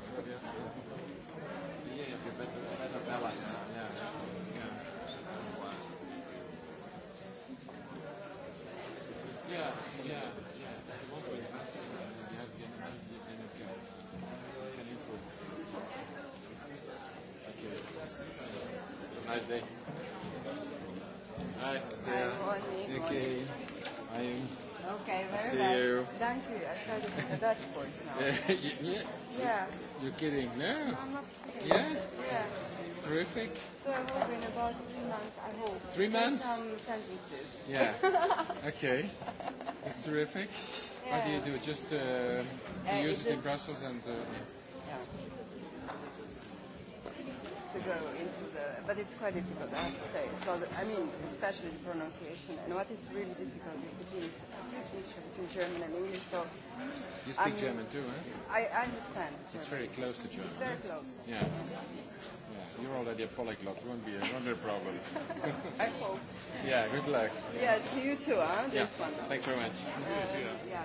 Yeah, yeah, better better balance. Yeah, yeah. Yeah. Yeah, yeah, yeah. Okay. I am Okay, very well thank you. I tried it in a Dutch voice now. yeah. yeah. You're kidding, no? I'm not kidding. Yeah? Yeah. Terrific. So I hope in about three months, I hope. Three months? Some sentences. Yeah. okay. It's terrific. Yeah. How do you do it? Just uh, use it in Brussels and... Uh, yeah. To go into but it's quite difficult, I have to say. So, I mean, especially the pronunciation. And what is really difficult is between it's between German and English. So, you speak German too, huh? I understand. It's very close to German. It's very close. Yeah. yeah. You're already a polyglot. Won't be a wonder problem. I hope. Yeah. Good luck. Yeah, to you too, huh? This one. Thanks very much. yeah.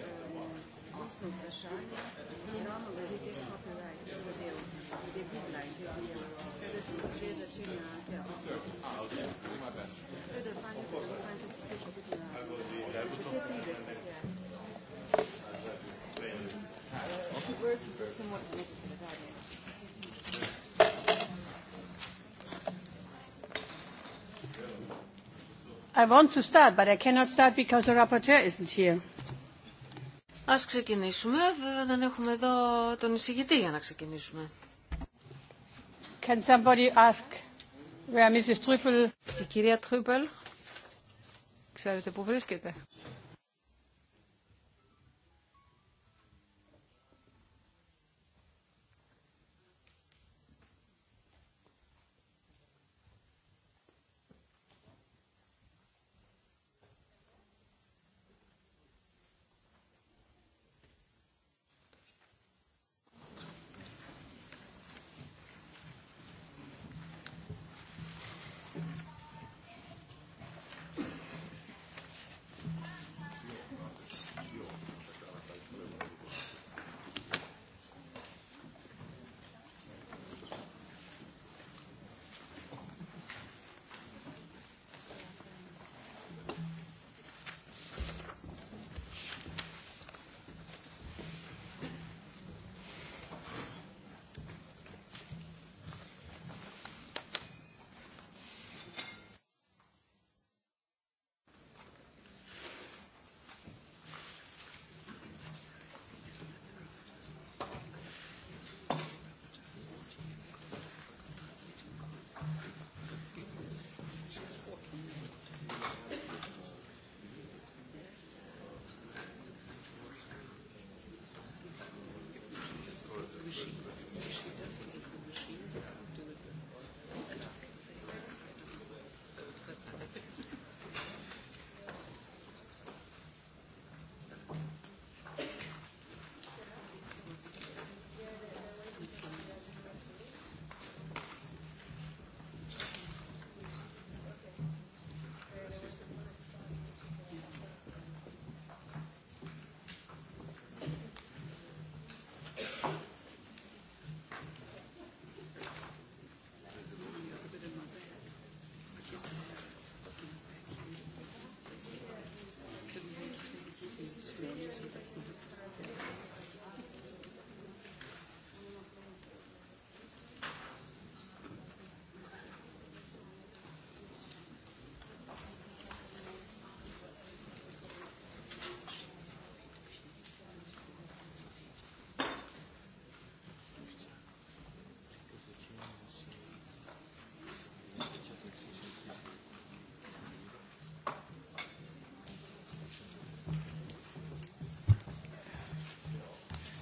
I want to start, but I cannot start because the rapporteur isn't here. Ας ξεκινήσουμε. Βέβαια δεν έχουμε εδώ τον εισηγητή για να ξεκινήσουμε. Can somebody ask where Mrs. Η κυρία Τρύπελ, ξέρετε που βρίσκεται.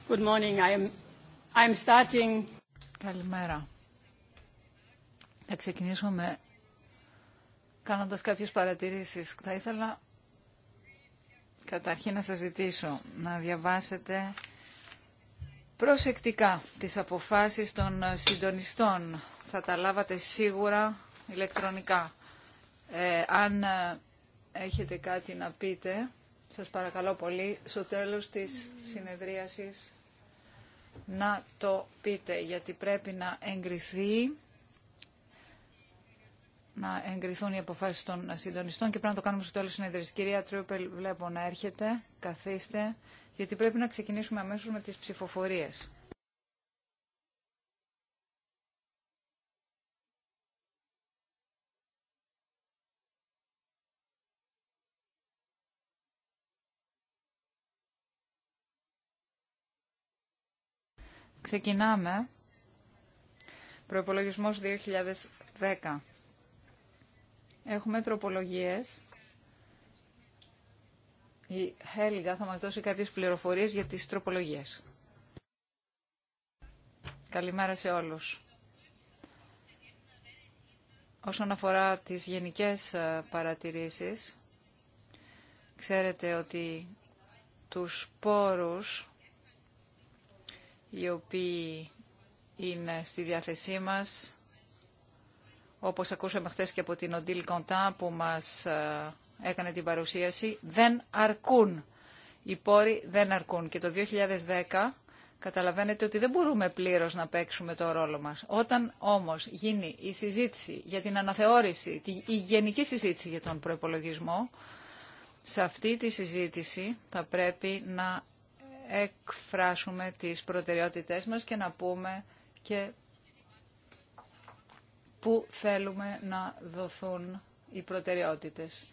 Good morning. I am, starting... Καλημέρα. Θα ξεκινήσω με κάνοντας κάποιες παρατηρήσεις. Θα ήθελα καταρχήν να σας ζητήσω να διαβάσετε προσεκτικά τις αποφάσεις των συντονιστών. Θα τα λάβατε σίγουρα ηλεκτρονικά. Ε, αν έχετε κάτι να πείτε, σας παρακαλώ πολύ, στο τέλος της συνεδρίασης να το πείτε, γιατί πρέπει να εγκριθεί να εγκριθούν οι αποφάσεις των συντονιστών και πρέπει να το κάνουμε στο τέλος συνεδρίας. Κυρία Τρούπελ, βλέπω να έρχεται, καθίστε, γιατί πρέπει να ξεκινήσουμε αμέσως με τις ψηφοφορίες. Ξεκινάμε. Προϋπολογισμός 2010. Έχουμε τροπολογίες. Η Χέλγα θα μας δώσει κάποιες πληροφορίες για τις τροπολογίες. Καλημέρα σε όλους. Όσον αφορά τις γενικές ε, παρατηρήσεις, ξέρετε ότι τους πόρους οι οποίοι είναι στη διάθεσή μας, όπως ακούσαμε χθε και από την Οντίλ Κοντά που μας ε, έκανε την παρουσίαση, δεν αρκούν. Οι πόροι δεν αρκούν. Και το 2010 καταλαβαίνετε ότι δεν μπορούμε πλήρως να παίξουμε το ρόλο μας. Όταν όμως γίνει η συζήτηση για την αναθεώρηση, η γενική συζήτηση για τον προπολογισμό, σε αυτή τη συζήτηση θα πρέπει να εκφράσουμε τις προτεραιότητές μας και να πούμε και πού θέλουμε να δοθούν οι προτεραιότητες.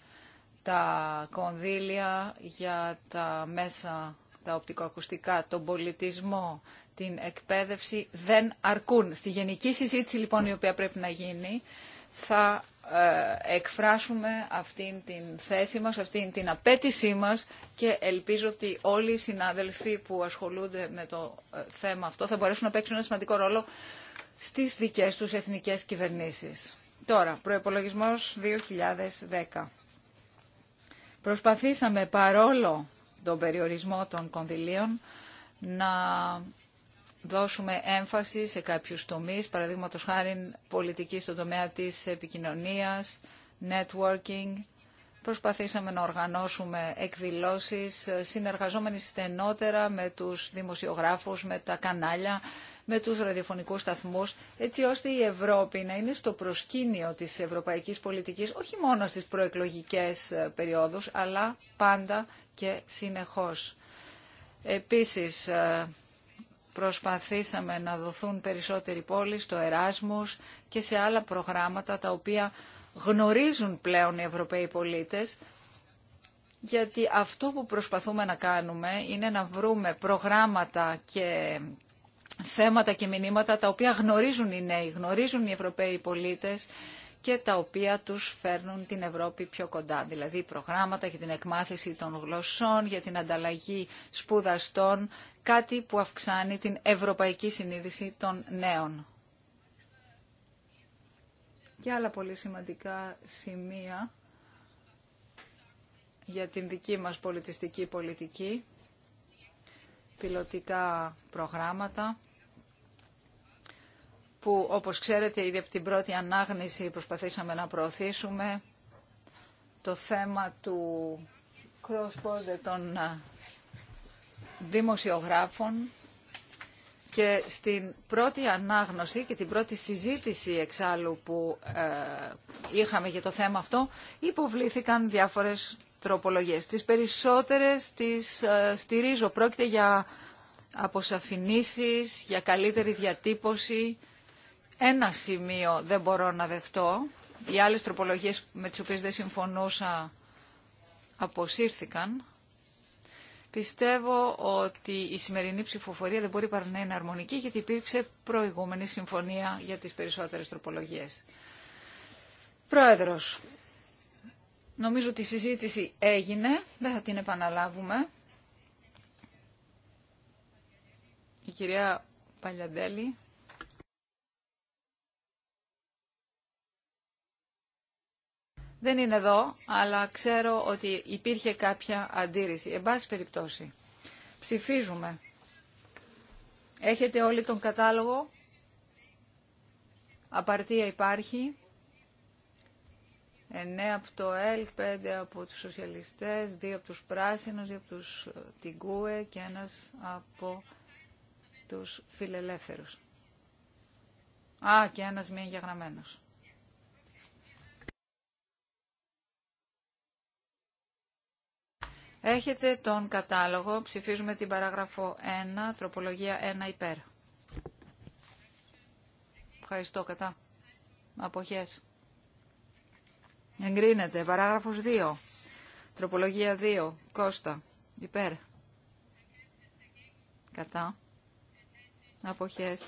Τα κονδύλια για τα μέσα, τα οπτικοακουστικά, τον πολιτισμό, την εκπαίδευση δεν αρκούν. Στη γενική συζήτηση λοιπόν η οποία πρέπει να γίνει θα ε, εκφράσουμε αυτήν την θέση μας, αυτήν την απέτησή μας και ελπίζω ότι όλοι οι συνάδελφοι που ασχολούνται με το ε, θέμα αυτό θα μπορέσουν να παίξουν ένα σημαντικό ρόλο στις δικές τους εθνικές κυβερνήσεις. Τώρα, προϋπολογισμός 2010. Προσπαθήσαμε παρόλο τον περιορισμό των κονδυλίων να δώσουμε έμφαση σε κάποιους τομείς, παραδείγματος χάρη πολιτική στον τομέα της επικοινωνίας, networking. Προσπαθήσαμε να οργανώσουμε εκδηλώσεις, συνεργαζόμενοι στενότερα με τους δημοσιογράφους, με τα κανάλια, με τους ραδιοφωνικούς σταθμούς, έτσι ώστε η Ευρώπη να είναι στο προσκήνιο της ευρωπαϊκής πολιτικής, όχι μόνο στις προεκλογικές ε, περιόδους, αλλά πάντα και συνεχώς. Επίσης, ε, Προσπαθήσαμε να δοθούν περισσότεροι πόλεις στο Εράσμους και σε άλλα προγράμματα τα οποία γνωρίζουν πλέον οι Ευρωπαίοι πολίτες γιατί αυτό που προσπαθούμε να κάνουμε είναι να βρούμε προγράμματα και θέματα και μηνύματα τα οποία γνωρίζουν οι νέοι, γνωρίζουν οι Ευρωπαίοι πολίτες και τα οποία τους φέρνουν την Ευρώπη πιο κοντά. Δηλαδή προγράμματα για την εκμάθηση των γλωσσών, για την ανταλλαγή σπουδαστών, κάτι που αυξάνει την ευρωπαϊκή συνείδηση των νέων. Και άλλα πολύ σημαντικά σημεία για την δική μας πολιτιστική πολιτική, πιλωτικά προγράμματα, που όπως ξέρετε ήδη από την πρώτη ανάγνηση προσπαθήσαμε να προωθήσουμε το θέμα του cross-border των δημοσιογράφων και στην πρώτη ανάγνωση και την πρώτη συζήτηση εξάλλου που ε, είχαμε για το θέμα αυτό υποβλήθηκαν διάφορες τροπολογίες. Τις περισσότερες τις ε, στηρίζω. Πρόκειται για αποσαφηνήσεις, για καλύτερη διατύπωση. Ένα σημείο δεν μπορώ να δεχτώ. Οι άλλες τροπολογίες με τις οποίες δεν συμφωνούσα αποσύρθηκαν. Πιστεύω ότι η σημερινή ψηφοφορία δεν μπορεί παρά να είναι αρμονική γιατί υπήρξε προηγούμενη συμφωνία για τις περισσότερες τροπολογίες. Πρόεδρος, νομίζω ότι η συζήτηση έγινε, δεν θα την επαναλάβουμε. Η κυρία Παλιαντέλη Δεν είναι εδώ, αλλά ξέρω ότι υπήρχε κάποια αντίρρηση. Εν πάση περιπτώσει, ψηφίζουμε. Έχετε όλοι τον κατάλογο. Απαρτία υπάρχει. 9 από το ΕΛΚ, 5 από τους σοσιαλιστές, 2 από τους πράσινους, 2 από τους ε, τιγκούε και ένας από τους φιλελεύθερους. Α, και ένας μη εγγεγραμμένος. Έχετε τον κατάλογο. Ψηφίζουμε την παράγραφο 1, τροπολογία 1 υπέρ. Ευχαριστώ. Κατά. Αποχές. Εγκρίνεται. Παράγραφος 2. Τροπολογία 2. Κώστα. Υπέρ. Κατά. Αποχές.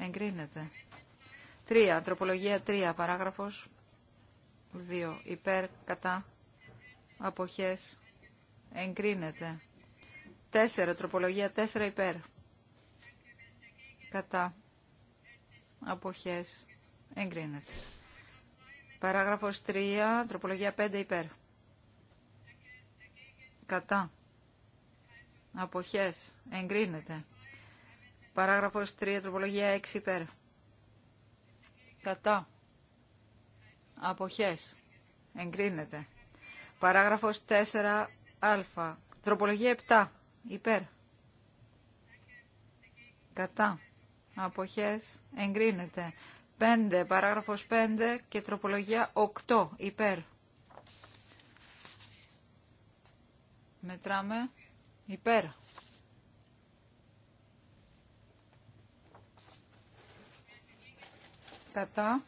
Εγκρίνεται. 3. Τροπολογία 3. Παράγραφος 2. Υπέρ. Κατά αποχές εγκρίνεται. 4. Τροπολογία τέσσερα. υπέρ. Κατά. Αποχές. Εγκρίνεται. Παράγραφος 3. Τροπολογία 5 υπέρ. Κατά. Αποχές. Εγκρίνεται. Παράγραφος 3. Τροπολογία 6 υπέρ. Κατά. Αποχές. Εγκρίνεται. Παράγραφος 4α. Τροπολογία 7. Υπέρ. Κατά. Αποχές. Εγκρίνεται. 5. Παράγραφος 5 και τροπολογία 8. Υπέρ. Μετράμε. Υπέρ. Κατά.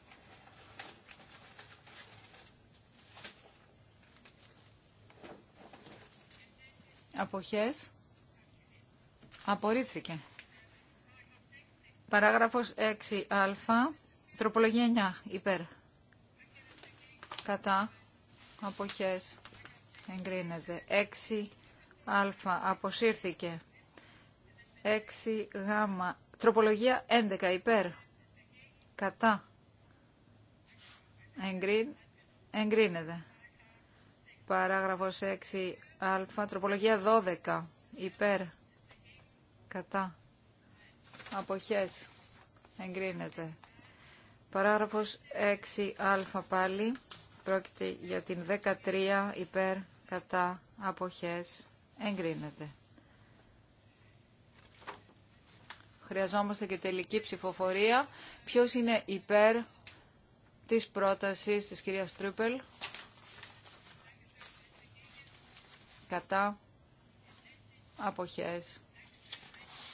Αποχές. Απορρίφθηκε. Παράγραφος 6α. Τροπολογία 9. Υπέρ. Κατά. Αποχές. Εγκρίνεται. 6α. Αποσύρθηκε. 6γ. Τροπολογία 11. Υπέρ. Κατά. Εγκρίνεται. Παράγραφος 6α, τροπολογία 12, υπέρ, κατά, αποχές, εγκρίνεται. Παράγραφος 6α πάλι, πρόκειται για την 13, υπέρ, κατά, αποχές, εγκρίνεται. Χρειαζόμαστε και τελική ψηφοφορία. Ποιος είναι υπέρ της πρότασης της κυρίας Τρούπελ. κατά αποχές.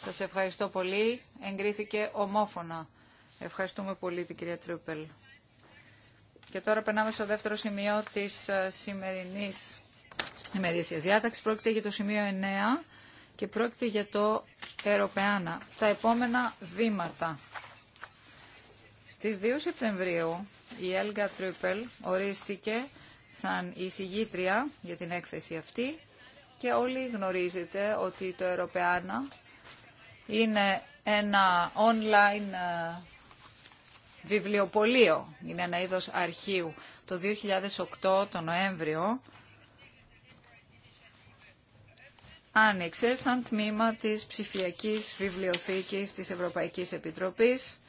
Σας ευχαριστώ πολύ. Εγκρίθηκε ομόφωνα. Ευχαριστούμε πολύ την κυρία Τρούπελ. Και τώρα περνάμε στο δεύτερο σημείο της ε, σημερινής ημερήσιας διάταξης. Πρόκειται για το σημείο 9 και πρόκειται για το Ευρωπαϊάννα. Τα επόμενα βήματα. Στις 2 Σεπτεμβρίου η Έλγα Τρούπελ ορίστηκε σαν εισηγήτρια για την έκθεση αυτή και όλοι γνωρίζετε ότι το Ευρωπαϊκό είναι ένα online ε, βιβλιοπωλείο, είναι ένα είδος αρχείου. Το 2008, το Νοέμβριο, άνοιξε σαν τμήμα της ψηφιακής βιβλιοθήκης της Ευρωπαϊκής Επιτροπής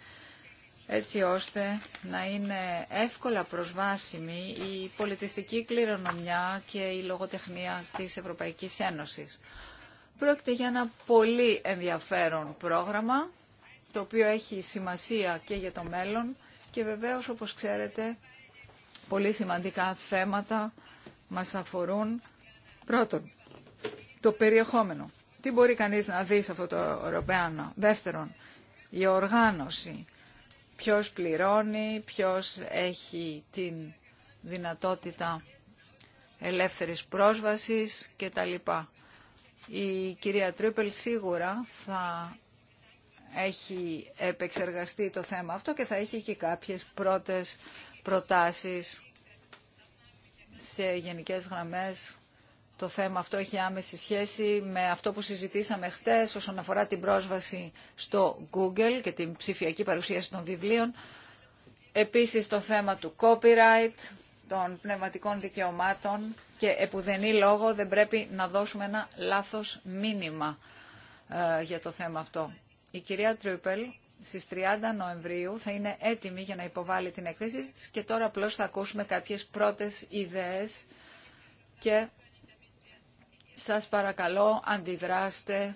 έτσι ώστε να είναι εύκολα προσβάσιμη η πολιτιστική κληρονομιά και η λογοτεχνία της Ευρωπαϊκής Ένωσης. Πρόκειται για ένα πολύ ενδιαφέρον πρόγραμμα, το οποίο έχει σημασία και για το μέλλον και βεβαίως, όπως ξέρετε, πολύ σημαντικά θέματα μας αφορούν. Πρώτον, το περιεχόμενο. Τι μπορεί κανείς να δει σε αυτό το Ευρωπαϊκό. Δεύτερον, η οργάνωση ποιος πληρώνει, ποιος έχει την δυνατότητα ελεύθερης πρόσβασης και τα λοιπά. Η κυρία Τρίπελ σίγουρα θα έχει επεξεργαστεί το θέμα αυτό και θα έχει και κάποιες πρώτες προτάσεις σε γενικές γραμμές το θέμα αυτό έχει άμεση σχέση με αυτό που συζητήσαμε χτες όσον αφορά την πρόσβαση στο Google και την ψηφιακή παρουσίαση των βιβλίων. Επίσης το θέμα του copyright, των πνευματικών δικαιωμάτων και επουδενή λόγο δεν πρέπει να δώσουμε ένα λάθος μήνυμα ε, για το θέμα αυτό. Η κυρία Τρίπελ στις 30 Νοεμβρίου θα είναι έτοιμη για να υποβάλει την εκθέση της και τώρα απλώς θα ακούσουμε κάποιες πρώτες ιδέες και σας παρακαλώ αντιδράστε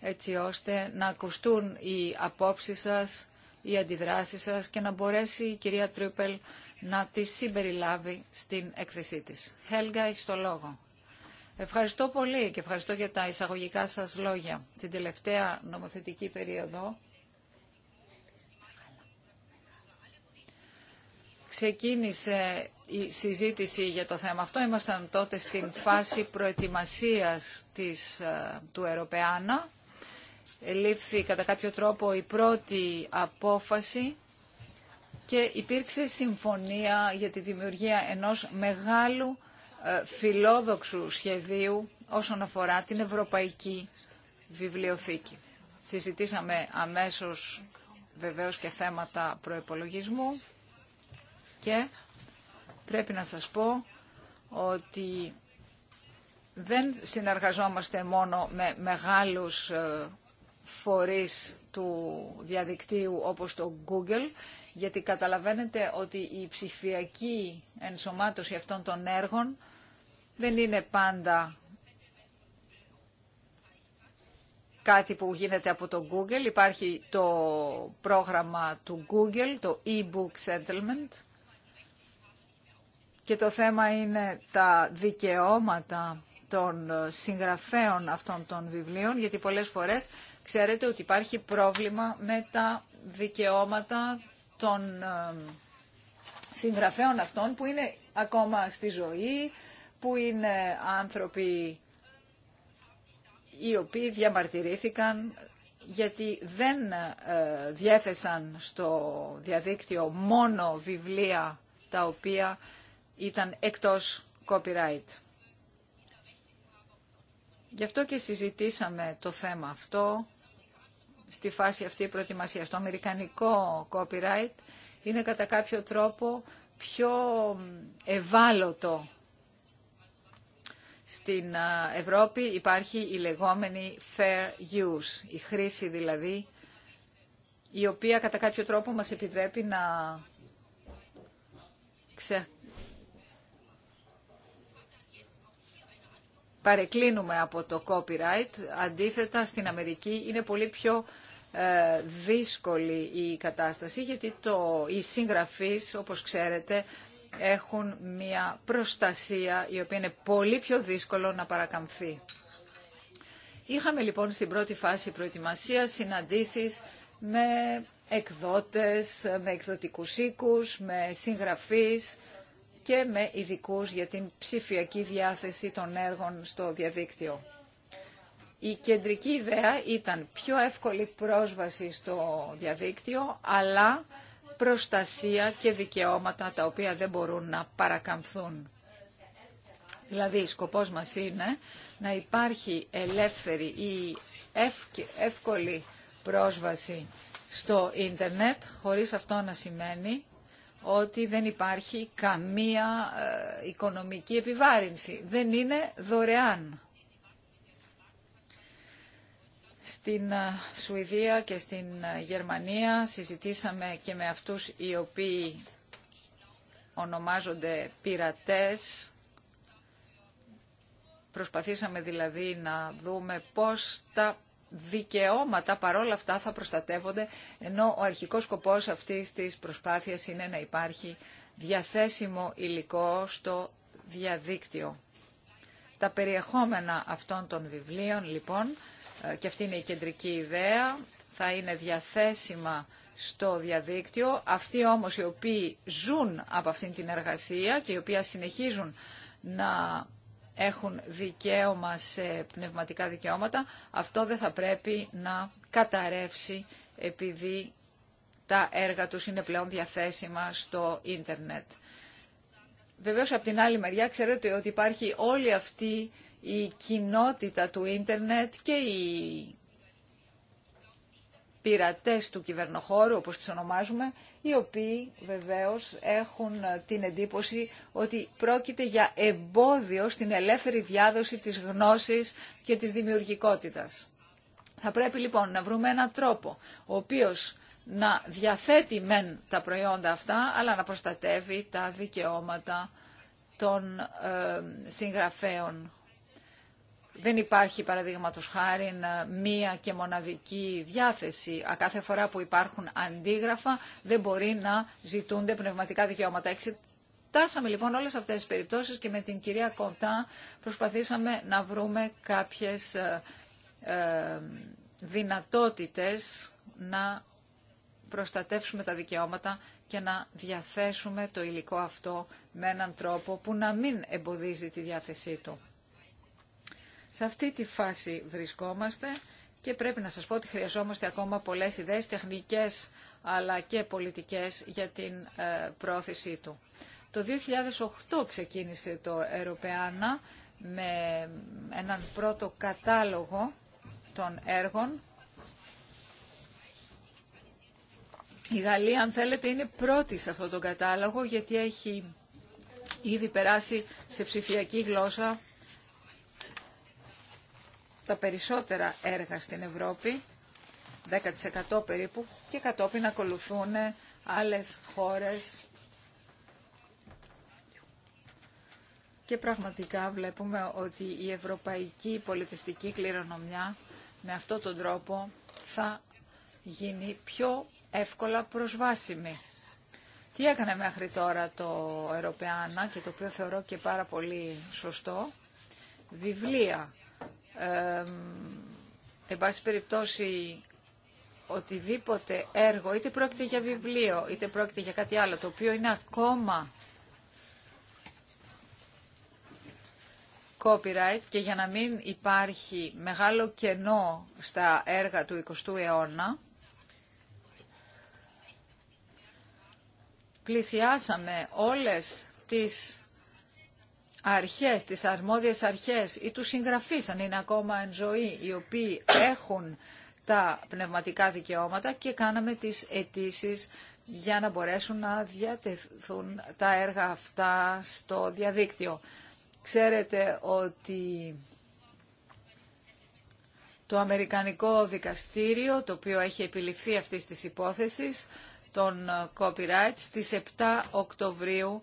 έτσι ώστε να ακουστούν οι απόψεις σας, οι αντιδράσεις σας και να μπορέσει η κυρία Τρίπελ να τη συμπεριλάβει στην έκθεσή της. Χέλγα, έχει το λόγο. Ευχαριστώ πολύ και ευχαριστώ για τα εισαγωγικά σας λόγια. Την τελευταία νομοθετική περίοδο ξεκίνησε η συζήτηση για το θέμα αυτό. Ήμασταν τότε στην φάση προετοιμασίας της, ε, του Ευρωπαϊάνα. Λήφθη κατά κάποιο τρόπο η πρώτη απόφαση και υπήρξε συμφωνία για τη δημιουργία ενός μεγάλου ε, φιλόδοξου σχεδίου όσον αφορά την Ευρωπαϊκή Βιβλιοθήκη. Συζητήσαμε αμέσως βεβαίως και θέματα προεπολογισμού και πρέπει να σας πω ότι δεν συνεργαζόμαστε μόνο με μεγάλους ε, φορείς του διαδικτύου όπως το Google, γιατί καταλαβαίνετε ότι η ψηφιακή ενσωμάτωση αυτών των έργων δεν είναι πάντα κάτι που γίνεται από το Google. Υπάρχει το πρόγραμμα του Google, το e-book settlement, και το θέμα είναι τα δικαιώματα των συγγραφέων αυτών των βιβλίων, γιατί πολλές φορές ξέρετε ότι υπάρχει πρόβλημα με τα δικαιώματα των ε, συγγραφέων αυτών που είναι ακόμα στη ζωή, που είναι άνθρωποι οι οποίοι διαμαρτυρήθηκαν γιατί δεν ε, διέθεσαν στο διαδίκτυο μόνο βιβλία τα οποία ήταν εκτός copyright. Γι' αυτό και συζητήσαμε το θέμα αυτό στη φάση αυτή προετοιμασία. Το αμερικανικό copyright είναι κατά κάποιο τρόπο πιο ευάλωτο. Στην Ευρώπη υπάρχει η λεγόμενη fair use, η χρήση δηλαδή, η οποία κατά κάποιο τρόπο μας επιτρέπει να παρεκκλίνουμε από το copyright. Αντίθετα, στην Αμερική είναι πολύ πιο ε, δύσκολη η κατάσταση, γιατί το, οι συγγραφείς, όπως ξέρετε, έχουν μια προστασία η οποία είναι πολύ πιο δύσκολο να παρακαμφθεί. Είχαμε λοιπόν στην πρώτη φάση προετοιμασία συναντήσεις με εκδότες, με εκδοτικούς οίκους, με συγγραφείς, και με ειδικού για την ψηφιακή διάθεση των έργων στο διαδίκτυο. Η κεντρική ιδέα ήταν πιο εύκολη πρόσβαση στο διαδίκτυο, αλλά προστασία και δικαιώματα τα οποία δεν μπορούν να παρακαμφθούν. Δηλαδή, σκοπός μας είναι να υπάρχει ελεύθερη ή εύκολη πρόσβαση στο ίντερνετ, χωρίς αυτό να σημαίνει ότι δεν υπάρχει καμία ε, οικονομική επιβάρυνση. Δεν είναι δωρεάν. Στην ε, Σουηδία και στην ε, Γερμανία συζητήσαμε και με αυτούς οι οποίοι ονομάζονται πειρατές. Προσπαθήσαμε δηλαδή να δούμε πώς τα δικαιώματα παρόλα αυτά θα προστατεύονται, ενώ ο αρχικός σκοπός αυτής της προσπάθειας είναι να υπάρχει διαθέσιμο υλικό στο διαδίκτυο. Τα περιεχόμενα αυτών των βιβλίων, λοιπόν, ε, και αυτή είναι η κεντρική ιδέα, θα είναι διαθέσιμα στο διαδίκτυο. Αυτοί όμως οι οποίοι ζουν από αυτήν την εργασία και οι οποίοι συνεχίζουν να έχουν δικαίωμα σε πνευματικά δικαιώματα, αυτό δεν θα πρέπει να καταρρεύσει επειδή τα έργα τους είναι πλέον διαθέσιμα στο ίντερνετ. Βεβαίως, από την άλλη μεριά, ξέρετε ότι υπάρχει όλη αυτή η κοινότητα του ίντερνετ και η πειρατές του κυβερνοχώρου, όπως τις ονομάζουμε, οι οποίοι βεβαίως έχουν ε, την εντύπωση ότι πρόκειται για εμπόδιο στην ελεύθερη διάδοση της γνώσης και της δημιουργικότητας. Θα πρέπει λοιπόν να βρούμε έναν τρόπο, ο οποίος να διαθέτει μεν τα προϊόντα αυτά, αλλά να προστατεύει τα δικαιώματα των ε, συγγραφέων δεν υπάρχει παραδείγματος χάρη μία και μοναδική διάθεση. Κάθε φορά που υπάρχουν αντίγραφα δεν μπορεί να ζητούνται πνευματικά δικαιώματα. Εξετάσαμε λοιπόν όλες αυτές τις περιπτώσεις και με την κυρία Κοντά προσπαθήσαμε να βρούμε κάποιες ε, ε, δυνατότητες να προστατεύσουμε τα δικαιώματα και να διαθέσουμε το υλικό αυτό με έναν τρόπο που να μην εμποδίζει τη διάθεσή του. Σε αυτή τη φάση βρισκόμαστε και πρέπει να σας πω ότι χρειαζόμαστε ακόμα πολλές ιδέες τεχνικές αλλά και πολιτικές για την ε, πρόθεσή του. Το 2008 ξεκίνησε το Ευρωπαίνα με έναν πρώτο κατάλογο των έργων. Η Γαλλία, αν θέλετε, είναι πρώτη σε αυτόν τον κατάλογο γιατί έχει ήδη περάσει σε ψηφιακή γλώσσα τα περισσότερα έργα στην Ευρώπη, 10% περίπου, και κατόπιν ακολουθούν άλλες χώρες. Και πραγματικά βλέπουμε ότι η ευρωπαϊκή πολιτιστική κληρονομιά με αυτόν τον τρόπο θα γίνει πιο εύκολα προσβάσιμη. Τι έκανε μέχρι τώρα το Ευρωπαίανα και το οποίο θεωρώ και πάρα πολύ σωστό, βιβλία εν πάση περιπτώσει οτιδήποτε έργο, είτε πρόκειται για βιβλίο, είτε πρόκειται για κάτι άλλο, το οποίο είναι ακόμα copyright και για να μην υπάρχει μεγάλο κενό στα έργα του 20ου αιώνα, πλησιάσαμε όλες τις αρχές, τις αρμόδιες αρχές ή τους συγγραφείς, αν είναι ακόμα εν ζωή, οι οποίοι έχουν τα πνευματικά δικαιώματα και κάναμε τις αιτήσει για να μπορέσουν να διατεθούν τα έργα αυτά στο διαδίκτυο. Ξέρετε ότι το Αμερικανικό Δικαστήριο, το οποίο έχει επιληφθεί αυτής της υπόθεσης, των copyright, στις 7 Οκτωβρίου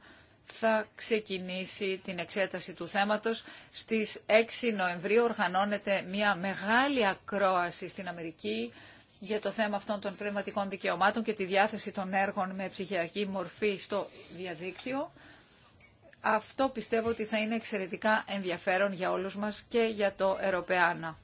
θα ξεκινήσει την εξέταση του θέματος. Στις 6 Νοεμβρίου οργανώνεται μια μεγάλη ακρόαση στην Αμερική για το θέμα αυτών των πνευματικών δικαιωμάτων και τη διάθεση των έργων με ψυχιακή μορφή στο διαδίκτυο. Αυτό πιστεύω ότι θα είναι εξαιρετικά ενδιαφέρον για όλους μας και για το Ευρωπαϊκό.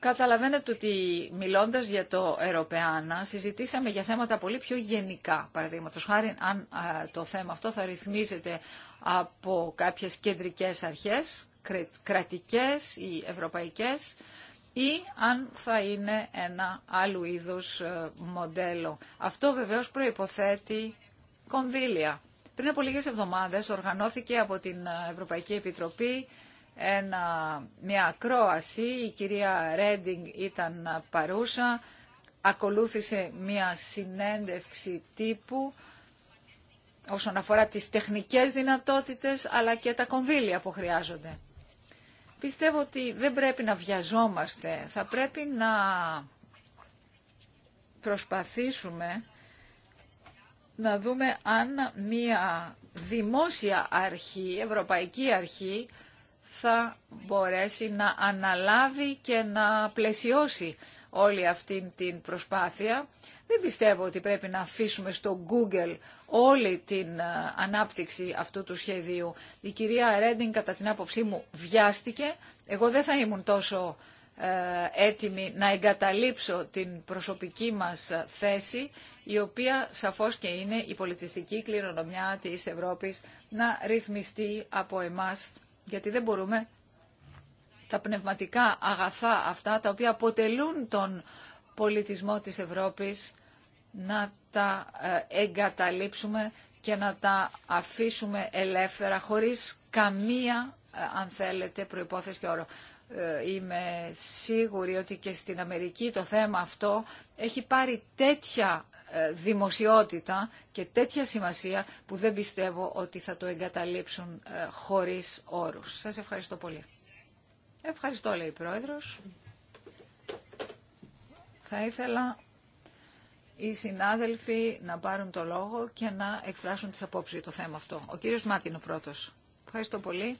Καταλαβαίνετε ότι μιλώντας για το Ευρωπαίανα, συζητήσαμε για θέματα πολύ πιο γενικά. Παραδείγματος χάρη αν το θέμα αυτό θα ρυθμίζεται από κάποιες κεντρικές αρχές, κρατικές ή ευρωπαϊκές, ή αν θα είναι ένα άλλου είδους ε, μοντέλο. Αυτό βεβαίως προϋποθέτει κονδύλια. Πριν από λίγες εβδομάδες οργανώθηκε από την ε, Ευρωπαϊκή Επιτροπή ένα, μια ακρόαση, η κυρία Ρέντινγκ ήταν παρούσα, ακολούθησε μια συνέντευξη τύπου όσον αφορά τις τεχνικές δυνατότητες αλλά και τα κονδύλια που χρειάζονται. Πιστεύω ότι δεν πρέπει να βιαζόμαστε, θα πρέπει να προσπαθήσουμε να δούμε αν μία δημόσια αρχή, ευρωπαϊκή αρχή, θα μπορέσει να αναλάβει και να πλαισιώσει όλη αυτή την προσπάθεια. Δεν πιστεύω ότι πρέπει να αφήσουμε στο Google όλη την ε, ανάπτυξη αυτού του σχεδίου. Η κυρία Ρέντιν, κατά την άποψή μου, βιάστηκε. Εγώ δεν θα ήμουν τόσο ε, έτοιμη να εγκαταλείψω την προσωπική μας θέση, η οποία σαφώς και είναι η πολιτιστική κληρονομιά της Ευρώπης να ρυθμιστεί από εμάς γιατί δεν μπορούμε τα πνευματικά αγαθά αυτά, τα οποία αποτελούν τον πολιτισμό της Ευρώπης, να τα ε, εγκαταλείψουμε και να τα αφήσουμε ελεύθερα, χωρίς καμία, ε, αν θέλετε, προϋπόθεση και όρο. Ε, είμαι σίγουρη ότι και στην Αμερική το θέμα αυτό έχει πάρει τέτοια ε, δημοσιότητα και τέτοια σημασία που δεν πιστεύω ότι θα το εγκαταλείψουν ε, χωρίς όρους. Σας ευχαριστώ πολύ. Ευχαριστώ, λέει η Πρόεδρος. Θα ήθελα οι συνάδελφοι να πάρουν το λόγο και να εκφράσουν τις απόψεις για το θέμα αυτό. Ο κύριος Μάτιν ο πρώτος. Ευχαριστώ πολύ.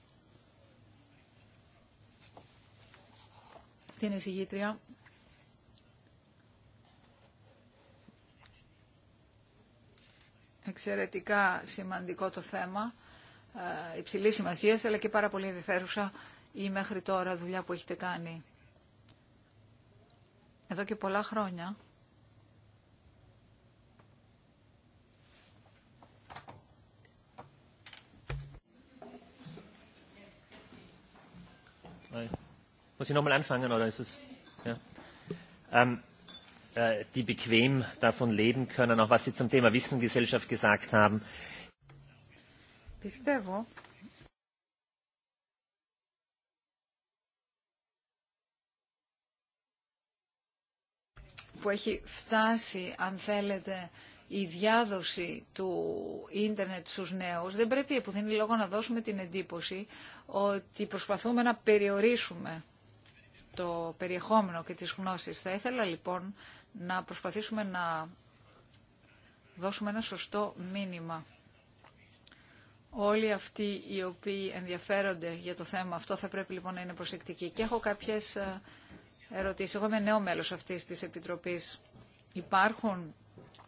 Την εισηγήτρια. Εξαιρετικά σημαντικό το θέμα, ε, υψηλή σημασία, αλλά και πάρα πολύ ενδιαφέρουσα η μέχρι τώρα δουλειά που έχετε κάνει. Εδώ και πολλά χρόνια Äh, die bequem davon leben können, auch was Sie zum Thema Wissengesellschaft gesagt haben. Πιστεύω που έχει φτάσει, αν θέλετε, η διάδοση του ίντερνετ στους νέους, δεν πρέπει που λόγο να δώσουμε την εντύπωση ότι προσπαθούμε να περιορίσουμε το περιεχόμενο και τις γνώσεις. Θα ήθελα λοιπόν να προσπαθήσουμε να δώσουμε ένα σωστό μήνυμα. Όλοι αυτοί οι οποίοι ενδιαφέρονται για το θέμα αυτό θα πρέπει λοιπόν να είναι προσεκτικοί. Και έχω κάποιες ε, ερωτήσεις. Εγώ είμαι νέο μέλος αυτής της Επιτροπής. Υπάρχουν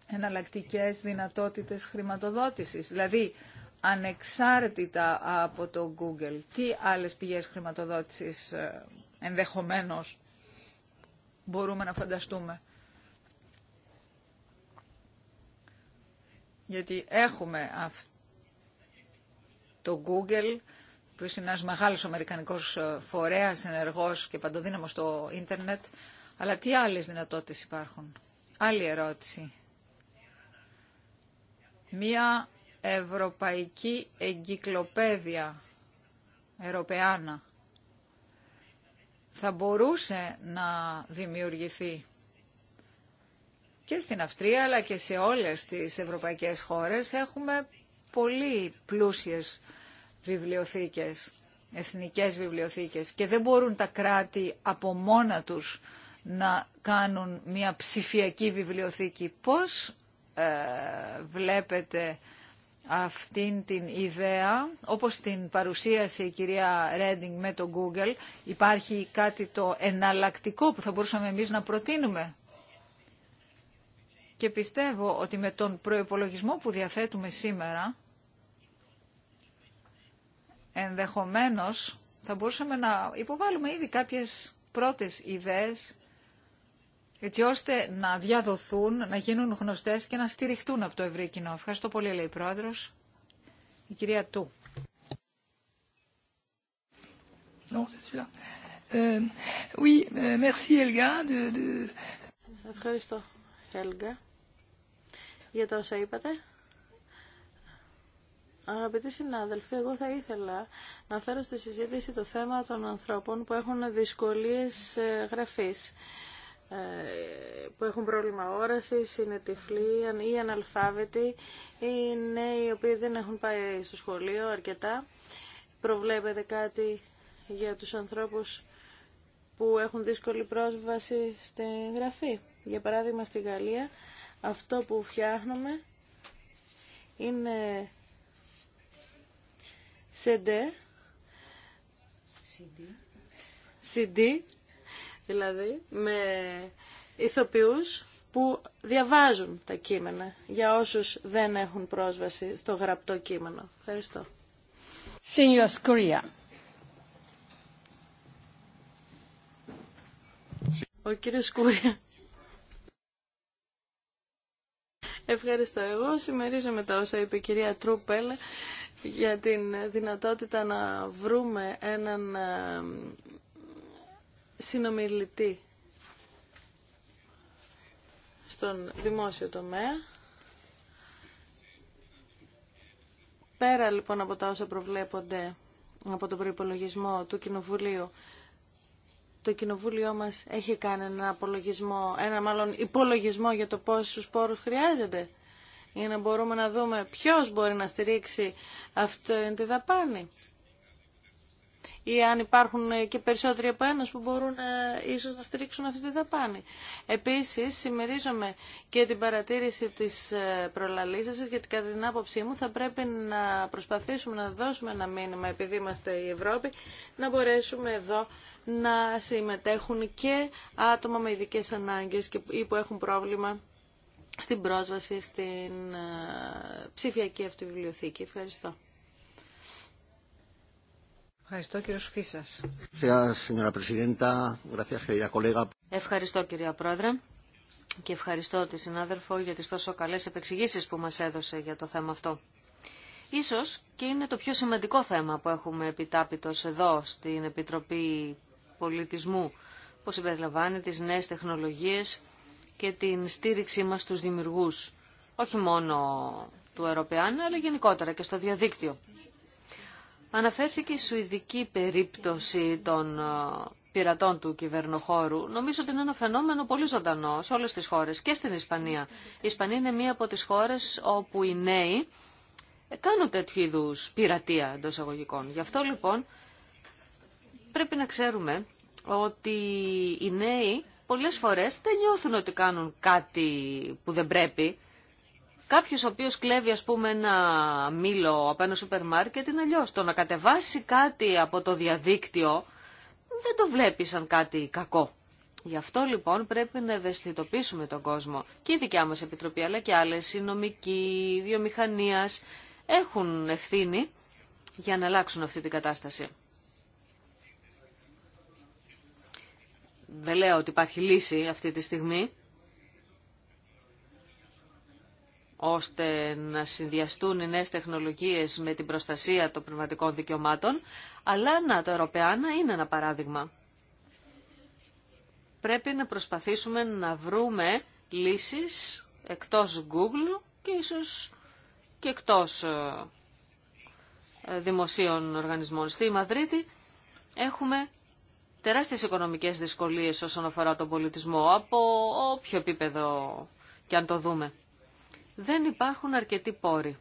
εναλλακτικέ δυνατότητες χρηματοδότησης. Δηλαδή, ανεξάρτητα από το Google, τι άλλες πηγές χρηματοδότησης ε, ενδεχομένως μπορούμε να φανταστούμε. Γιατί έχουμε αυ το Google, που είναι ένας μεγάλος αμερικανικός ε, φορέας, ενεργός και παντοδύναμος στο ίντερνετ, αλλά τι άλλες δυνατότητες υπάρχουν. Άλλη ερώτηση. Μία ευρωπαϊκή εγκυκλοπαίδεια, Ευρωπαίανα θα μπορούσε να δημιουργηθεί και στην Αυστρία αλλά και σε όλες τις ευρωπαϊκές χώρες έχουμε πολύ πλούσιες βιβλιοθήκες, εθνικές βιβλιοθήκες και δεν μπορούν τα κράτη από μόνα τους να κάνουν μια ψηφιακή βιβλιοθήκη. Πώς ε, βλέπετε αυτήν την ιδέα, όπως την παρουσίασε η κυρία Ρέντινγκ με το Google, υπάρχει κάτι το εναλλακτικό που θα μπορούσαμε εμείς να προτείνουμε. Και πιστεύω ότι με τον προϋπολογισμό που διαθέτουμε σήμερα, ενδεχομένως θα μπορούσαμε να υποβάλουμε ήδη κάποιες πρώτες ιδέες έτσι ώστε να διαδοθούν, να γίνουν γνωστές και να στηριχτούν από το ευρύ κοινό. Ευχαριστώ πολύ, λέει η Πρόεδρος. Η κυρία Του. Euh, euh, Ευχαριστώ, Helga, για τα όσα είπατε. Αγαπητοί συνάδελφοι, εγώ θα ήθελα να φέρω στη συζήτηση το θέμα των ανθρώπων που έχουν δυσκολίες ε, γραφής. Ε, που έχουν πρόβλημα όρασης, είναι τυφλοί ή αναλφάβετοι ή νέοι οι οποίοι δεν έχουν πάει στο σχολείο αρκετά. Προβλέπετε κάτι για τους ανθρώπους που έχουν δύσκολη πρόσβαση στην γραφή. Για παράδειγμα στη Γαλλία αυτό που φτιάχνουμε είναι CD, CD. CD δηλαδή με ηθοποιούς που διαβάζουν τα κείμενα για όσους δεν έχουν πρόσβαση στο γραπτό κείμενο. Ευχαριστώ. Ο κύριος Κούρια. Ευχαριστώ. Εγώ συμμερίζομαι τα όσα είπε η κυρία Τρούπελ για την δυνατότητα να βρούμε έναν συνομιλητή στον δημόσιο τομέα. Πέρα λοιπόν από τα όσα προβλέπονται από τον προϋπολογισμό του Κοινοβουλίου, το Κοινοβούλιο μας έχει κάνει ένα απολογισμό, ένα μάλλον υπολογισμό για το πόσους πόρους χρειάζεται για να μπορούμε να δούμε ποιος μπορεί να στηρίξει αυτή τη δαπάνη ή αν υπάρχουν και περισσότεροι από ένας που μπορούν ε, ίσως να στηρίξουν αυτή τη δαπάνη. Επίσης, συμμερίζομαι και την παρατήρηση της ε, προλαλήσασης, γιατί κατά την άποψή μου θα πρέπει να προσπαθήσουμε να δώσουμε ένα μήνυμα, επειδή είμαστε η Ευρώπη, να μπορέσουμε εδώ να συμμετέχουν και άτομα με ειδικές ανάγκες ή που έχουν πρόβλημα στην πρόσβαση στην ε, ψηφιακή αυτή βιβλιοθήκη. Ευχαριστώ. Ευχαριστώ κύριο κυρία Πρόεδρε και ευχαριστώ τη συνάδελφο για τις τόσο καλές επεξηγήσεις που μας έδωσε για το θέμα αυτό. Ίσως και είναι το πιο σημαντικό θέμα που έχουμε επιτάπητος εδώ στην Επιτροπή Πολιτισμού που συμπεριλαμβάνει τις νέες τεχνολογίες και την στήριξή μας στους δημιουργούς. Όχι μόνο του Ευρωπαίαν αλλά γενικότερα και στο διαδίκτυο. Αναφέρθηκε η σουηδική περίπτωση των ε, πειρατών του κυβερνοχώρου. Νομίζω ότι είναι ένα φαινόμενο πολύ ζωντανό σε όλες τις χώρες και στην Ισπανία. Η Ισπανία είναι μία από τις χώρες όπου οι νέοι κάνουν τέτοιου είδου πειρατεία εντό αγωγικών. Γι' αυτό λοιπόν πρέπει να ξέρουμε ότι οι νέοι πολλές φορές δεν νιώθουν ότι κάνουν κάτι που δεν πρέπει, Κάποιο ο οποίο κλέβει, α πούμε, ένα μήλο από ένα σούπερ μάρκετ είναι αλλιώ. Το να κατεβάσει κάτι από το διαδίκτυο δεν το βλέπει σαν κάτι κακό. Γι' αυτό λοιπόν πρέπει να ευαισθητοποιήσουμε τον κόσμο. Και η δικιά μα επιτροπή, αλλά και άλλε, οι νομικοί, οι βιομηχανία, έχουν ευθύνη για να αλλάξουν αυτή την κατάσταση. Δεν λέω ότι υπάρχει λύση αυτή τη στιγμή, ώστε να συνδυαστούν οι νέες τεχνολογίες με την προστασία των πνευματικών δικαιωμάτων, αλλά να το Ευρωπαϊκό είναι ένα παράδειγμα. Πρέπει να προσπαθήσουμε να βρούμε λύσεις εκτός Google και ίσως και εκτός ε, δημοσίων οργανισμών. Στη Μαδρίτη έχουμε τεράστιες οικονομικές δυσκολίες όσον αφορά τον πολιτισμό, από όποιο επίπεδο και αν το δούμε δεν υπάρχουν αρκετοί πόροι.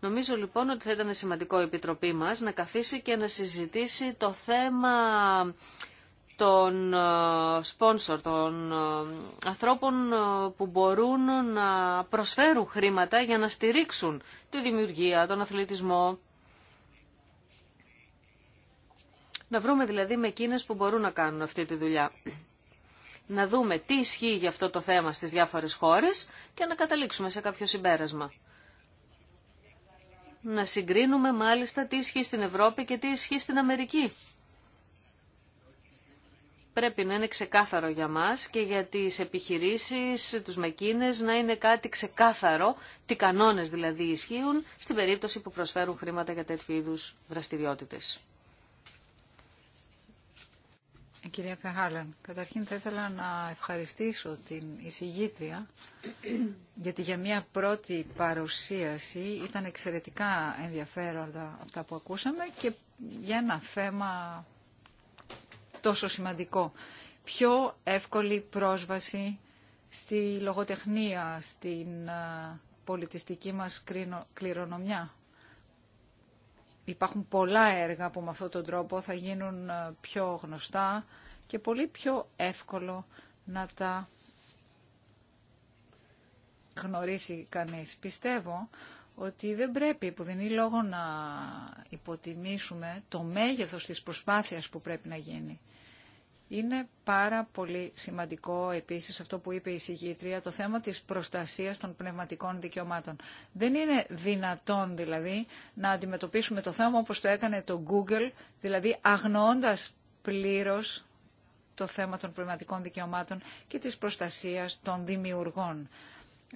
Νομίζω λοιπόν ότι θα ήταν σημαντικό η Επιτροπή μας να καθίσει και να συζητήσει το θέμα των σπόνσορ, ε, των ε, ανθρώπων ε, που μπορούν να προσφέρουν χρήματα για να στηρίξουν τη δημιουργία, τον αθλητισμό. Να βρούμε δηλαδή με εκείνες που μπορούν να κάνουν αυτή τη δουλειά να δούμε τι ισχύει για αυτό το θέμα στις διάφορες χώρες και να καταλήξουμε σε κάποιο συμπέρασμα. Να συγκρίνουμε μάλιστα τι ισχύει στην Ευρώπη και τι ισχύει στην Αμερική. Πρέπει να είναι ξεκάθαρο για μας και για τις επιχειρήσεις, τους μεκίνες, να είναι κάτι ξεκάθαρο, τι κανόνες δηλαδή ισχύουν στην περίπτωση που προσφέρουν χρήματα για τέτοιου είδους δραστηριότητες. Κυρία καταρχήν θα ήθελα να ευχαριστήσω την εισηγήτρια γιατί για μια πρώτη παρουσίαση ήταν εξαιρετικά ενδιαφέροντα αυτά που ακούσαμε και για ένα θέμα τόσο σημαντικό. Πιο εύκολη πρόσβαση στη λογοτεχνία, στην πολιτιστική μας κληρονομιά. Υπάρχουν πολλά έργα που με αυτόν τον τρόπο θα γίνουν ε, πιο γνωστά και πολύ πιο εύκολο να τα γνωρίσει κανείς. Πιστεύω ότι δεν πρέπει που δεν είναι λόγο να υποτιμήσουμε το μέγεθος της προσπάθειας που πρέπει να γίνει. Είναι πάρα πολύ σημαντικό επίσης αυτό που είπε η συγγήτρια, το θέμα της προστασίας των πνευματικών δικαιωμάτων. Δεν είναι δυνατόν δηλαδή να αντιμετωπίσουμε το θέμα όπως το έκανε το Google, δηλαδή αγνοώντας πλήρως το θέμα των πνευματικών δικαιωμάτων και της προστασίας των δημιουργών.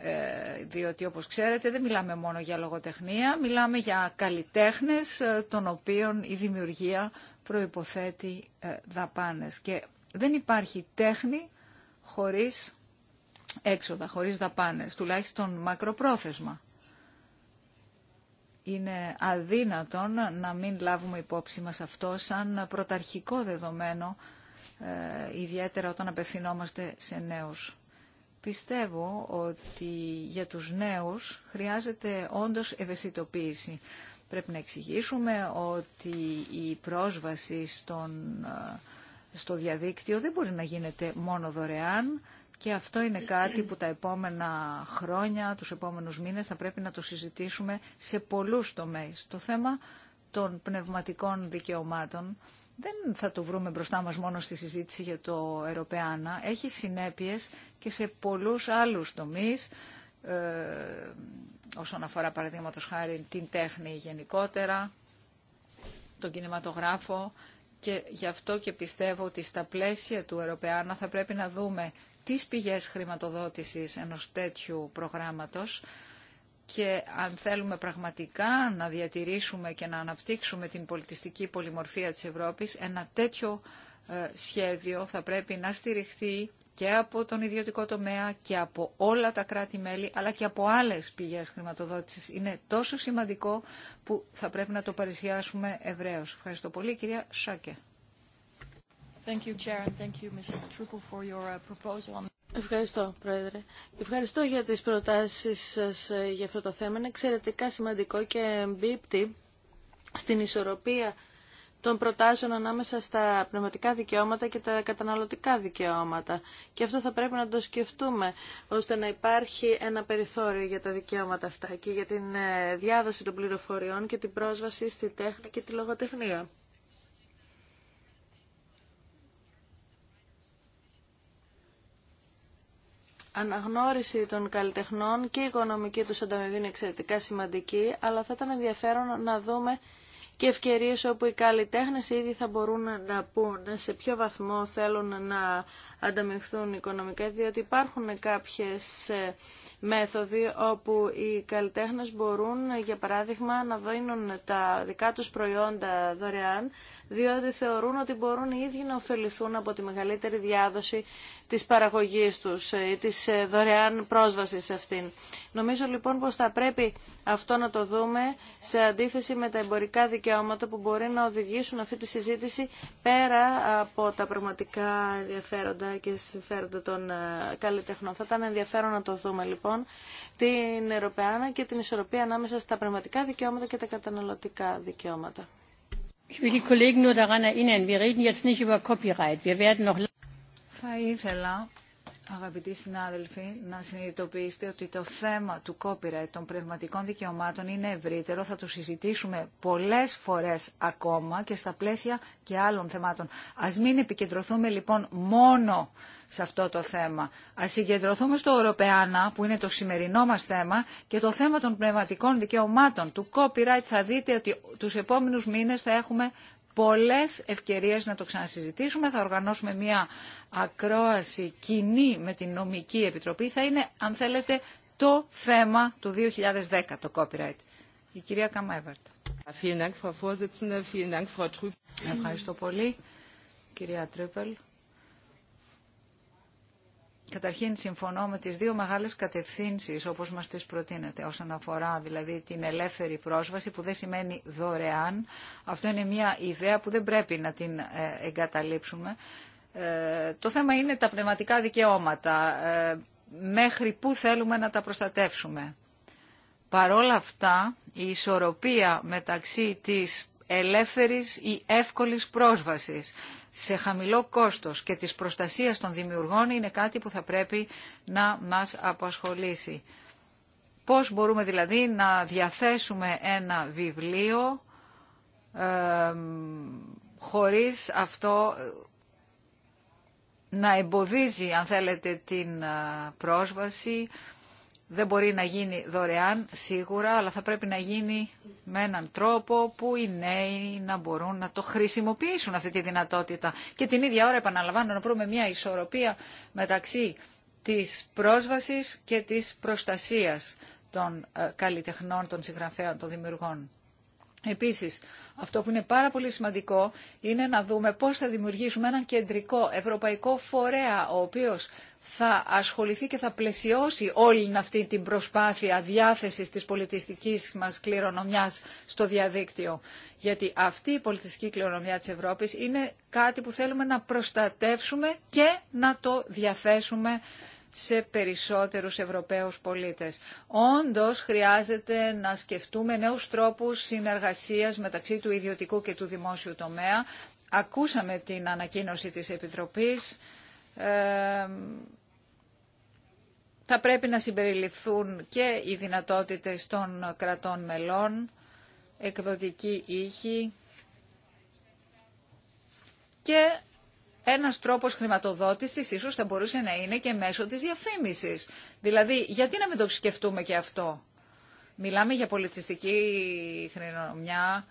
Ε, διότι όπως ξέρετε δεν μιλάμε μόνο για λογοτεχνία, μιλάμε για καλλιτέχνες ε, των οποίων η δημιουργία προϋποθέτει ε, δαπάνες. Και δεν υπάρχει τέχνη χωρίς έξοδα, χωρίς δαπάνες, τουλάχιστον μακροπρόθεσμα. Είναι αδύνατον να μην λάβουμε υπόψη μας αυτό σαν πρωταρχικό δεδομένο, ε, ιδιαίτερα όταν απευθυνόμαστε σε νέους. Πιστεύω ότι για τους νέους χρειάζεται όντως ευαισθητοποίηση. Πρέπει να εξηγήσουμε ότι η πρόσβαση στον, στο διαδίκτυο δεν μπορεί να γίνεται μόνο δωρεάν και αυτό είναι κάτι που τα επόμενα χρόνια, τους επόμενους μήνες θα πρέπει να το συζητήσουμε σε πολλούς τομείς. Το θέμα των πνευματικών δικαιωμάτων δεν θα το βρούμε μπροστά μας μόνο στη συζήτηση για το ευρωπαίανα Έχει συνέπειες και σε πολλούς άλλους τομείς, ε, όσον αφορά παραδείγματο χάρη την τέχνη γενικότερα, τον κινηματογράφο και γι' αυτό και πιστεύω ότι στα πλαίσια του Ευρωπαϊκού θα πρέπει να δούμε τις πηγές χρηματοδότησης ενός τέτοιου προγράμματος και αν θέλουμε πραγματικά να διατηρήσουμε και να αναπτύξουμε την πολιτιστική πολυμορφία της Ευρώπης, ένα τέτοιο ε, σχέδιο θα πρέπει να στηριχθεί και από τον ιδιωτικό τομέα και από όλα τα κράτη-μέλη, αλλά και από άλλες πηγές χρηματοδότησης. Είναι τόσο σημαντικό που θα πρέπει να το παρουσιάσουμε ευρέως. Ευχαριστώ πολύ, κυρία Σάκε. Ευχαριστώ, Πρόεδρε. Ευχαριστώ για τις προτάσεις σας ε, για αυτό το θέμα. Είναι εξαιρετικά σημαντικό και εμπίπτει στην ισορροπία των προτάσεων ανάμεσα στα πνευματικά δικαιώματα και τα καταναλωτικά δικαιώματα. Και αυτό θα πρέπει να το σκεφτούμε, ώστε να υπάρχει ένα περιθώριο για τα δικαιώματα αυτά και για την ε, διάδοση των πληροφοριών και την πρόσβαση στη τέχνη και τη λογοτεχνία. αναγνώριση των καλλιτεχνών και η οικονομική τους ανταμεβή είναι εξαιρετικά σημαντική, αλλά θα ήταν ενδιαφέρον να δούμε και ευκαιρίες όπου οι καλλιτέχνες ήδη θα μπορούν να πούν σε ποιο βαθμό θέλουν να ανταμειχθούν οικονομικά, διότι υπάρχουν κάποιες ε, μέθοδοι όπου οι καλλιτέχνες μπορούν, για παράδειγμα, να δίνουν τα δικά τους προϊόντα δωρεάν, διότι θεωρούν ότι μπορούν οι ίδιοι να ωφεληθούν από τη μεγαλύτερη διάδοση της παραγωγής τους ε, ή της ε, δωρεάν πρόσβασης σε αυτήν. Νομίζω λοιπόν πως θα πρέπει αυτό να το δούμε σε αντίθεση με τα εμπορικά δικαιώματα που μπορεί να οδηγήσουν αυτή τη συζήτηση πέρα από τα πραγματικά ενδιαφέροντα και συμφέροντα των ε, καλλιτεχνών. Θα ήταν ενδιαφέρον να το δούμε λοιπόν την Ευρωπαϊκή και την ισορροπία ανάμεσα στα πραγματικά δικαιώματα και τα καταναλωτικά δικαιώματα. Ich will die Kollegen nur daran erinnern, wir reden jetzt nicht θα ήθελα, αγαπητοί συνάδελφοι, να συνειδητοποιήσετε ότι το θέμα του copyright των πνευματικών δικαιωμάτων είναι ευρύτερο. Θα το συζητήσουμε πολλές φορές ακόμα και στα πλαίσια και άλλων θεμάτων. Ας μην επικεντρωθούμε λοιπόν μόνο σε αυτό το θέμα. Ας συγκεντρωθούμε στο Ευρωπαϊνά, που είναι το σημερινό μας θέμα, και το θέμα των πνευματικών δικαιωμάτων, του copyright, θα δείτε ότι τους επόμενους μήνες θα έχουμε πολλές ευκαιρίες να το ξανασυζητήσουμε. Θα οργανώσουμε μια ακρόαση κοινή με την νομική επιτροπή. Θα είναι, αν θέλετε, το θέμα του 2010, το copyright. Η κυρία Καμαέβαρτ. Ευχαριστώ πολύ, κυρία Τρίπελ. Καταρχήν συμφωνώ με τις δύο μεγάλες κατευθύνσεις όπως μας τις προτείνετε όσον αφορά δηλαδή την ελεύθερη πρόσβαση που δεν σημαίνει δωρεάν. Αυτό είναι μια ιδέα που δεν πρέπει να την ε, εγκαταλείψουμε. Ε, το θέμα είναι τα πνευματικά δικαιώματα. Ε, μέχρι πού θέλουμε να τα προστατεύσουμε. Παρόλα αυτά η ισορροπία μεταξύ της ελεύθερης ή εύκολης πρόσβασης σε χαμηλό κόστος και της προστασίας των δημιουργών είναι κάτι που θα πρέπει να μας απασχολήσει. Πώς μπορούμε δηλαδή να διαθέσουμε ένα βιβλίο ε, χωρίς αυτό να εμποδίζει, αν θέλετε, την ε, πρόσβαση δεν μπορεί να γίνει δωρεάν σίγουρα, αλλά θα πρέπει να γίνει με έναν τρόπο που οι νέοι να μπορούν να το χρησιμοποιήσουν αυτή τη δυνατότητα. Και την ίδια ώρα επαναλαμβάνω να βρούμε μια ισορροπία μεταξύ της πρόσβασης και της προστασίας των ε, καλλιτεχνών, των συγγραφέων, των δημιουργών. Επίσης, αυτό που είναι πάρα πολύ σημαντικό είναι να δούμε πώς θα δημιουργήσουμε έναν κεντρικό ευρωπαϊκό φορέα, ο οποίος θα ασχοληθεί και θα πλαισιώσει όλη αυτή την προσπάθεια διάθεσης της πολιτιστικής μας κληρονομιάς στο διαδίκτυο. Γιατί αυτή η πολιτιστική κληρονομιά της Ευρώπης είναι κάτι που θέλουμε να προστατεύσουμε και να το διαθέσουμε σε περισσότερους Ευρωπαίους πολίτες. Όντως χρειάζεται να σκεφτούμε νέους τρόπους συνεργασίας μεταξύ του ιδιωτικού και του δημόσιου τομέα. Ακούσαμε την ανακοίνωση της Επιτροπής θα πρέπει να συμπεριληφθούν και οι δυνατότητες των κρατών μελών, εκδοτική ήχη και ένας τρόπος χρηματοδότησης ίσως θα μπορούσε να είναι και μέσω της διαφήμισης. Δηλαδή, γιατί να μην το σκεφτούμε και αυτό. Μιλάμε για πολιτιστική χρηνομιά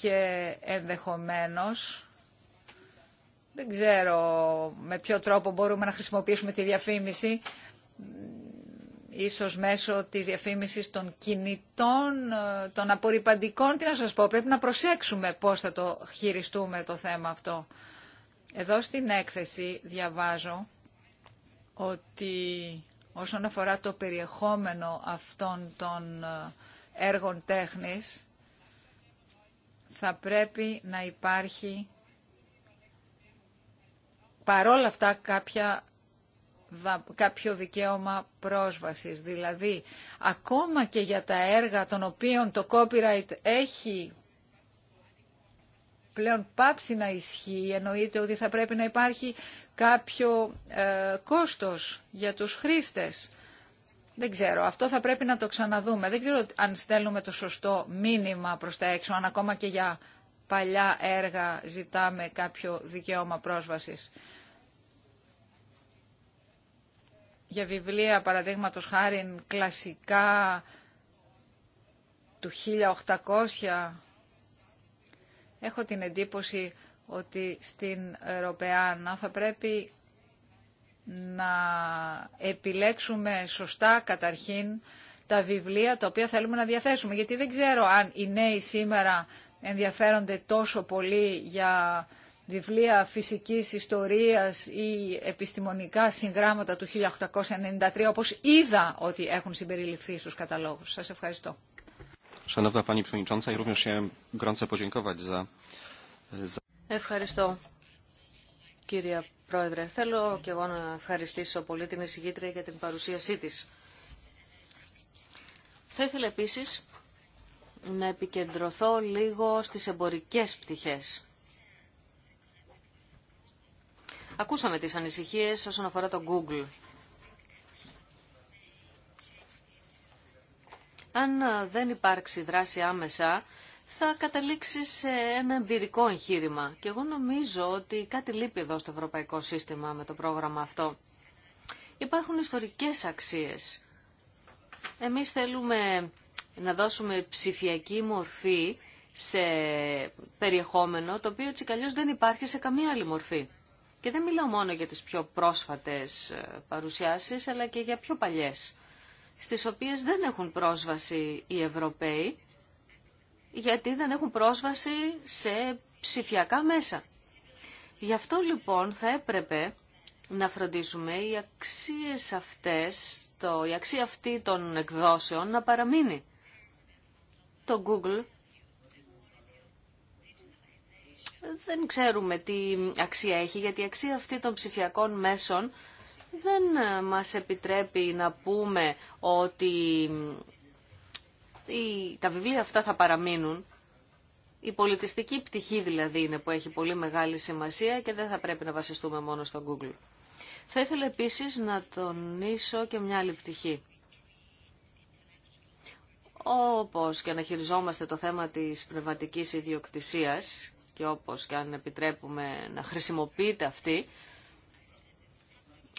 και ενδεχομένως δεν ξέρω με ποιο τρόπο μπορούμε να χρησιμοποιήσουμε τη διαφήμιση, ίσως μέσω της διαφήμισης των κινητών, των απορριπαντικών. Τι να σας πω, πρέπει να προσέξουμε πώς θα το χειριστούμε το θέμα αυτό. Εδώ στην έκθεση διαβάζω ότι όσον αφορά το περιεχόμενο αυτών των ε, έργων τέχνης, θα πρέπει να υπάρχει παρόλα αυτά κάποιο δικαίωμα πρόσβασης. Δηλαδή, ακόμα και για τα έργα των οποίων το copyright έχει πλέον πάψει να ισχύει, εννοείται ότι θα πρέπει να υπάρχει κάποιο ε, κόστος για τους χρήστες. Δεν ξέρω, αυτό θα πρέπει να το ξαναδούμε. Δεν ξέρω αν στέλνουμε το σωστό μήνυμα προς τα έξω, αν ακόμα και για παλιά έργα ζητάμε κάποιο δικαίωμα πρόσβασης. για βιβλία παραδείγματο χάρη κλασικά του 1800. Έχω την εντύπωση ότι στην Ευρωπαϊκή θα πρέπει να επιλέξουμε σωστά καταρχήν τα βιβλία τα οποία θέλουμε να διαθέσουμε. Γιατί δεν ξέρω αν οι νέοι σήμερα ενδιαφέρονται τόσο πολύ για βιβλία φυσικής ιστορίας ή επιστημονικά συγγράμματα του 1893, όπως είδα ότι έχουν συμπεριληφθεί στους καταλόγους. Σας ευχαριστώ. Ευχαριστώ, κύριε Πρόεδρε. Θέλω και εγώ να ευχαριστήσω πολύ την εισηγήτρια για την παρουσίασή της. Θα ήθελα επίσης να επικεντρωθώ λίγο στις εμπορικές πτυχές Ακούσαμε τις ανησυχίες όσον αφορά το Google. Αν δεν υπάρξει δράση άμεσα, θα καταλήξει σε ένα εμπειρικό εγχείρημα. Και εγώ νομίζω ότι κάτι λείπει εδώ στο ευρωπαϊκό σύστημα με το πρόγραμμα αυτό. Υπάρχουν ιστορικές αξίες. Εμείς θέλουμε να δώσουμε ψηφιακή μορφή σε περιεχόμενο, το οποίο έτσι δεν υπάρχει σε καμία άλλη μορφή. Και δεν μιλάω μόνο για τις πιο πρόσφατες ε, παρουσιάσεις, αλλά και για πιο παλιές, στις οποίες δεν έχουν πρόσβαση οι Ευρωπαίοι, γιατί δεν έχουν πρόσβαση σε ψηφιακά μέσα. Γι' αυτό λοιπόν θα έπρεπε να φροντίσουμε οι αξίες αυτές, το, η αξία αυτή των εκδόσεων να παραμείνει. Το Google δεν ξέρουμε τι αξία έχει, γιατί η αξία αυτή των ψηφιακών μέσων δεν ε, μας επιτρέπει να πούμε ότι τα βιβλία αυτά θα παραμείνουν. Η πολιτιστική πτυχή δηλαδή είναι που έχει πολύ μεγάλη σημασία και δεν θα πρέπει να βασιστούμε μόνο στο Google. Θα ήθελα επίσης να τονίσω και μια άλλη πτυχή. Όπως και να χειριζόμαστε το θέμα της πνευματικής ιδιοκτησίας και όπως και αν επιτρέπουμε να χρησιμοποιείται αυτή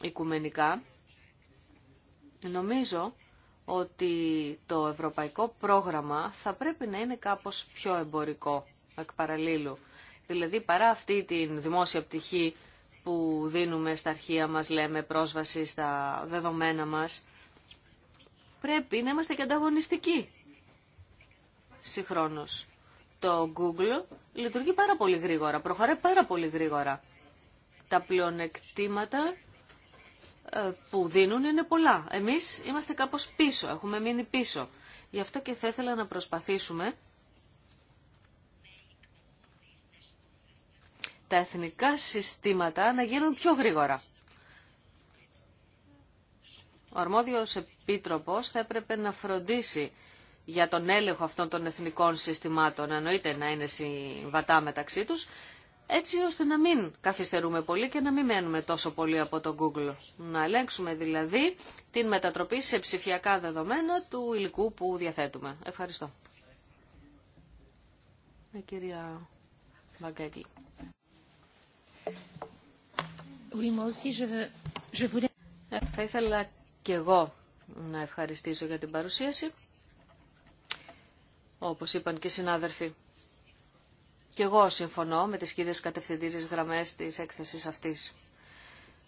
οικουμενικά, νομίζω ότι το ευρωπαϊκό πρόγραμμα θα πρέπει να είναι κάπως πιο εμπορικό εκ παραλίλου. Δηλαδή παρά αυτή την δημόσια πτυχή που δίνουμε στα αρχεία μας, λέμε πρόσβαση στα δεδομένα μας, πρέπει να είμαστε και ανταγωνιστικοί συγχρόνως το Google λειτουργεί πάρα πολύ γρήγορα, προχωράει πάρα πολύ γρήγορα. Τα πλεονεκτήματα ε, που δίνουν είναι πολλά. Εμείς είμαστε κάπως πίσω, έχουμε μείνει πίσω. Γι' αυτό και θα ήθελα να προσπαθήσουμε τα εθνικά συστήματα να γίνουν πιο γρήγορα. Ο αρμόδιος επίτροπος θα έπρεπε να φροντίσει για τον έλεγχο αυτών των εθνικών συστημάτων, εννοείται να είναι συμβατά μεταξύ τους, έτσι ώστε να μην καθυστερούμε πολύ και να μην μένουμε τόσο πολύ από το Google. Να ελέγξουμε δηλαδή την μετατροπή σε ψηφιακά δεδομένα του υλικού που διαθέτουμε. Ευχαριστώ. Θα ήθελα και εγώ να ευχαριστήσω για την παρουσίαση όπως είπαν και οι συνάδελφοι. Και εγώ συμφωνώ με τις κύριες κατευθυντήριες γραμμές της έκθεσης αυτής.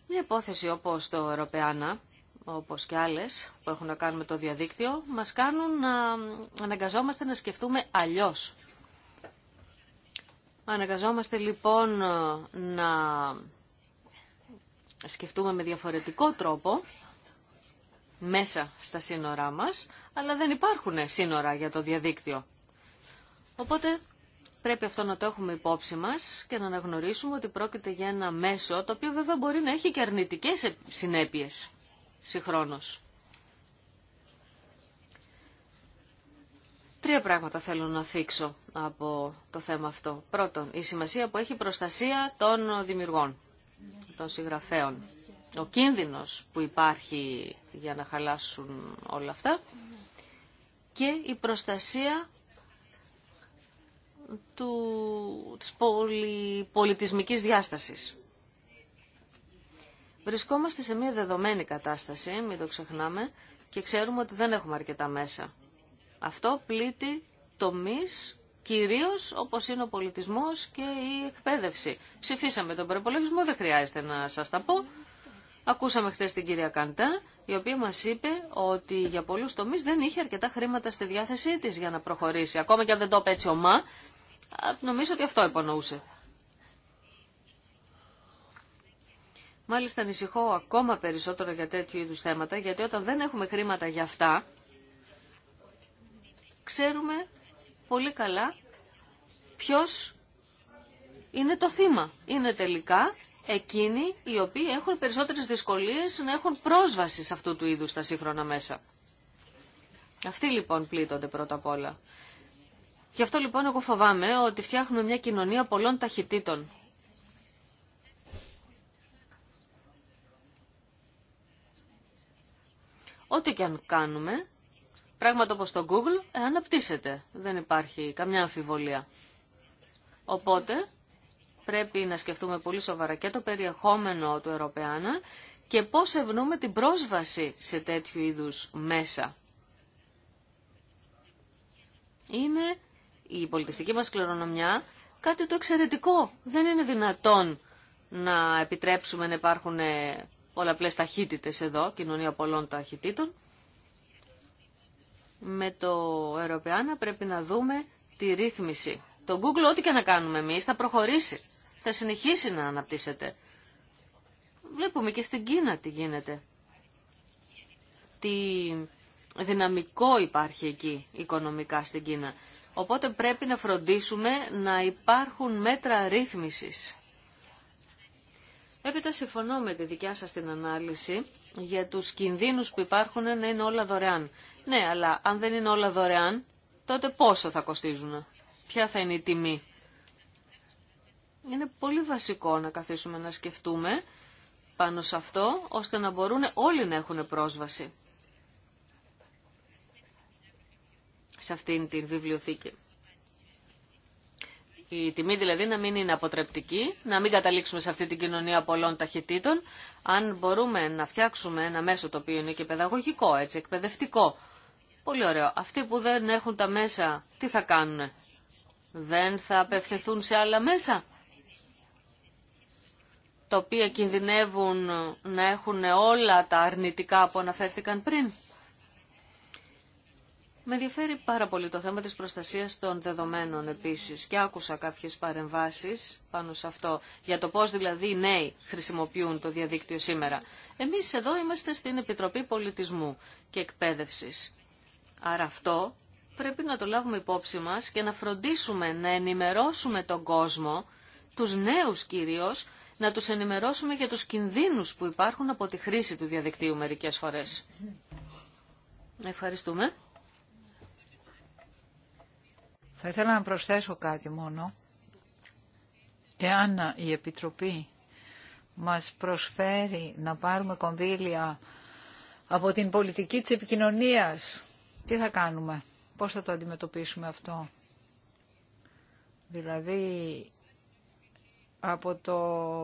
Μια υπόθεση όπως το Ευρωπαϊκά, όπως και άλλες που έχουν να κάνουν με το διαδίκτυο, μας κάνουν να αναγκαζόμαστε να σκεφτούμε αλλιώς. Αναγκαζόμαστε λοιπόν ε, να σκεφτούμε με διαφορετικό τρόπο μέσα στα σύνορά μας, αλλά δεν υπάρχουν σύνορα για το διαδίκτυο. Οπότε πρέπει αυτό να το έχουμε υπόψη μας και να αναγνωρίσουμε ότι πρόκειται για ένα μέσο το οποίο βέβαια μπορεί να έχει και αρνητικές συνέπειες συγχρόνως. Τρία πράγματα θέλω να θίξω από το θέμα αυτό. Πρώτον, η σημασία που έχει προστασία των δημιουργών, των συγγραφέων. Ο κίνδυνος που υπάρχει για να χαλάσουν όλα αυτά και η προστασία του, της πολιτισμικής διάστασης. Βρισκόμαστε σε μια δεδομένη κατάσταση, μην το ξεχνάμε, και ξέρουμε ότι δεν έχουμε αρκετά μέσα. Αυτό πλήττει τομείς κυρίως όπως είναι ο πολιτισμός και η εκπαίδευση. Ψηφίσαμε τον προπολογισμό, δεν χρειάζεται να σας τα πω. Ακούσαμε χθε την κυρία Καντά η οποία μας είπε ότι για πολλούς τομείς δεν είχε αρκετά χρήματα στη διάθεσή της για να προχωρήσει. Ακόμα και αν δεν το είπε έτσι ομά, νομίζω ότι αυτό υπονοούσε. Μάλιστα ανησυχώ ακόμα περισσότερο για τέτοιου είδους θέματα, γιατί όταν δεν έχουμε χρήματα για αυτά, ξέρουμε πολύ καλά ποιος είναι το θύμα. Είναι τελικά εκείνοι οι οποίοι έχουν περισσότερες δυσκολίες να έχουν πρόσβαση σε αυτού του είδους τα σύγχρονα μέσα. Αυτοί λοιπόν πλήττονται πρώτα απ' όλα. Γι' αυτό λοιπόν εγώ φοβάμαι ότι φτιάχνουμε μια κοινωνία πολλών ταχυτήτων. Ό,τι και αν κάνουμε, πράγματα όπως το Google ε, αναπτύσσεται. Δεν υπάρχει καμιά αμφιβολία. Οπότε πρέπει να σκεφτούμε πολύ σοβαρά και το περιεχόμενο του Ευρωπαίανα και πώς ευνούμε την πρόσβαση σε τέτοιου είδους μέσα. Είναι η πολιτιστική μας κληρονομιά κάτι το εξαιρετικό. Δεν είναι δυνατόν να επιτρέψουμε να υπάρχουν πολλαπλές ταχύτητες εδώ, κοινωνία πολλών ταχυτήτων. Με το Ευρωπαίανα πρέπει να δούμε τη ρύθμιση. Το Google ό,τι και να κάνουμε εμείς θα προχωρήσει θα συνεχίσει να αναπτύσσεται. Βλέπουμε και στην Κίνα τι γίνεται. Τι δυναμικό υπάρχει εκεί οικονομικά στην Κίνα. Οπότε πρέπει να φροντίσουμε να υπάρχουν μέτρα ρύθμισης. Έπειτα συμφωνώ με τη δικιά σας την ανάλυση για τους κινδύνους που υπάρχουν να είναι όλα δωρεάν. Ναι, αλλά αν δεν είναι όλα δωρεάν, τότε πόσο θα κοστίζουν, ποια θα είναι η τιμή είναι πολύ βασικό να καθίσουμε να σκεφτούμε πάνω σε αυτό, ώστε να μπορούν όλοι να έχουν πρόσβαση σε αυτήν την βιβλιοθήκη. Η τιμή δηλαδή να μην είναι αποτρεπτική, να μην καταλήξουμε σε αυτή την κοινωνία πολλών ταχυτήτων, αν μπορούμε να φτιάξουμε ένα μέσο το οποίο είναι και παιδαγωγικό, έτσι, εκπαιδευτικό. Πολύ ωραίο. Αυτοί που δεν έχουν τα μέσα, τι θα κάνουν, δεν θα απευθυνθούν σε άλλα μέσα τα οποία κινδυνεύουν να έχουν όλα τα αρνητικά που αναφέρθηκαν πριν. Με ενδιαφέρει πάρα πολύ το θέμα της προστασίας των δεδομένων επίσης και άκουσα κάποιες παρεμβάσεις πάνω σε αυτό για το πώς δηλαδή οι νέοι χρησιμοποιούν το διαδίκτυο σήμερα. Εμείς εδώ είμαστε στην Επιτροπή Πολιτισμού και Εκπαίδευσης. Άρα αυτό πρέπει να το λάβουμε υπόψη μας και να φροντίσουμε να ενημερώσουμε τον κόσμο, τους νέους κυρίως, να τους ενημερώσουμε για τους κινδύνους που υπάρχουν από τη χρήση του διαδικτύου μερικές φορές. Ευχαριστούμε. Θα ήθελα να προσθέσω κάτι μόνο. Εάν η Επιτροπή μας προσφέρει να πάρουμε κονδύλια από την πολιτική της επικοινωνίας, τι θα κάνουμε, πώς θα το αντιμετωπίσουμε αυτό. Δηλαδή από το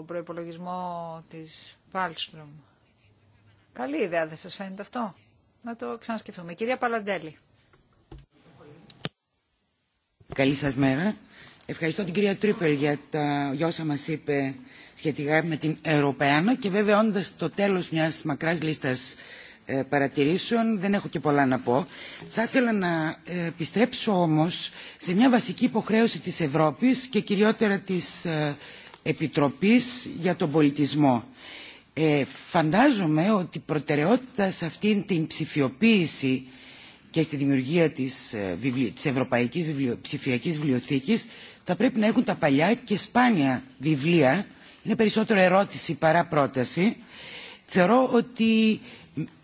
προϋπολογισμό της Βάλστρουμ. Καλή ιδέα, δεν σας φαίνεται αυτό. Να το ξανασκεφτούμε. Κυρία Παλαντέλη. Καλή σας μέρα. Ευχαριστώ την κυρία Τρίπελ για, τα, για όσα μας είπε σχετικά με την Ευρωπαϊκή και βέβαια όντας το τέλος μιας μακράς λίστας ε, παρατηρήσεων δεν έχω και πολλά να πω. Θα ήθελα να ε, επιστρέψω όμως σε μια βασική υποχρέωση της Ευρώπης και κυριότερα της ε, Επιτροπής για τον Πολιτισμό. Ε, φαντάζομαι ότι προτεραιότητα σε αυτήν την ψηφιοποίηση και στη δημιουργία της, ε, της Ευρωπαϊκής Ψηφιακής Βιβλιοθήκης θα πρέπει να έχουν τα παλιά και σπάνια βιβλία. Είναι περισσότερο ερώτηση παρά πρόταση. Θεωρώ ότι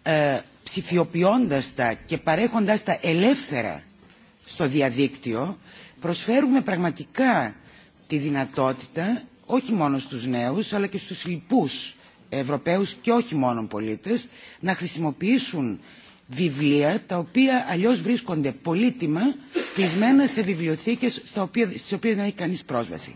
ε, ψηφιοποιώντας τα και παρέχοντας τα ελεύθερα στο διαδίκτυο προσφέρουμε πραγματικά τη δυνατότητα όχι μόνο στους νέους αλλά και στους λοιπούς Ευρωπαίους και όχι μόνο πολίτες να χρησιμοποιήσουν βιβλία τα οποία αλλιώς βρίσκονται πολύτιμα κλεισμένα σε βιβλιοθήκες στις οποίες δεν έχει κανείς πρόσβαση.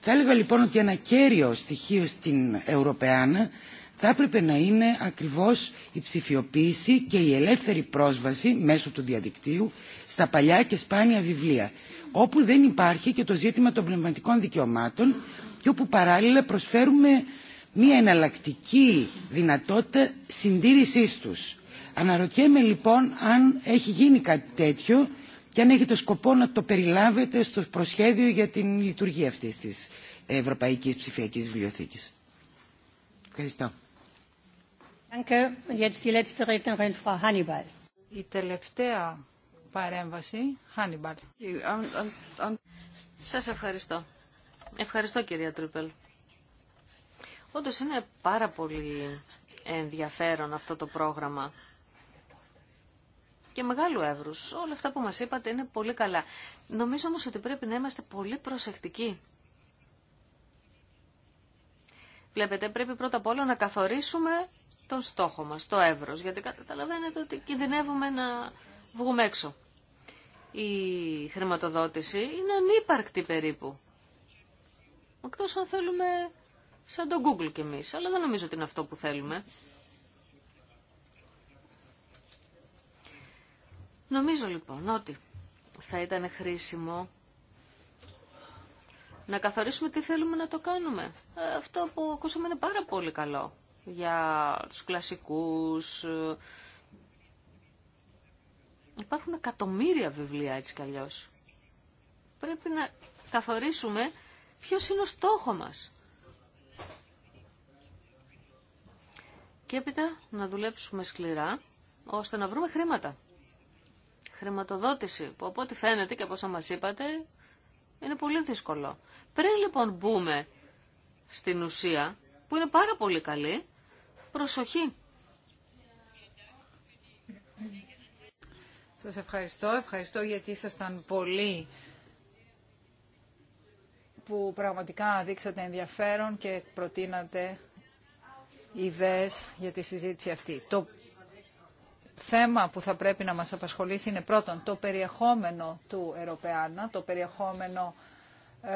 Θα έλεγα λοιπόν ότι ένα κέριο στοιχείο στην Ευρωπαϊάνα... θα έπρεπε να είναι ακριβώς η ψηφιοποίηση και η ελεύθερη πρόσβαση μέσω του διαδικτύου στα παλιά και σπάνια βιβλία, όπου δεν υπάρχει και το ζήτημα των πνευματικών δικαιωμάτων και όπου παράλληλα προσφέρουμε μία εναλλακτική δυνατότητα συντήρησής τους. Αναρωτιέμαι λοιπόν αν έχει γίνει κάτι τέτοιο και αν έχει το σκοπό να το περιλάβετε στο προσχέδιο για την λειτουργία αυτής της Ευρωπαϊκής Ψηφιακής Βιβλιοθήκης. Ευχαριστώ. Η τελευταία παρέμβαση, Σας ευχαριστώ. Ευχαριστώ κυρία Τρίπελ. Όντω είναι πάρα πολύ ενδιαφέρον αυτό το πρόγραμμα και μεγάλου εύρου. Όλα αυτά που μα είπατε είναι πολύ καλά. Νομίζω όμως ότι πρέπει να είμαστε πολύ προσεκτικοί. Βλέπετε, πρέπει πρώτα απ' όλα να καθορίσουμε τον στόχο μας, το εύρος, γιατί καταλαβαίνετε ότι κινδυνεύουμε να βγούμε έξω. Η χρηματοδότηση είναι ανύπαρκτη περίπου. Εκτό αν θέλουμε σαν το Google κι εμεί. αλλά δεν νομίζω ότι είναι αυτό που θέλουμε. Νομίζω λοιπόν ότι θα ήταν χρήσιμο να καθορίσουμε τι θέλουμε να το κάνουμε. Ε, αυτό που ακούσαμε είναι πάρα πολύ καλό για τους κλασικούς. Υπάρχουν εκατομμύρια βιβλία έτσι κι αλλιώς. Πρέπει να καθορίσουμε ποιος είναι ο στόχο μας. Και έπειτα να δουλέψουμε σκληρά ώστε να βρούμε χρήματα. Χρηματοδότηση που από ό,τι φαίνεται και από όσα μας είπατε είναι πολύ δύσκολο. Πριν λοιπόν μπούμε στην ουσία που είναι πάρα πολύ καλή, προσοχή. Σας ευχαριστώ. Ευχαριστώ γιατί ήσασταν πολύ που πραγματικά δείξατε ενδιαφέρον και προτείνατε ιδέες για τη συζήτηση αυτή. Το θέμα που θα πρέπει να μας απασχολήσει είναι πρώτον το περιεχόμενο του Ευρωπαϊκού, το περιεχόμενο ε,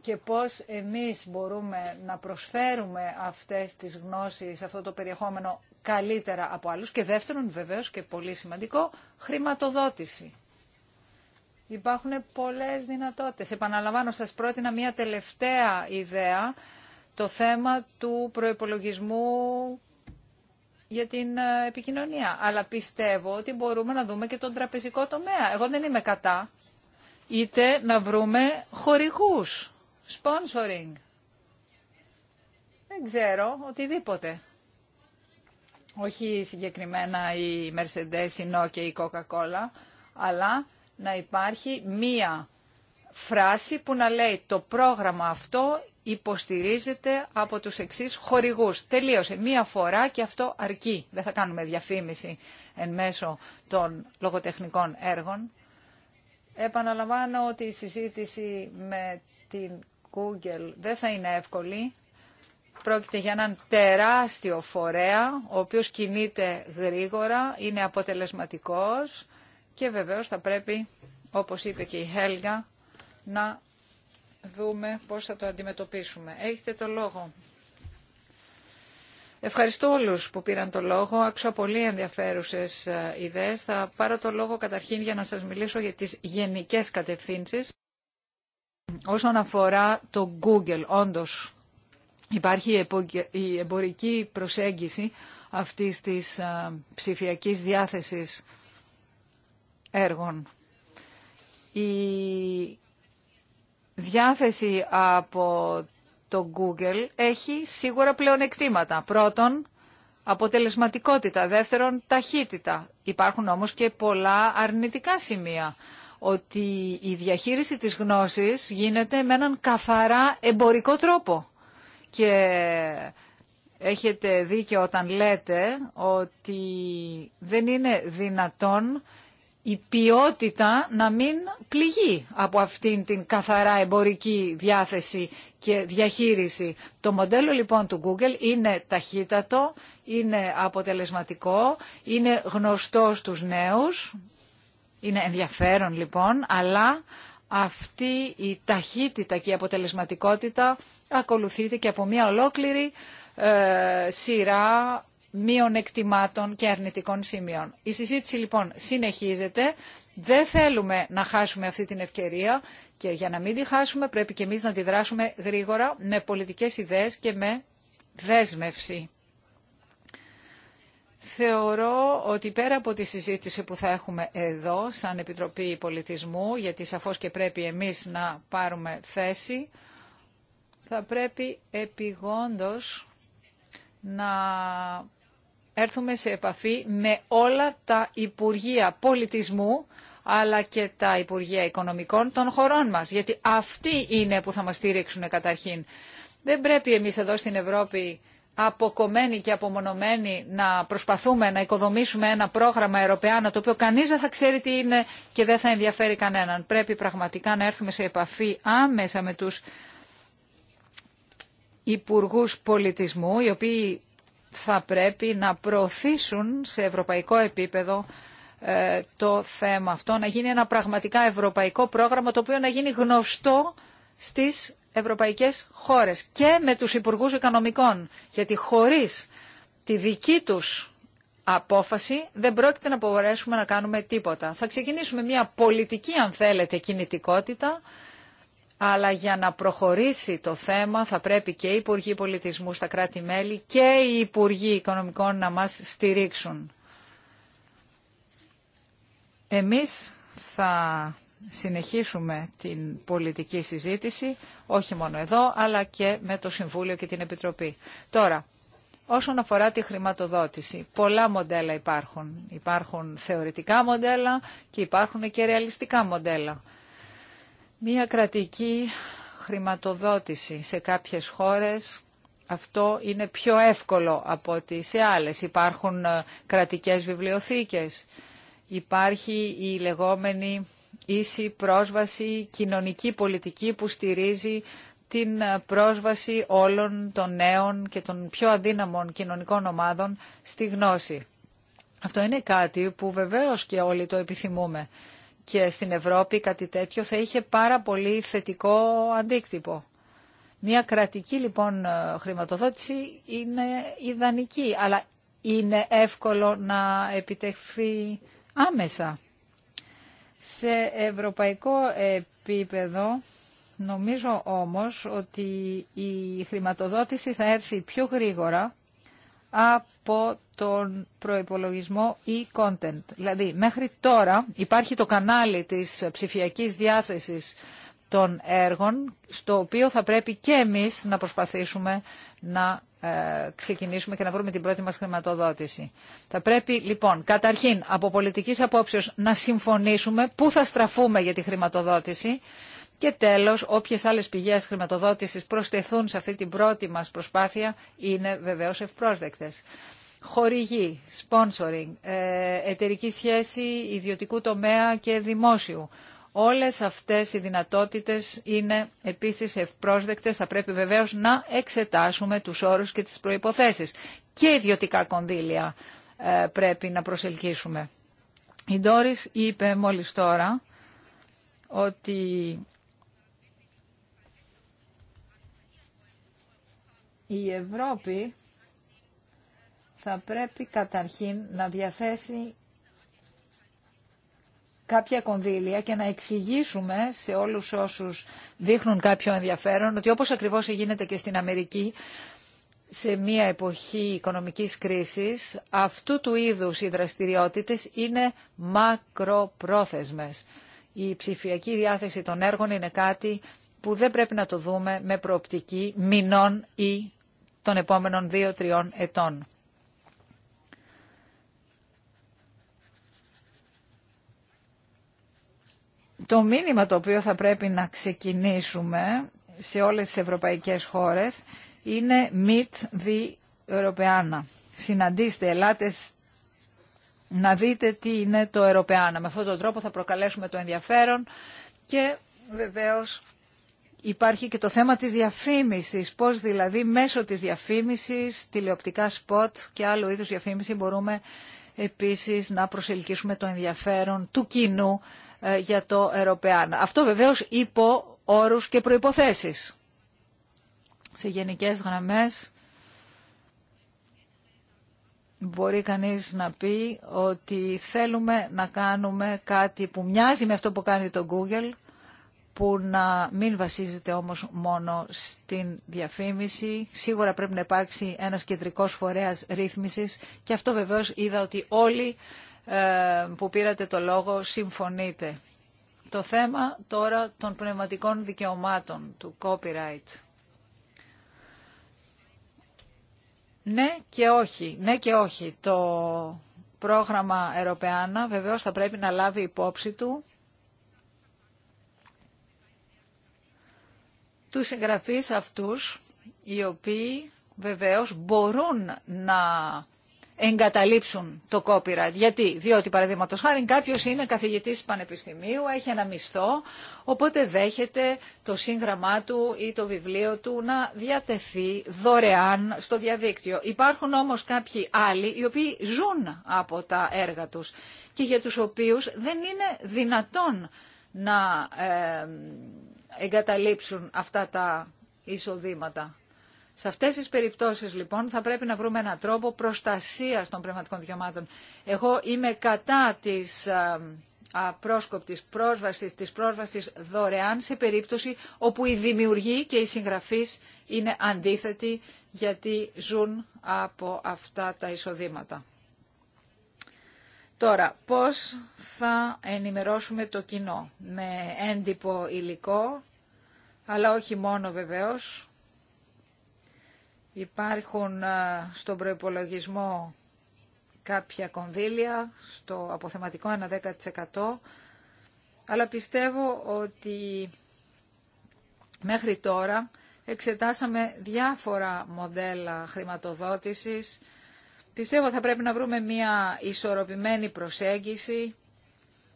και πώς εμείς μπορούμε να προσφέρουμε αυτές τις γνώσεις, αυτό το περιεχόμενο καλύτερα από άλλους και δεύτερον βεβαίως και πολύ σημαντικό χρηματοδότηση. Υπάρχουν πολλές δυνατότητες. Επαναλαμβάνω, σας πρότεινα μια τελευταία ιδέα, το θέμα του προϋπολογισμού για την ε, επικοινωνία. Αλλά πιστεύω ότι μπορούμε να δούμε και τον τραπεζικό τομέα. Εγώ δεν είμαι κατά. Είτε να βρούμε χορηγούς, sponsoring. Δεν ξέρω, οτιδήποτε. Όχι συγκεκριμένα η Mercedes, η Nokia, η Coca-Cola, αλλά να υπάρχει μία φράση που να λέει το πρόγραμμα αυτό υποστηρίζεται από τους εξής χορηγούς. Τελείωσε μία φορά και αυτό αρκεί. Δεν θα κάνουμε διαφήμιση εν μέσω των λογοτεχνικών έργων. Επαναλαμβάνω ότι η συζήτηση με την Google δεν θα είναι εύκολη. Πρόκειται για έναν τεράστιο φορέα, ο οποίος κινείται γρήγορα, είναι αποτελεσματικός και βεβαίως θα πρέπει, όπως είπε και η Χέλγα, να δούμε πώς θα το αντιμετωπίσουμε. Έχετε το λόγο. Ευχαριστώ όλους που πήραν το λόγο. Άκουσα πολύ ενδιαφέρουσες ε, ιδέες. Θα πάρω το λόγο καταρχήν για να σας μιλήσω για τις γενικές κατευθύνσεις. Όσον αφορά το Google, όντως υπάρχει η εμπορική προσέγγιση αυτής της ε, ψηφιακής διάθεσης έργων. Η διάθεση από το Google έχει σίγουρα πλεονεκτήματα. Πρώτον, αποτελεσματικότητα. Δεύτερον, ταχύτητα. Υπάρχουν όμως και πολλά αρνητικά σημεία ότι η διαχείριση της γνώσης γίνεται με έναν καθαρά εμπορικό τρόπο. Και έχετε δίκιο όταν λέτε ότι δεν είναι δυνατόν η ποιότητα να μην πληγεί από αυτήν την καθαρά εμπορική διάθεση και διαχείριση. Το μοντέλο λοιπόν του Google είναι ταχύτατο, είναι αποτελεσματικό, είναι γνωστό στους νέους, είναι ενδιαφέρον λοιπόν, αλλά αυτή η ταχύτητα και η αποτελεσματικότητα ακολουθείται και από μια ολόκληρη ε, σειρά εκτιμάτων και αρνητικών σημείων. Η συζήτηση λοιπόν συνεχίζεται. Δεν θέλουμε να χάσουμε αυτή την ευκαιρία και για να μην τη χάσουμε πρέπει και εμείς να τη δράσουμε γρήγορα με πολιτικές ιδέες και με δέσμευση. Θεωρώ ότι πέρα από τη συζήτηση που θα έχουμε εδώ σαν Επιτροπή Πολιτισμού, γιατί σαφώς και πρέπει εμείς να πάρουμε θέση, θα πρέπει επιγόντως να έρθουμε σε επαφή με όλα τα Υπουργεία Πολιτισμού αλλά και τα Υπουργεία Οικονομικών των χωρών μας, γιατί αυτοί είναι που θα μας στήριξουν καταρχήν. Δεν πρέπει εμείς εδώ στην Ευρώπη αποκομμένοι και απομονωμένοι να προσπαθούμε να οικοδομήσουμε ένα πρόγραμμα Ευρωπαϊκό το οποίο κανείς δεν θα ξέρει τι είναι και δεν θα ενδιαφέρει κανέναν. Πρέπει πραγματικά να έρθουμε σε επαφή άμεσα με τους υπουργούς πολιτισμού οι οποίοι θα πρέπει να προωθήσουν σε ευρωπαϊκό επίπεδο ε, το θέμα αυτό, να γίνει ένα πραγματικά ευρωπαϊκό πρόγραμμα το οποίο να γίνει γνωστό στις ευρωπαϊκές χώρες και με τους Υπουργούς Οικονομικών, γιατί χωρίς τη δική τους απόφαση δεν πρόκειται να μπορέσουμε να κάνουμε τίποτα. Θα ξεκινήσουμε μια πολιτική, αν θέλετε, κινητικότητα, αλλά για να προχωρήσει το θέμα θα πρέπει και οι Υπουργοί Πολιτισμού στα κράτη-μέλη και οι Υπουργοί Οικονομικών να μας στηρίξουν. Εμείς θα συνεχίσουμε την πολιτική συζήτηση, όχι μόνο εδώ, αλλά και με το Συμβούλιο και την Επιτροπή. Τώρα, όσον αφορά τη χρηματοδότηση, πολλά μοντέλα υπάρχουν. Υπάρχουν θεωρητικά μοντέλα και υπάρχουν και ρεαλιστικά μοντέλα. Μία κρατική χρηματοδότηση σε κάποιες χώρες αυτό είναι πιο εύκολο από ότι σε άλλες. Υπάρχουν ε, κρατικές βιβλιοθήκες, υπάρχει η λεγόμενη ίση πρόσβαση κοινωνική πολιτική που στηρίζει την ε, πρόσβαση όλων των νέων και των πιο αδύναμων κοινωνικών ομάδων στη γνώση. Αυτό είναι κάτι που βεβαίως και όλοι το επιθυμούμε και στην Ευρώπη κάτι τέτοιο θα είχε πάρα πολύ θετικό αντίκτυπο. Μια κρατική λοιπόν ε, χρηματοδότηση είναι ιδανική, αλλά είναι εύκολο να επιτευχθεί άμεσα. Σε ευρωπαϊκό επίπεδο νομίζω όμως ότι η χρηματοδότηση θα έρθει πιο γρήγορα από τον προϋπολογισμό e-content. Δηλαδή, μέχρι τώρα υπάρχει το κανάλι της ψηφιακής διάθεσης των έργων, στο οποίο θα πρέπει και εμείς να προσπαθήσουμε να ε, ξεκινήσουμε και να βρούμε την πρώτη μας χρηματοδότηση. Θα πρέπει λοιπόν καταρχήν από πολιτικής απόψεως να συμφωνήσουμε πού θα στραφούμε για τη χρηματοδότηση και τέλος, όποιες άλλες πηγές χρηματοδότησης προσθεθούν σε αυτή την πρώτη μας προσπάθεια είναι βεβαίως ευπρόσδεκτες. Χορηγή, sponsoring, ε, εταιρική σχέση ιδιωτικού τομέα και δημόσιου. Όλες αυτές οι δυνατότητες είναι επίσης ευπρόσδεκτες. Θα πρέπει βεβαίως να εξετάσουμε τους όρους και τις προϋποθέσεις. Και ιδιωτικά κονδύλια ε, πρέπει να προσελκύσουμε. Η Ντόρις είπε μόλις τώρα ότι η Ευρώπη θα πρέπει καταρχήν να διαθέσει κάποια κονδύλια και να εξηγήσουμε σε όλους όσους δείχνουν κάποιο ενδιαφέρον ότι όπως ακριβώς γίνεται και στην Αμερική σε μια εποχή οικονομικής κρίσης αυτού του είδους οι δραστηριότητες είναι μακροπρόθεσμες. Η ψηφιακή διάθεση των έργων είναι κάτι που δεν πρέπει να το δούμε με προοπτική μηνών ή των επόμενων δύο-τριών ετών. Το μήνυμα το οποίο θα πρέπει να ξεκινήσουμε σε όλες τις ευρωπαϊκές χώρες είναι Meet the Europeana. Συναντήστε, ελάτε να δείτε τι είναι το Europeana. Με αυτόν τον τρόπο θα προκαλέσουμε το ενδιαφέρον και βεβαίως Υπάρχει και το θέμα της διαφήμισης, πώς δηλαδή μέσω της διαφήμισης, τηλεοπτικά σποτ και άλλο είδους διαφήμιση μπορούμε επίσης να προσελκύσουμε το ενδιαφέρον του κοινού ε, για το ευρωπαίαν. Αυτό βεβαίως υπό όρους και προϋποθέσεις. Σε γενικές γραμμές μπορεί κανείς να πει ότι θέλουμε να κάνουμε κάτι που μοιάζει με αυτό που κάνει το Google, που να μην βασίζεται όμως μόνο στην διαφήμιση. Σίγουρα πρέπει να υπάρξει ένας κεντρικός φορέας ρύθμισης και αυτό βεβαίως είδα ότι όλοι ε, που πήρατε το λόγο συμφωνείτε. Το θέμα τώρα των πνευματικών δικαιωμάτων, του copyright. Ναι και όχι, ναι και όχι. Το πρόγραμμα Ευρωπαϊκά βεβαίως θα πρέπει να λάβει υπόψη του τους εγγραφείς αυτούς, οι οποίοι βεβαίως μπορούν να εγκαταλείψουν το copyright. Γιατί, διότι παραδείγματος χάρη κάποιος είναι καθηγητής πανεπιστημίου, έχει ένα μισθό, οπότε δέχεται το σύγγραμμά του ή το βιβλίο του να διατεθεί δωρεάν στο διαδίκτυο. Υπάρχουν όμως κάποιοι άλλοι οι οποίοι ζουν από τα έργα τους και για τους οποίους δεν είναι δυνατόν να ε, εγκαταλείψουν αυτά τα εισοδήματα. Σε αυτές τις περιπτώσεις λοιπόν θα πρέπει να βρούμε έναν τρόπο προστασίας των πνευματικών δικαιωμάτων. Εγώ είμαι κατά της πρόσκοπτης πρόσβασης, της πρόσβασης δωρεάν σε περίπτωση όπου οι δημιουργοί και οι συγγραφείς είναι αντίθετοι γιατί ζουν από αυτά τα εισοδήματα. Τώρα, πώς θα ενημερώσουμε το κοινό με έντυπο υλικό, αλλά όχι μόνο βεβαίως. Υπάρχουν στον προϋπολογισμό κάποια κονδύλια, στο αποθεματικό ένα 10%, αλλά πιστεύω ότι μέχρι τώρα εξετάσαμε διάφορα μοντέλα χρηματοδότησης, Πιστεύω θα πρέπει να βρούμε μια ισορροπημένη προσέγγιση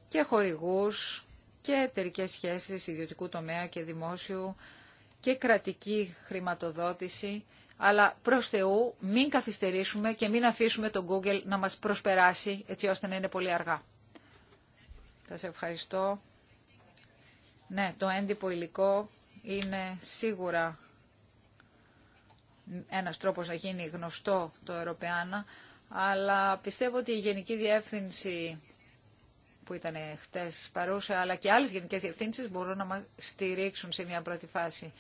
και χορηγούς και εταιρικέ σχέσεις ιδιωτικού τομέα και δημόσιου και κρατική χρηματοδότηση. Αλλά προς Θεού μην καθυστερήσουμε και μην αφήσουμε τον Google να μας προσπεράσει έτσι ώστε να είναι πολύ αργά. Θα σε ευχαριστώ. Ναι, το έντυπο υλικό είναι σίγουρα ένας τρόπος να γίνει γνωστό το Ευρωπαϊκό, αλλά πιστεύω ότι η Γενική Διεύθυνση που ήταν χτες παρούσα, αλλά και άλλες γενικές διευθύνσεις μπορούν να μας στηρίξουν σε μια πρώτη φάση.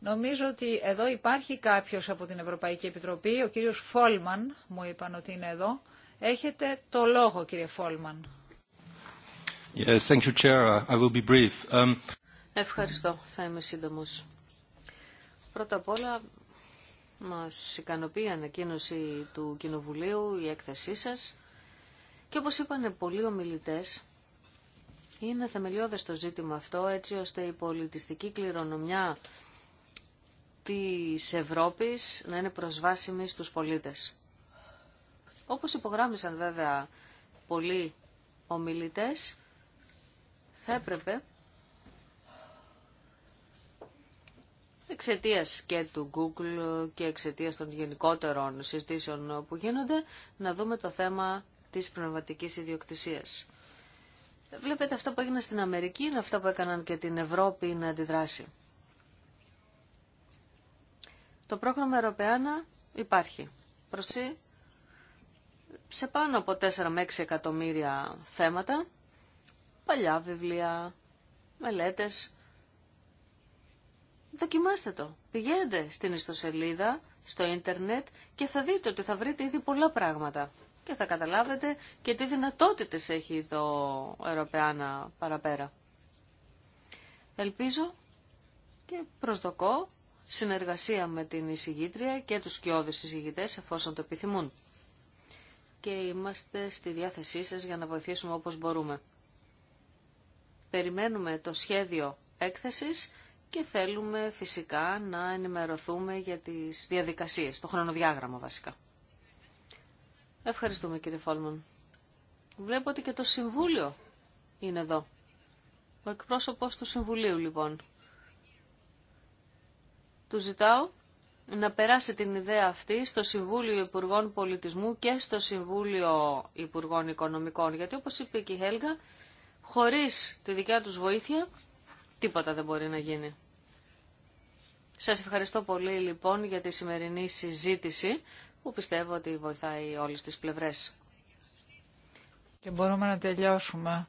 Νομίζω ότι εδώ υπάρχει κάποιος από την Ευρωπαϊκή Επιτροπή, ο κύριος Φόλμαν, μου είπαν ότι είναι εδώ. Έχετε το λόγο, κύριε Φόλμαν. Um, Ευχαριστώ. Θα είμαι σύντομος. Πρώτα απ' όλα μας ικανοποιεί η ανακοίνωση του Κοινοβουλίου, η έκθεσή σας. Και όπως είπανε πολλοί ομιλητές, είναι θεμελιώδες το ζήτημα αυτό, έτσι ώστε η πολιτιστική κληρονομιά της Ευρώπης να είναι προσβάσιμη στους πολίτες. Όπως υπογράμμισαν βέβαια πολλοί ομιλητές, θα έπρεπε εξαιτία και του Google και εξαιτία των γενικότερων συζητήσεων που γίνονται, να δούμε το θέμα της πνευματικής ιδιοκτησίας. Βλέπετε αυτό που έγινε στην Αμερική είναι αυτό που έκαναν και την Ευρώπη να αντιδράσει. Το πρόγραμμα Ευρωπαϊκά υπάρχει. προσύ σε πάνω από 4 με 6 εκατομμύρια θέματα, παλιά βιβλία, μελέτες, Δοκιμάστε το. Πηγαίνετε στην ιστοσελίδα, στο ίντερνετ και θα δείτε ότι θα βρείτε ήδη πολλά πράγματα. Και θα καταλάβετε και τι δυνατότητες έχει το Ευρωπαϊκό παραπέρα. Ελπίζω και προσδοκώ συνεργασία με την εισηγήτρια και τους κοιόδους εισηγητές εφόσον το επιθυμούν. Και είμαστε στη διάθεσή σας για να βοηθήσουμε όπως μπορούμε. Περιμένουμε το σχέδιο έκθεσης και θέλουμε φυσικά να ενημερωθούμε για τις διαδικασίες, το χρονοδιάγραμμα βασικά. Ευχαριστούμε κύριε Φόλμαν. Βλέπω ότι και το Συμβούλιο είναι εδώ. Ο εκπρόσωπος του Συμβουλίου λοιπόν. Του ζητάω να περάσει την ιδέα αυτή στο Συμβούλιο Υπουργών Πολιτισμού και στο Συμβούλιο Υπουργών Οικονομικών. Γιατί όπως είπε και η Χέλγα, χωρίς τη δικιά τους βοήθεια τίποτα δεν μπορεί να γίνει. Σας ευχαριστώ πολύ λοιπόν για τη σημερινή συζήτηση που πιστεύω ότι βοηθάει όλες τις πλευρές. Και μπορούμε να τελειώσουμε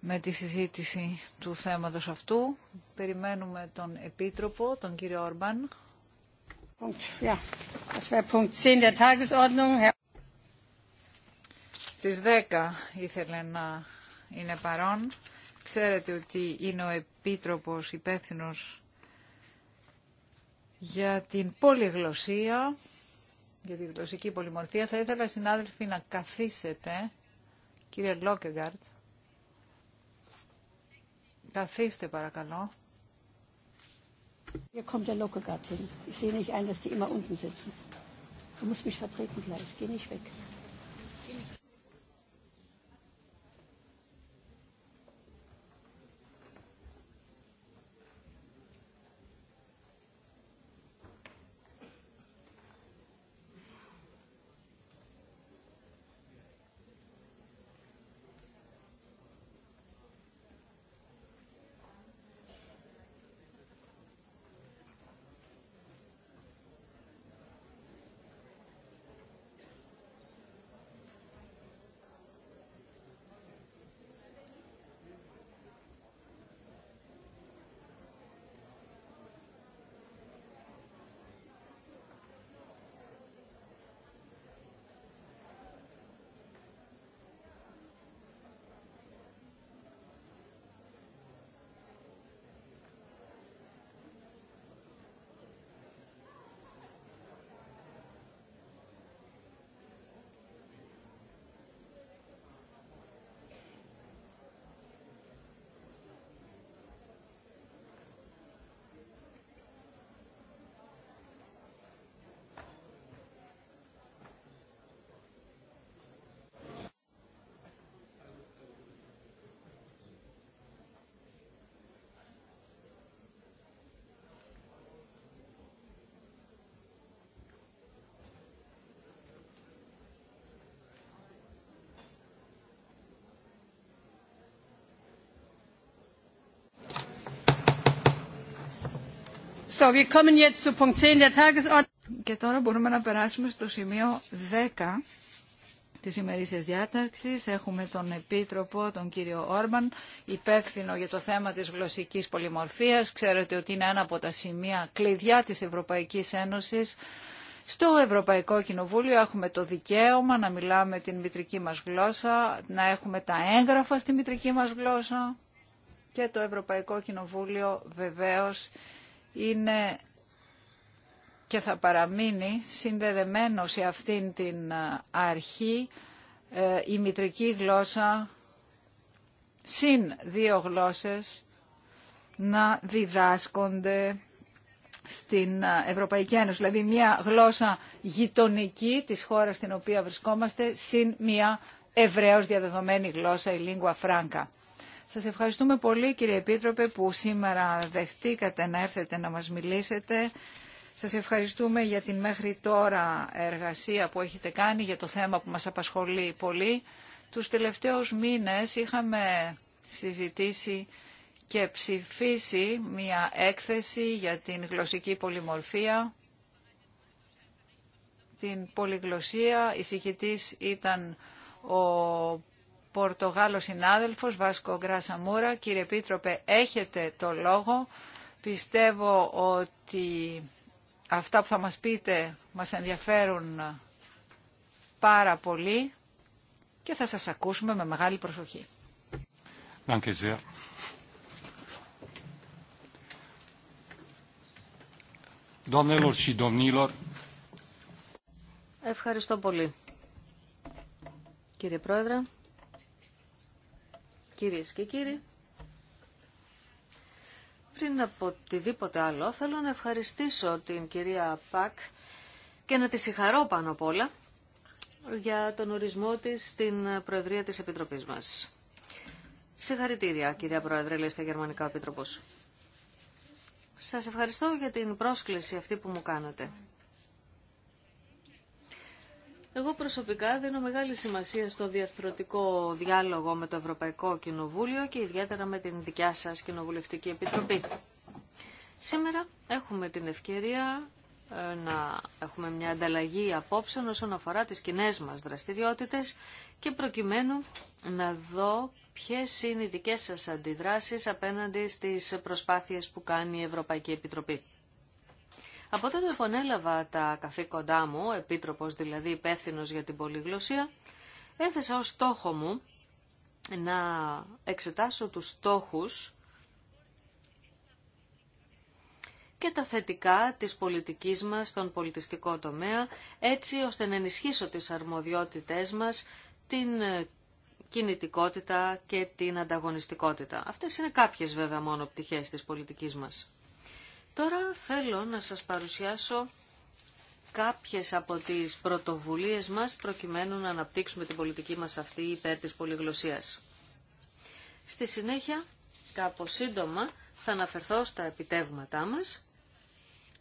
με τη συζήτηση του θέματος αυτού. Περιμένουμε τον Επίτροπο, τον κύριο Όρμπαν. Στις 10 ήθελε να είναι παρόν. Ξέρετε ότι είναι ο Επίτροπος υπεύθυνο για την πολυγλωσία, για τη γλωσσική πολυμορφία. Θα ήθελα, συνάδελφοι, να καθίσετε, κύριε Λόκεγκαρτ. Καθίστε, παρακαλώ. Hier kommt der Lockergard hin. Ich sehe nicht ein, dass die immer unten sitzen. Du musst mich vertreten gleich. Geh nicht weg. So, jetzt zu Punkt 10 der Tagesordnung. Και τώρα μπορούμε να περάσουμε στο σημείο 10 της ημερήσιας διάταξης. Έχουμε τον Επίτροπο, τον κύριο Όρμαν, υπεύθυνο για το θέμα της γλωσσικής πολυμορφίας. Ξέρετε ότι είναι ένα από τα σημεία κλειδιά της Ευρωπαϊκής Ένωσης. Στο Ευρωπαϊκό Κοινοβούλιο έχουμε το δικαίωμα να μιλάμε την μητρική μας γλώσσα, να έχουμε τα έγγραφα στη μητρική μας γλώσσα και το Ευρωπαϊκό Κοινοβούλιο βεβαίως είναι και θα παραμείνει συνδεδεμένο σε αυτήν την αρχή ε, η μητρική γλώσσα συν δύο γλώσσες να διδάσκονται στην Ευρωπαϊκή Ένωση. Δηλαδή μια γλώσσα γειτονική της χώρας στην οποία βρισκόμαστε συν μια ευρέως διαδεδομένη γλώσσα, η lingua franca. Σας ευχαριστούμε πολύ κύριε Επίτροπε που σήμερα δεχτήκατε να έρθετε να μας μιλήσετε. Σας ευχαριστούμε για την μέχρι τώρα εργασία που έχετε κάνει για το θέμα που μας απασχολεί πολύ. Τους τελευταίους μήνες είχαμε συζητήσει και ψηφίσει μια έκθεση για την γλωσσική πολυμορφία. Την πολυγλωσσία, η ήταν ο Πορτογάλος συνάδελφος Βάσκο Γκράσα Μούρα. Κύριε Επίτροπε, έχετε το λόγο. Πιστεύω ότι αυτά που θα μας πείτε μας ενδιαφέρουν πάρα πολύ και θα σας ακούσουμε με μεγάλη προσοχή. Ευχαριστώ πολύ. Κύριε Πρόεδρε, Κυρίες και κύριοι, πριν από οτιδήποτε άλλο θέλω να ευχαριστήσω την κυρία Πακ και να τη συγχαρώ πάνω απ' όλα για τον ορισμό της στην Προεδρία της Επιτροπής μας. Συγχαρητήρια, κυρία Πρόεδρε, λέει στα Γερμανικά ο Επίτροπος. Σας ευχαριστώ για την πρόσκληση αυτή που μου κάνατε. Εγώ προσωπικά δίνω μεγάλη σημασία στο διαρθρωτικό διάλογο με το Ευρωπαϊκό Κοινοβούλιο και ιδιαίτερα με την δικιά σας Κοινοβουλευτική Επιτροπή. Σήμερα έχουμε την ευκαιρία ε, να έχουμε μια ανταλλαγή απόψεων όσον αφορά τις κοινέ μας δραστηριότητες και προκειμένου να δω ποιες είναι οι δικές σας αντιδράσεις απέναντι στις προσπάθειες που κάνει η Ευρωπαϊκή Επιτροπή. Από τότε που ανέλαβα τα καθήκοντά μου, επίτροπος δηλαδή υπεύθυνο για την πολυγλωσία, έθεσα ως στόχο μου να εξετάσω τους στόχους και τα θετικά της πολιτικής μας στον πολιτιστικό τομέα, έτσι ώστε να ενισχύσω τις αρμοδιότητές μας, την κινητικότητα και την ανταγωνιστικότητα. Αυτές είναι κάποιες βέβαια μόνο πτυχές της πολιτικής μας. Τώρα θέλω να σας παρουσιάσω κάποιες από τις πρωτοβουλίες μας προκειμένου να αναπτύξουμε την πολιτική μας αυτή υπέρ της πολυγλωσσίας. Στη συνέχεια, κάπω σύντομα, θα αναφερθώ στα επιτεύγματά μας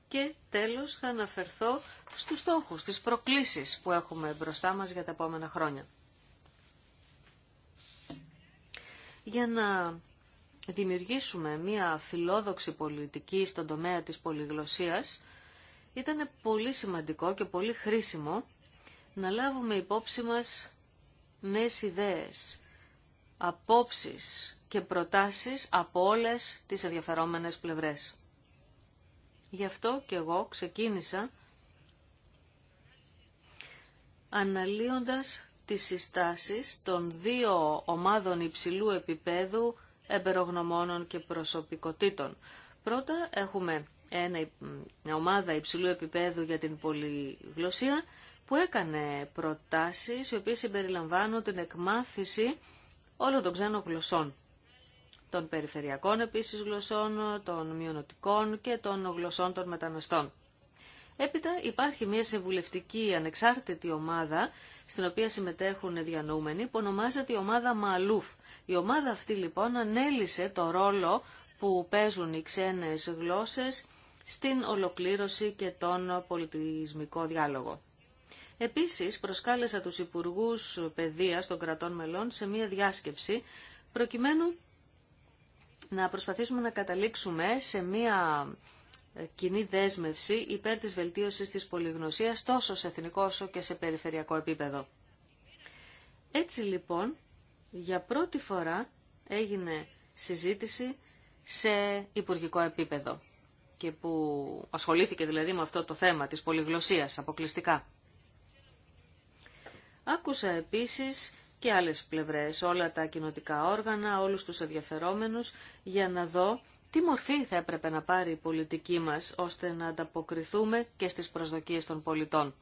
και τέλος θα αναφερθώ στους στόχους, της προκλήσεις που έχουμε μπροστά μας για τα επόμενα χρόνια. Για να δημιουργήσουμε μια φιλόδοξη πολιτική στον τομέα της πολυγλωσσίας, ήταν πολύ σημαντικό και πολύ χρήσιμο να λάβουμε υπόψη μας νέες ιδέες, απόψεις και προτάσεις από όλες τις ενδιαφερόμενες πλευρές. Γι' αυτό και εγώ ξεκίνησα αναλύοντας τις συστάσεις των δύο ομάδων υψηλού επίπεδου εμπερογνωμόνων και προσωπικότητων. Πρώτα έχουμε ένα, μια ομάδα υψηλού επίπεδου για την πολυγλωσία που έκανε προτάσεις οι οποίες συμπεριλαμβάνουν την εκμάθηση όλων των ξένων γλωσσών των περιφερειακών επίσης γλωσσών, των μειονοτικών και των γλωσσών των μεταναστών. Έπειτα υπάρχει μια συμβουλευτική ανεξάρτητη ομάδα στην οποία συμμετέχουν διανοούμενοι που ονομάζεται η ομάδα Μαλούφ. Η ομάδα αυτή λοιπόν ανέλησε το ρόλο που παίζουν οι ξένες γλώσσες στην ολοκλήρωση και τον πολιτισμικό διάλογο. Επίσης προσκάλεσα τους Υπουργούς Παιδείας των κρατών μελών σε μια διάσκεψη προκειμένου να προσπαθήσουμε να καταλήξουμε σε μια ε, κοινή δέσμευση υπέρ της βελτίωσης της πολυγνωσίας τόσο σε εθνικό όσο και σε περιφερειακό επίπεδο. Έτσι λοιπόν, για πρώτη φορά έγινε συζήτηση σε υπουργικό επίπεδο και που ασχολήθηκε δηλαδή με αυτό το θέμα της πολυγλωσσίας αποκλειστικά. Άκουσα επίσης και άλλες πλευρές, όλα τα κοινοτικά όργανα, όλους τους ενδιαφερόμενους, για να δω τι μορφή θα έπρεπε να πάρει η πολιτική μας ώστε να ανταποκριθούμε και στις προσδοκίες των πολιτών.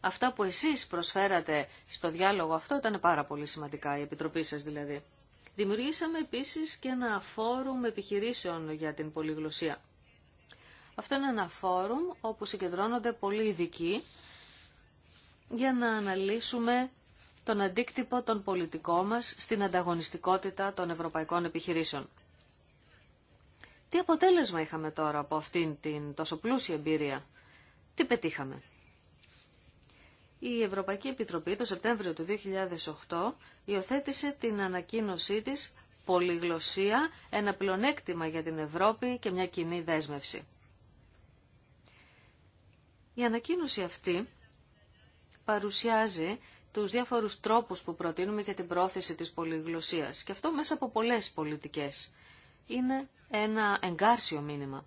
Αυτά που εσείς προσφέρατε στο διάλογο αυτό ήταν πάρα πολύ σημαντικά, η Επιτροπή σας δηλαδή. Δημιουργήσαμε επίσης και ένα φόρουμ επιχειρήσεων για την πολυγλωσία. Αυτό είναι ένα φόρουμ όπου συγκεντρώνονται πολλοί ειδικοί για να αναλύσουμε τον αντίκτυπο των πολιτικών μας στην ανταγωνιστικότητα των ευρωπαϊκών επιχειρήσεων. Τι αποτέλεσμα είχαμε τώρα από αυτήν την τόσο πλούσια εμπειρία. Τι πετύχαμε. Η Ευρωπαϊκή Επιτροπή το Σεπτέμβριο του 2008 υιοθέτησε την ανακοίνωσή της «Πολυγλωσία, ένα πλονέκτημα για την Ευρώπη και μια κοινή δέσμευση». Η ανακοίνωση αυτή παρουσιάζει τους διάφορους τρόπους που προτείνουμε για την πρόθεση της πολυγλωσσίας και αυτό μέσα από πολλές πολιτικές είναι ένα εγκάρσιο μήνυμα.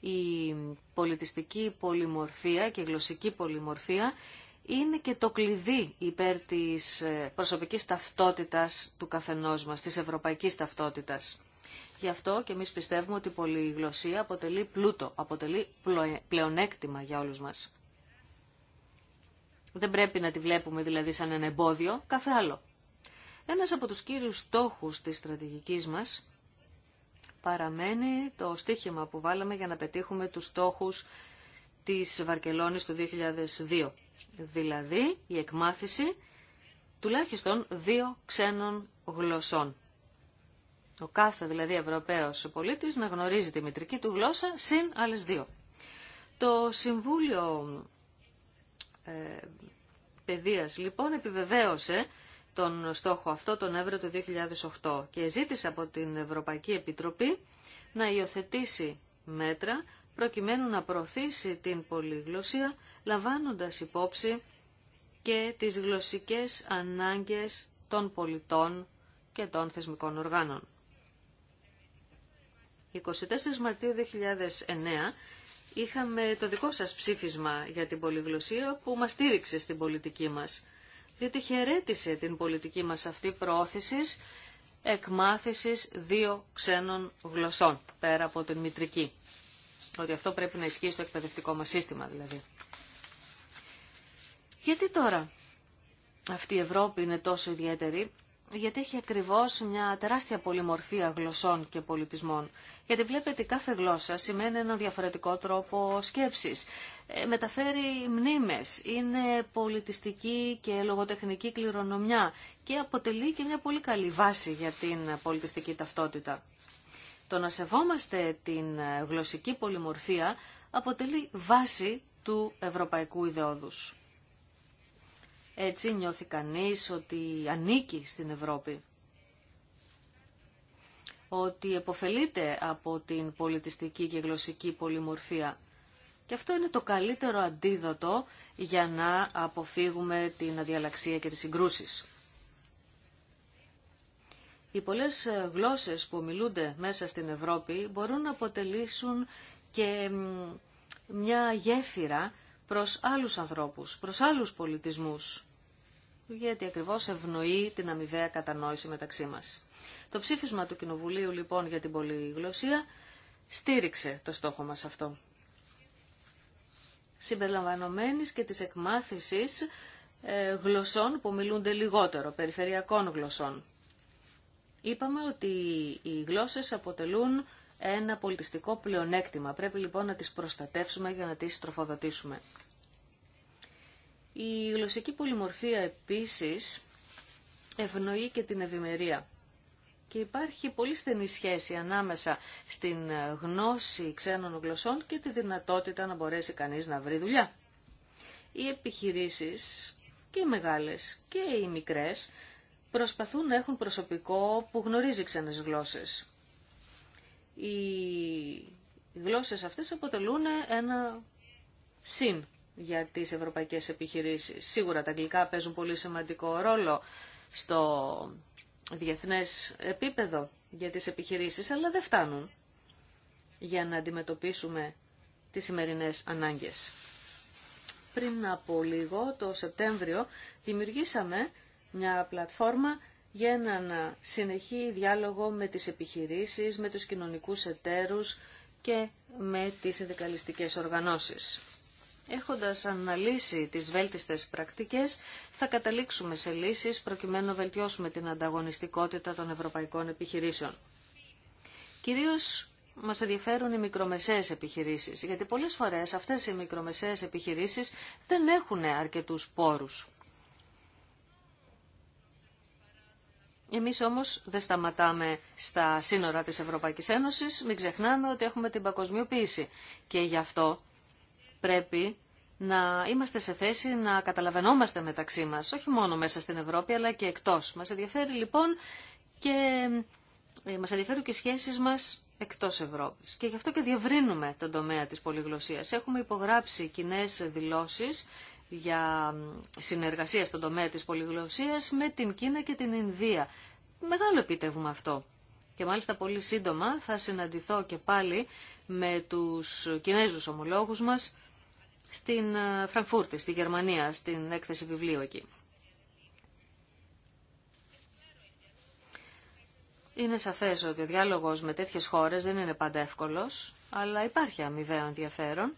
Η πολιτιστική πολυμορφία και η γλωσσική πολυμορφία είναι και το κλειδί υπέρ της ε, προσωπικής ταυτότητας του καθενός μας, της ευρωπαϊκής ταυτότητας. Γι' αυτό και εμείς πιστεύουμε ότι η πολυγλωσσία αποτελεί πλούτο, αποτελεί πλεονέκτημα για όλους μας. Δεν πρέπει να τη βλέπουμε δηλαδή σαν ένα εμπόδιο, κάθε άλλο. Ένας από τους κύριους στόχους της στρατηγικής μας παραμένει το στίχημα που βάλαμε για να πετύχουμε τους στόχους της Βαρκελόνης του 2002. Δηλαδή η εκμάθηση τουλάχιστον δύο ξένων γλωσσών. Ο κάθε δηλαδή Ευρωπαίος πολίτης να γνωρίζει τη μητρική του γλώσσα συν άλλες δύο. Το Συμβούλιο ε, Παιδείας λοιπόν επιβεβαίωσε τον στόχο αυτό τον Εύρο του 2008 και ζήτησε από την Ευρωπαϊκή Επιτροπή να υιοθετήσει μέτρα προκειμένου να προωθήσει την πολυγλωσία λαμβάνοντας υπόψη και τις γλωσσικές ανάγκες των πολιτών και των θεσμικών οργάνων. 24 Μαρτίου 2009 είχαμε το δικό σας ψήφισμα για την πολυγλωσία που μας στήριξε στην πολιτική μας διότι χαιρέτησε την πολιτική μας αυτή προώθησης εκμάθησης δύο ξένων γλωσσών, πέρα από την μητρική. Ότι αυτό πρέπει να ισχύει στο εκπαιδευτικό μας σύστημα δηλαδή. Γιατί τώρα αυτή η Ευρώπη είναι τόσο ιδιαίτερη, γιατί έχει ακριβώς μια τεράστια πολυμορφία γλωσσών και πολιτισμών. Γιατί βλέπετε κάθε γλώσσα σημαίνει ένα διαφορετικό τρόπο σκέψης. Ε, μεταφέρει μνήμες, είναι πολιτιστική και λογοτεχνική κληρονομιά και αποτελεί και μια πολύ καλή βάση για την πολιτιστική ταυτότητα. Το να σεβόμαστε την γλωσσική πολυμορφία αποτελεί βάση του ευρωπαϊκού ιδεώδους. Έτσι νιώθει κανείς ότι ανήκει στην Ευρώπη. Ότι επωφελείται από την πολιτιστική και γλωσσική πολυμορφία. Και αυτό είναι το καλύτερο αντίδοτο για να αποφύγουμε την αδιαλαξία και τις συγκρούσεις. Οι πολλές γλώσσες που μιλούνται μέσα στην Ευρώπη μπορούν να αποτελήσουν και μια γέφυρα προς άλλους ανθρώπους, προς άλλους πολιτισμούς, γιατί ακριβώς ευνοεί την αμοιβαία κατανόηση μεταξύ μας. Το ψήφισμα του Κοινοβουλίου λοιπόν για την πολυγλωσία στήριξε το στόχο μας αυτό. Συμπεριλαμβανομένης και της εκμάθησης ε, γλωσσών που μιλούνται λιγότερο, περιφερειακών γλωσσών. Είπαμε ότι οι γλώσσες αποτελούν ένα πολιτιστικό πλεονέκτημα. Πρέπει λοιπόν να τις προστατεύσουμε για να τις τροφοδοτήσουμε. Η γλωσσική πολυμορφία επίσης ευνοεί και την ευημερία. Και υπάρχει πολύ στενή σχέση ανάμεσα στην γνώση ξένων γλωσσών και τη δυνατότητα να μπορέσει κανείς να βρει δουλειά. Οι επιχειρήσεις και οι μεγάλες και οι μικρές προσπαθούν να έχουν προσωπικό που γνωρίζει ξένες γλώσσες οι γλώσσες αυτές αποτελούν ένα συν για τις ευρωπαϊκές επιχειρήσεις. Σίγουρα τα αγγλικά παίζουν πολύ σημαντικό ρόλο στο διεθνές επίπεδο για τις επιχειρήσεις, αλλά δεν φτάνουν για να αντιμετωπίσουμε τις σημερινές ανάγκες. Πριν από λίγο, το Σεπτέμβριο, δημιουργήσαμε μια πλατφόρμα για έναν συνεχή διάλογο με τις επιχειρήσεις, με τους κοινωνικούς εταίρους και με τις συνδικαλιστικές οργανώσεις. Έχοντας αναλύσει τις βέλτιστες πρακτικές, θα καταλήξουμε σε λύσεις προκειμένου να βελτιώσουμε την ανταγωνιστικότητα των ευρωπαϊκών επιχειρήσεων. Κυρίως μας ενδιαφέρουν οι μικρομεσαίες επιχειρήσεις, γιατί πολλές φορές αυτές οι μικρομεσαίες επιχειρήσεις δεν έχουν αρκετούς πόρους. Εμείς όμως δεν σταματάμε στα σύνορα της Ευρωπαϊκής Ένωσης, μην ξεχνάμε ότι έχουμε την παγκοσμιοποίηση και γι' αυτό πρέπει να είμαστε σε θέση να καταλαβαίνόμαστε μεταξύ μας, όχι μόνο μέσα στην Ευρώπη αλλά και εκτός. Μας ενδιαφέρει λοιπόν και ε, μας ενδιαφέρουν και οι σχέσεις μας εκτός Ευρώπης. Και γι' αυτό και διευρύνουμε τον τομέα της πολυγλωσσίας. Έχουμε υπογράψει κοινέ δηλώσεις για συνεργασία στον τομέα της πολυγλωσσίας με την Κίνα και την Ινδία. Μεγάλο επιτεύγμα αυτό. Και μάλιστα πολύ σύντομα θα συναντηθώ και πάλι με τους Κινέζους ομολόγους μας στην ε, Φραγκφούρτη, στη Γερμανία, στην έκθεση βιβλίου εκεί. Είναι σαφές ότι ο διάλογος με τέτοιες χώρες δεν είναι πάντα εύκολος, αλλά υπάρχει αμοιβαίο ενδιαφέρον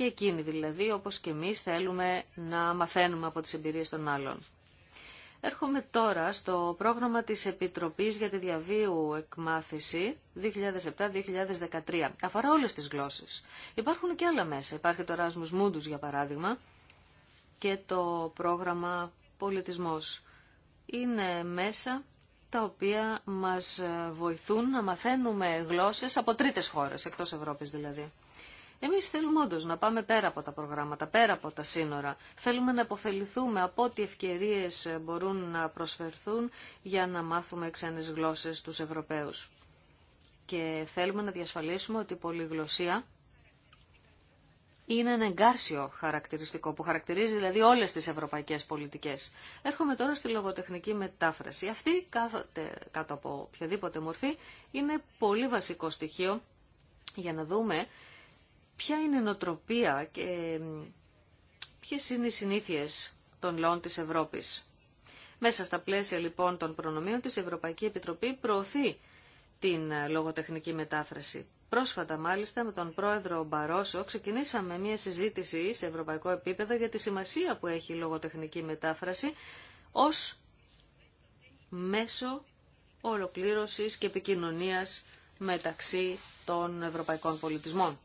και εκείνοι δηλαδή, όπως και εμείς θέλουμε να μαθαίνουμε από τις εμπειρίες των άλλων. Έρχομαι τώρα στο πρόγραμμα της Επιτροπής για τη Διαβίου Εκμάθηση 2007-2013. Αφορά όλες τις γλώσσες. Υπάρχουν και άλλα μέσα. Υπάρχει το Erasmus Mundus για παράδειγμα και το πρόγραμμα Πολιτισμός. Είναι μέσα τα οποία μας βοηθούν να μαθαίνουμε γλώσσες από τρίτες χώρες, εκτός Ευρώπης δηλαδή. Εμείς θέλουμε όντω να πάμε πέρα από τα προγράμματα, πέρα από τα σύνορα. Θέλουμε να αποφεληθούμε από ό,τι ευκαιρίες μπορούν να προσφερθούν για να μάθουμε ξένες γλώσσες τους Ευρωπαίους. Και θέλουμε να διασφαλίσουμε ότι η πολυγλωσσία είναι ένα εγκάρσιο χαρακτηριστικό που χαρακτηρίζει δηλαδή όλες τις ευρωπαϊκές πολιτικές. Έρχομαι τώρα στη λογοτεχνική μετάφραση. Αυτή κάτω από οποιαδήποτε μορφή είναι πολύ βασικό στοιχείο για να δούμε ποια είναι η νοτροπία και ποιες είναι οι συνήθειες των λαών της Ευρώπης. Μέσα στα πλαίσια λοιπόν των προνομίων της Ευρωπαϊκή Επιτροπή προωθεί την ε, λογοτεχνική μετάφραση. Πρόσφατα μάλιστα με τον πρόεδρο Μπαρόσο ξεκινήσαμε μια συζήτηση σε ευρωπαϊκό επίπεδο για τη σημασία που έχει η λογοτεχνική μετάφραση ως μέσο ολοκλήρωσης και επικοινωνίας μεταξύ των ευρωπαϊκών πολιτισμών.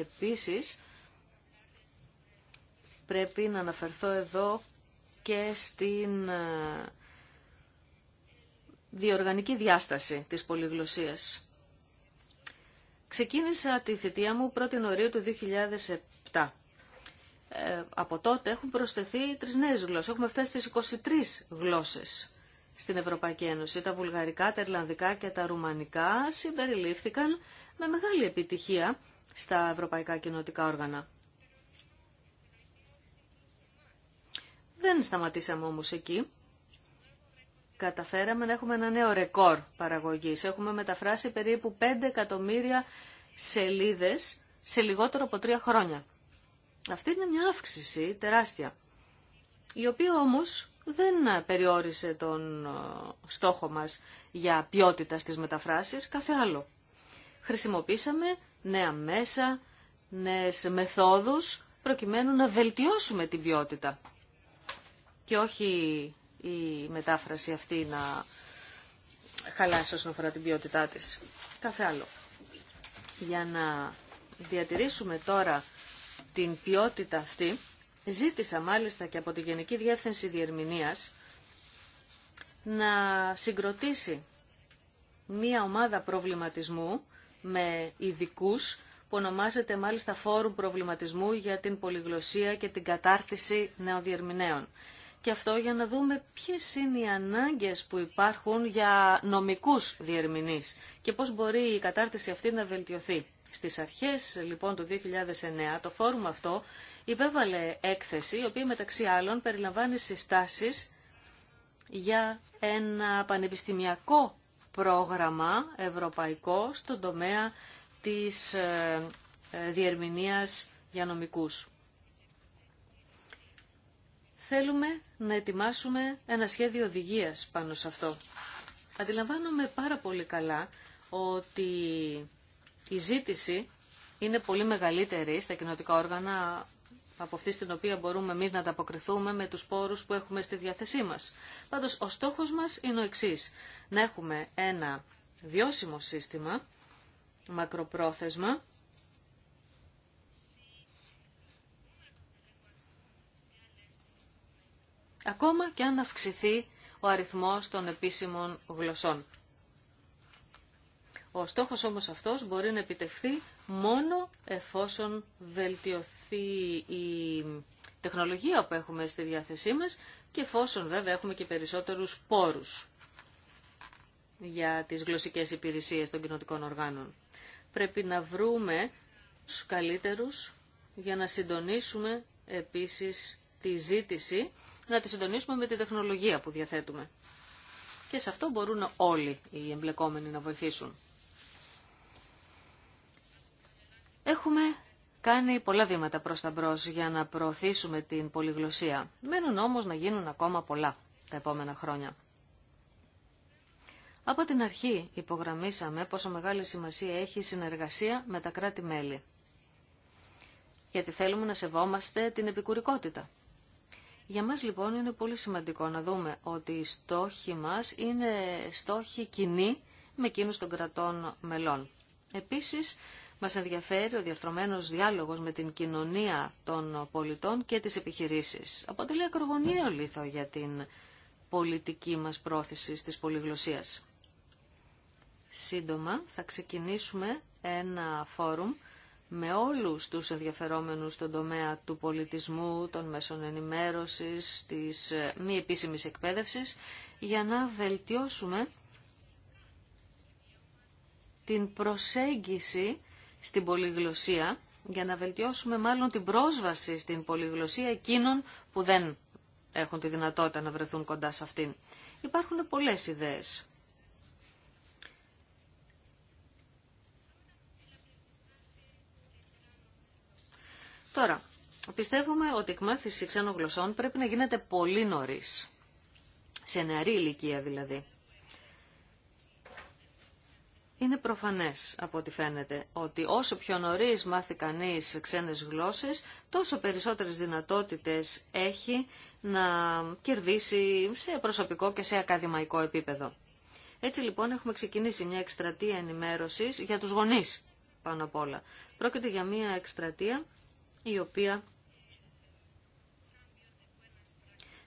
Επίσης, πρέπει να αναφερθώ εδώ και στην ε, διοργανική διάσταση της πολυγλωσσίας. Ξεκίνησα τη θητεία μου 1η του 2007. Ε, από τότε έχουν προσθεθεί τρεις νέες γλώσσες. Έχουμε φτάσει στις 23 γλώσσες στην Ευρωπαϊκή Ένωση. Τα βουλγαρικά, τα ιρλανδικά και τα ρουμανικά συμπεριλήφθηκαν με μεγάλη επιτυχία στα ευρωπαϊκά κοινωτικά όργανα. Δεν σταματήσαμε όμως εκεί. Καταφέραμε να έχουμε ένα νέο ρεκόρ παραγωγής. Έχουμε μεταφράσει περίπου 5 εκατομμύρια σελίδες σε λιγότερο από τρία χρόνια. Αυτή είναι μια αύξηση τεράστια, η οποία όμως δεν περιόρισε τον ε, στόχο μας για ποιότητα στις μεταφράσεις, κάθε άλλο. Χρησιμοποίησαμε νέα μέσα, νέες μεθόδους, προκειμένου να βελτιώσουμε την ποιότητα. Και όχι η μετάφραση αυτή να χαλάσει όσον αφορά την ποιότητά της. Κάθε άλλο. Για να διατηρήσουμε τώρα την ποιότητα αυτή, ζήτησα μάλιστα και από τη Γενική Διεύθυνση Διερμηνίας να συγκροτήσει μία ομάδα προβληματισμού με ειδικού που ονομάζεται μάλιστα Φόρουμ Προβληματισμού για την Πολυγλωσία και την Κατάρτιση Νεοδιερμηνέων. Και αυτό για να δούμε ποιες είναι οι ανάγκες που υπάρχουν για νομικούς διερμηνείς και πώς μπορεί η κατάρτιση αυτή να βελτιωθεί. Στις αρχές λοιπόν του 2009 το φόρουμ αυτό υπέβαλε έκθεση, η οποία μεταξύ άλλων περιλαμβάνει συστάσεις για ένα πανεπιστημιακό πρόγραμμα ευρωπαϊκό στον τομέα της ε, ε, διερμηνίας για νομικούς. Θέλουμε να ετοιμάσουμε ένα σχέδιο οδηγίας πάνω σε αυτό. Αντιλαμβάνομαι πάρα πολύ καλά ότι η ζήτηση είναι πολύ μεγαλύτερη στα κοινωτικά όργανα από αυτή στην οποία μπορούμε εμείς να ανταποκριθούμε με τους πόρους που έχουμε στη διάθεσή μας. Πάντως, ο στόχος μας είναι ο εξής. Να έχουμε ένα βιώσιμο σύστημα, μακροπρόθεσμα, ακόμα και αν αυξηθεί ο αριθμός των επίσημων γλωσσών. Ο στόχος όμως αυτός μπορεί να επιτευχθεί μόνο εφόσον βελτιωθεί η τεχνολογία που έχουμε στη διάθεσή μας και εφόσον βέβαια έχουμε και περισσότερους πόρους για τις γλωσσικές υπηρεσίες των κοινωτικών οργάνων. Πρέπει να βρούμε τους καλύτερους για να συντονίσουμε επίσης τη ζήτηση, να τη συντονίσουμε με τη τεχνολογία που διαθέτουμε. Και σε αυτό μπορούν όλοι οι εμπλεκόμενοι να βοηθήσουν. Έχουμε κάνει πολλά βήματα προς τα μπρος για να προωθήσουμε την πολυγλωσία. Μένουν όμως να γίνουν ακόμα πολλά τα επόμενα χρόνια. Από την αρχή υπογραμμίσαμε πόσο μεγάλη σημασία έχει η συνεργασία με τα κράτη-μέλη. Γιατί θέλουμε να σεβόμαστε την επικουρικότητα. Για μας λοιπόν είναι πολύ σημαντικό να δούμε ότι οι στόχοι μας είναι στόχοι κοινοί με εκείνους των κρατών μελών. Επίσης, μας ενδιαφέρει ο διαρθρωμένος διάλογος με την κοινωνία των πολιτών και τις επιχειρήσεις. Αποτελεί ακρογωνιαίο λίθο για την πολιτική μας πρόθεση της πολυγλωσσίας. Σύντομα θα ξεκινήσουμε ένα φόρουμ με όλους τους ενδιαφερόμενους στον τομέα του πολιτισμού, των μέσων ενημέρωσης, της μη επίσημης εκπαίδευσης, για να βελτιώσουμε την προσέγγιση στην πολυγλωσία για να βελτιώσουμε μάλλον την πρόσβαση στην πολυγλωσία εκείνων που δεν έχουν τη δυνατότητα να βρεθούν κοντά σε αυτήν. Υπάρχουν πολλές ιδέες. Τώρα, πιστεύουμε ότι η εκμάθηση ξένων γλωσσών πρέπει να γίνεται πολύ νωρίς. Σε νεαρή ηλικία δηλαδή. Είναι προφανές από ό,τι φαίνεται ότι όσο πιο νωρίς μάθει κανείς ξένες γλώσσες, τόσο περισσότερες δυνατότητες έχει να κερδίσει σε προσωπικό και σε ακαδημαϊκό επίπεδο. Έτσι λοιπόν έχουμε ξεκινήσει μια εκστρατεία ενημέρωσης για τους γονείς πάνω απ' όλα. Πρόκειται για μια εκστρατεία η οποία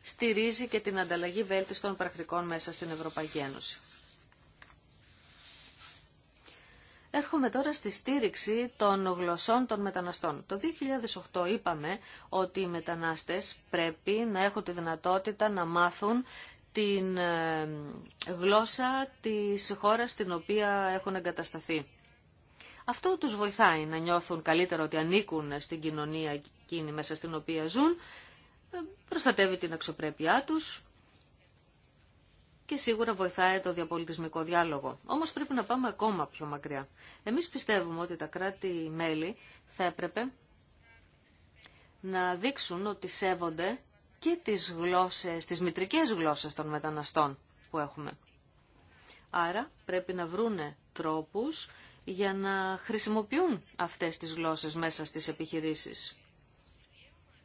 στηρίζει και την ανταλλαγή βέλτιστων πρακτικών μέσα στην Ευρωπαϊκή Ένωση. Έρχομαι τώρα στη στήριξη των γλωσσών των μεταναστών. Το 2008 είπαμε ότι οι μετανάστες πρέπει να έχουν τη δυνατότητα να μάθουν την ε, γλώσσα της χώρας στην οποία έχουν εγκατασταθεί. Αυτό τους βοηθάει να νιώθουν καλύτερα ότι ανήκουν στην κοινωνία εκείνη μέσα στην οποία ζουν, ε, προστατεύει την αξιοπρέπειά τους, και σίγουρα βοηθάει το διαπολιτισμικό διάλογο. Όμω πρέπει να πάμε ακόμα πιο μακριά. Εμεί πιστεύουμε ότι τα κράτη-μέλη θα έπρεπε να δείξουν ότι σέβονται και τις γλώσσες, τις μητρικές γλώσσες των μεταναστών που έχουμε. Άρα πρέπει να βρούνε τρόπους για να χρησιμοποιούν αυτές τις γλώσσες μέσα στις επιχειρήσεις.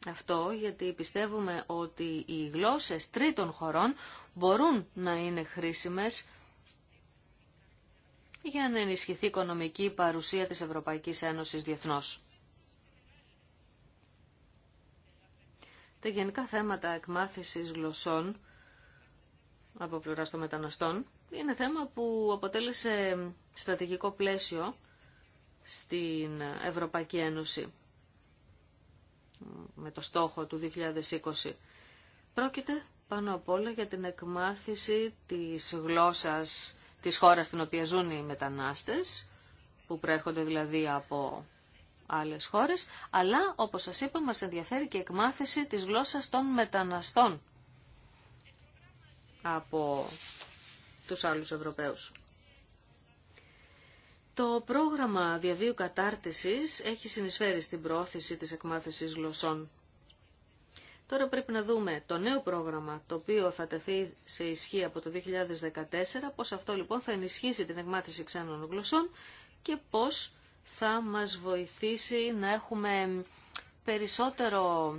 Αυτό γιατί πιστεύουμε ότι οι γλώσσες τρίτων χωρών μπορούν να είναι χρήσιμες για να ενισχυθεί η οικονομική παρουσία της Ευρωπαϊκής Ένωσης διεθνώς. Τα γενικά θέματα εκμάθησης γλωσσών από πλευρά των μεταναστών είναι θέμα που αποτέλεσε στρατηγικό πλαίσιο στην Ευρωπαϊκή Ένωση με το στόχο του 2020. Πρόκειται πάνω απ' όλα για την εκμάθηση της γλώσσας της χώρας στην οποία ζουν οι μετανάστες, που προέρχονται δηλαδή από άλλες χώρες, αλλά όπως σας είπα μας ενδιαφέρει και η εκμάθηση της γλώσσας των μεταναστών από τους άλλους Ευρωπαίους. Το πρόγραμμα διαβίου κατάρτισης έχει συνεισφέρει στην προώθηση της εκμάθησης γλωσσών. Τώρα πρέπει να δούμε το νέο πρόγραμμα το οποίο θα τεθεί σε ισχύ από το 2014, πώς αυτό λοιπόν θα ενισχύσει την εκμάθηση ξένων γλωσσών και πώς θα μας βοηθήσει να έχουμε περισσότερο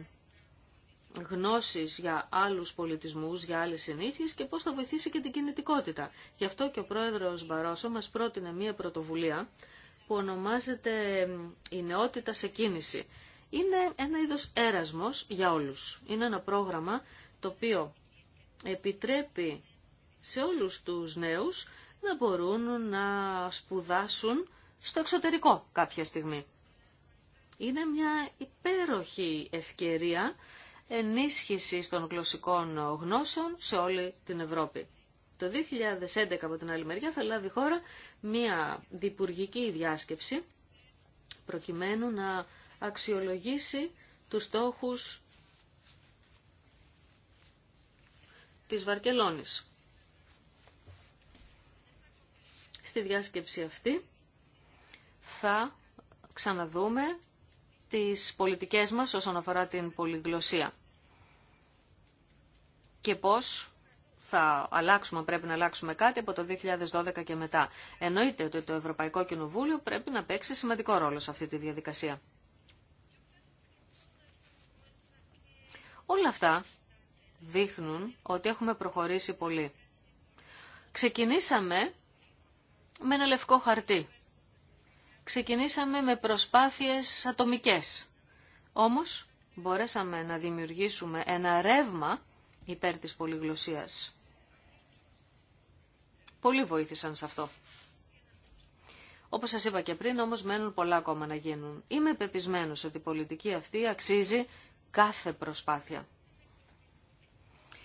γνώσεις για άλλους πολιτισμούς, για άλλες συνήθειες και πώς θα βοηθήσει και την κινητικότητα. Γι' αυτό και ο πρόεδρος Μπαρόσο μας πρότεινε μία πρωτοβουλία που ονομάζεται «Η νεότητα σε κίνηση». Είναι ένα είδος έρασμος για όλους. Είναι ένα πρόγραμμα το οποίο επιτρέπει σε όλους τους νέους να μπορούν να σπουδάσουν στο εξωτερικό κάποια στιγμή. Είναι μια υπέροχη ευκαιρία ενίσχυσης των γλωσσικών γνώσεων σε όλη την Ευρώπη. Το 2011 από την άλλη μεριά θα λάβει η χώρα μία διπουργική διάσκεψη προκειμένου να αξιολογήσει τους στόχους της Βαρκελόνης. Στη διάσκεψη αυτή θα ξαναδούμε τις πολιτικές μας όσον αφορά την πολυγλωσία. Και πώς θα αλλάξουμε, πρέπει να αλλάξουμε κάτι από το 2012 και μετά. Εννοείται ότι το Ευρωπαϊκό Κοινοβούλιο πρέπει να παίξει σημαντικό ρόλο σε αυτή τη διαδικασία. Όλα αυτά δείχνουν ότι έχουμε προχωρήσει πολύ. Ξεκινήσαμε με ένα λευκό χαρτί ξεκινήσαμε με προσπάθειες ατομικές. Όμως μπορέσαμε να δημιουργήσουμε ένα ρεύμα υπέρ της πολυγλωσσίας. Πολλοί βοήθησαν σε αυτό. Όπως σας είπα και πριν, όμως μένουν πολλά ακόμα να γίνουν. Είμαι πεπισμένος ότι η πολιτική αυτή αξίζει κάθε προσπάθεια.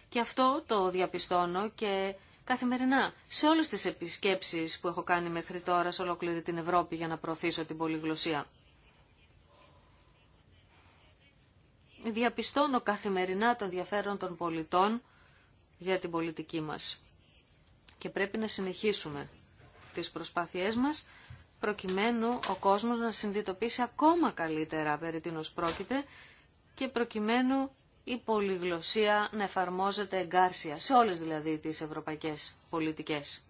Και αυτό το διαπιστώνω και καθημερινά σε όλες τις επισκέψεις που έχω κάνει μέχρι τώρα σε ολόκληρη την Ευρώπη για να προωθήσω την πολυγλωσία. Διαπιστώνω καθημερινά το ενδιαφέρον των πολιτών για την πολιτική μας. Και πρέπει να συνεχίσουμε τις προσπάθειές μας προκειμένου ο κόσμος να συνειδητοποιήσει ακόμα καλύτερα περί τίνος πρόκειται και προκειμένου η πολυγλωσία να εφαρμόζεται εγκάρσια, σε όλες δηλαδή τις ευρωπαϊκές πολιτικές.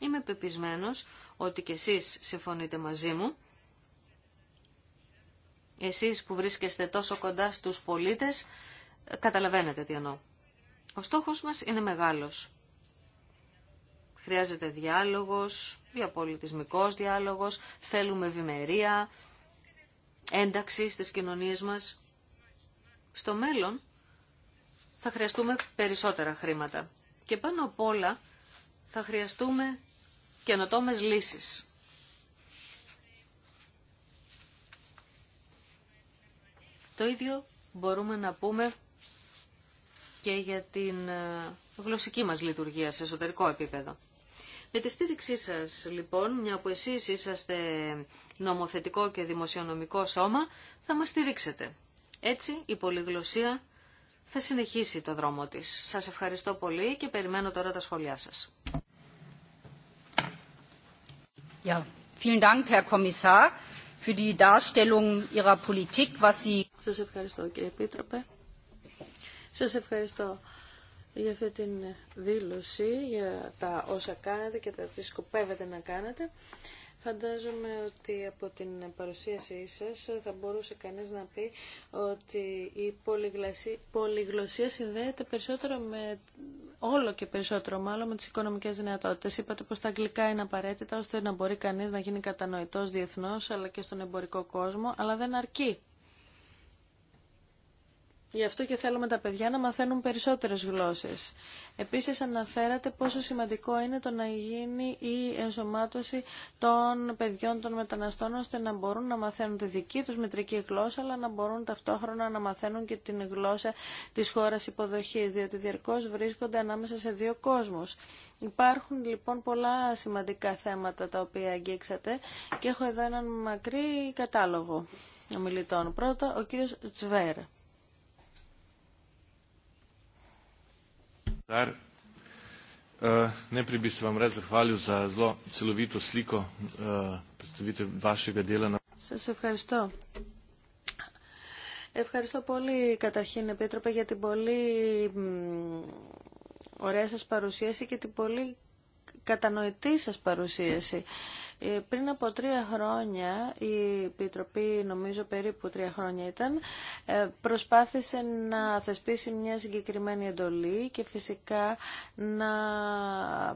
Είμαι πεπισμένος ότι και εσείς συμφωνείτε μαζί μου, εσείς που βρίσκεστε τόσο κοντά στους πολίτες, καταλαβαίνετε τι εννοώ. Ο στόχος μας είναι μεγάλος. Χρειάζεται διάλογος, διαπολιτισμικός διάλογος, θέλουμε ευημερία, ένταξη στις κοινωνίες μας στο μέλλον θα χρειαστούμε περισσότερα χρήματα. Και πάνω απ' όλα θα χρειαστούμε καινοτόμε λύσεις. Το ίδιο μπορούμε να πούμε και για την ε, γλωσσική μας λειτουργία σε εσωτερικό επίπεδο. Με τη στήριξή σας λοιπόν, μια που εσείς είσαστε νομοθετικό και δημοσιονομικό σώμα, θα μας στηρίξετε έτσι η πολυγλωσία θα συνεχίσει το δρόμο της. Σας ευχαριστώ πολύ και περιμένω τώρα τα σχόλιά σας. Ja, vielen Dank, Herr Kommissar, für die Darstellung Ihrer Politik, was Sie... Σας ευχαριστώ, κύριε Επίτροπε. Σας ευχαριστώ για αυτή την δήλωση, για τα όσα κάνετε και τα τι σκοπεύετε να κάνετε. Φαντάζομαι ότι από την παρουσίασή σας θα μπορούσε κανείς να πει ότι η πολυγλωσία συνδέεται περισσότερο με όλο και περισσότερο μάλλον με τις οικονομικές δυνατότητες. Είπατε πως τα αγγλικά είναι απαραίτητα ώστε να μπορεί κανείς να γίνει κατανοητός διεθνώς αλλά και στον εμπορικό κόσμο, αλλά δεν αρκεί. Γι' αυτό και θέλουμε τα παιδιά να μαθαίνουν περισσότερες γλώσσες. Επίσης αναφέρατε πόσο σημαντικό είναι το να γίνει η ενσωμάτωση των παιδιών των μεταναστών ώστε να μπορούν να μαθαίνουν τη δική τους μητρική γλώσσα αλλά να μπορούν ταυτόχρονα να μαθαίνουν και την γλώσσα της χώρας υποδοχής διότι διαρκώς βρίσκονται ανάμεσα σε δύο κόσμους. Υπάρχουν λοιπόν πολλά σημαντικά θέματα τα οποία αγγίξατε και έχω εδώ έναν μακρύ κατάλογο ομιλητών. Πρώτα ο κύριος Τσβέρ. E, najprej bi se vam rad zahvalil za zelo celovito sliko e, predstavitev vašega dela. Na... Σας ευχαριστώ. Ευχαριστώ πολύ καταρχήν Επίτροπε για την πολύ ωραία σας παρουσίαση και την πολύ κατανοητή σας παρουσίαση. Ε, πριν από τρία χρόνια, η Επιτροπή, νομίζω περίπου τρία χρόνια ήταν, ε, προσπάθησε να θεσπίσει μια συγκεκριμένη εντολή και φυσικά να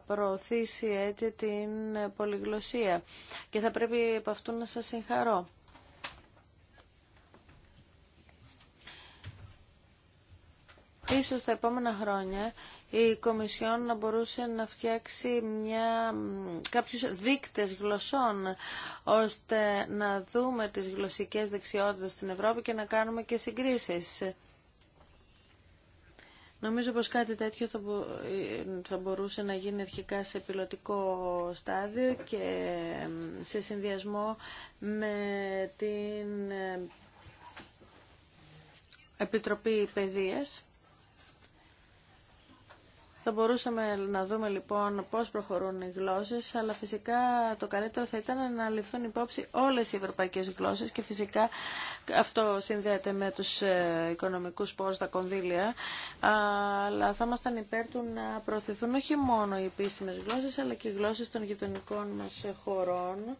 προωθήσει έτσι την πολυγλωσία. Και θα πρέπει από αυτού να σας συγχαρώ. Ίσως τα επόμενα χρόνια η Κομισιόν να μπορούσε να φτιάξει μια, κάποιους δείκτες γλωσσών ώστε να δούμε τις γλωσσικές δεξιότητες στην Ευρώπη και να κάνουμε και συγκρίσεις. Νομίζω πως κάτι τέτοιο θα μπορούσε να γίνει αρχικά σε πιλωτικό στάδιο και σε συνδυασμό με την ε, Επιτροπή Παιδείας. Θα μπορούσαμε να δούμε λοιπόν πώς προχωρούν οι γλώσσες, αλλά φυσικά το καλύτερο θα ήταν να ληφθούν υπόψη όλες οι ευρωπαϊκές γλώσσες και φυσικά αυτό συνδέεται με τους ε, οικονομικούς πόρους, τα κονδύλια, αλλά θα ήμασταν υπέρ του να προωθηθούν όχι μόνο οι επίσημες γλώσσες, αλλά και οι γλώσσες των γειτονικών μας χωρών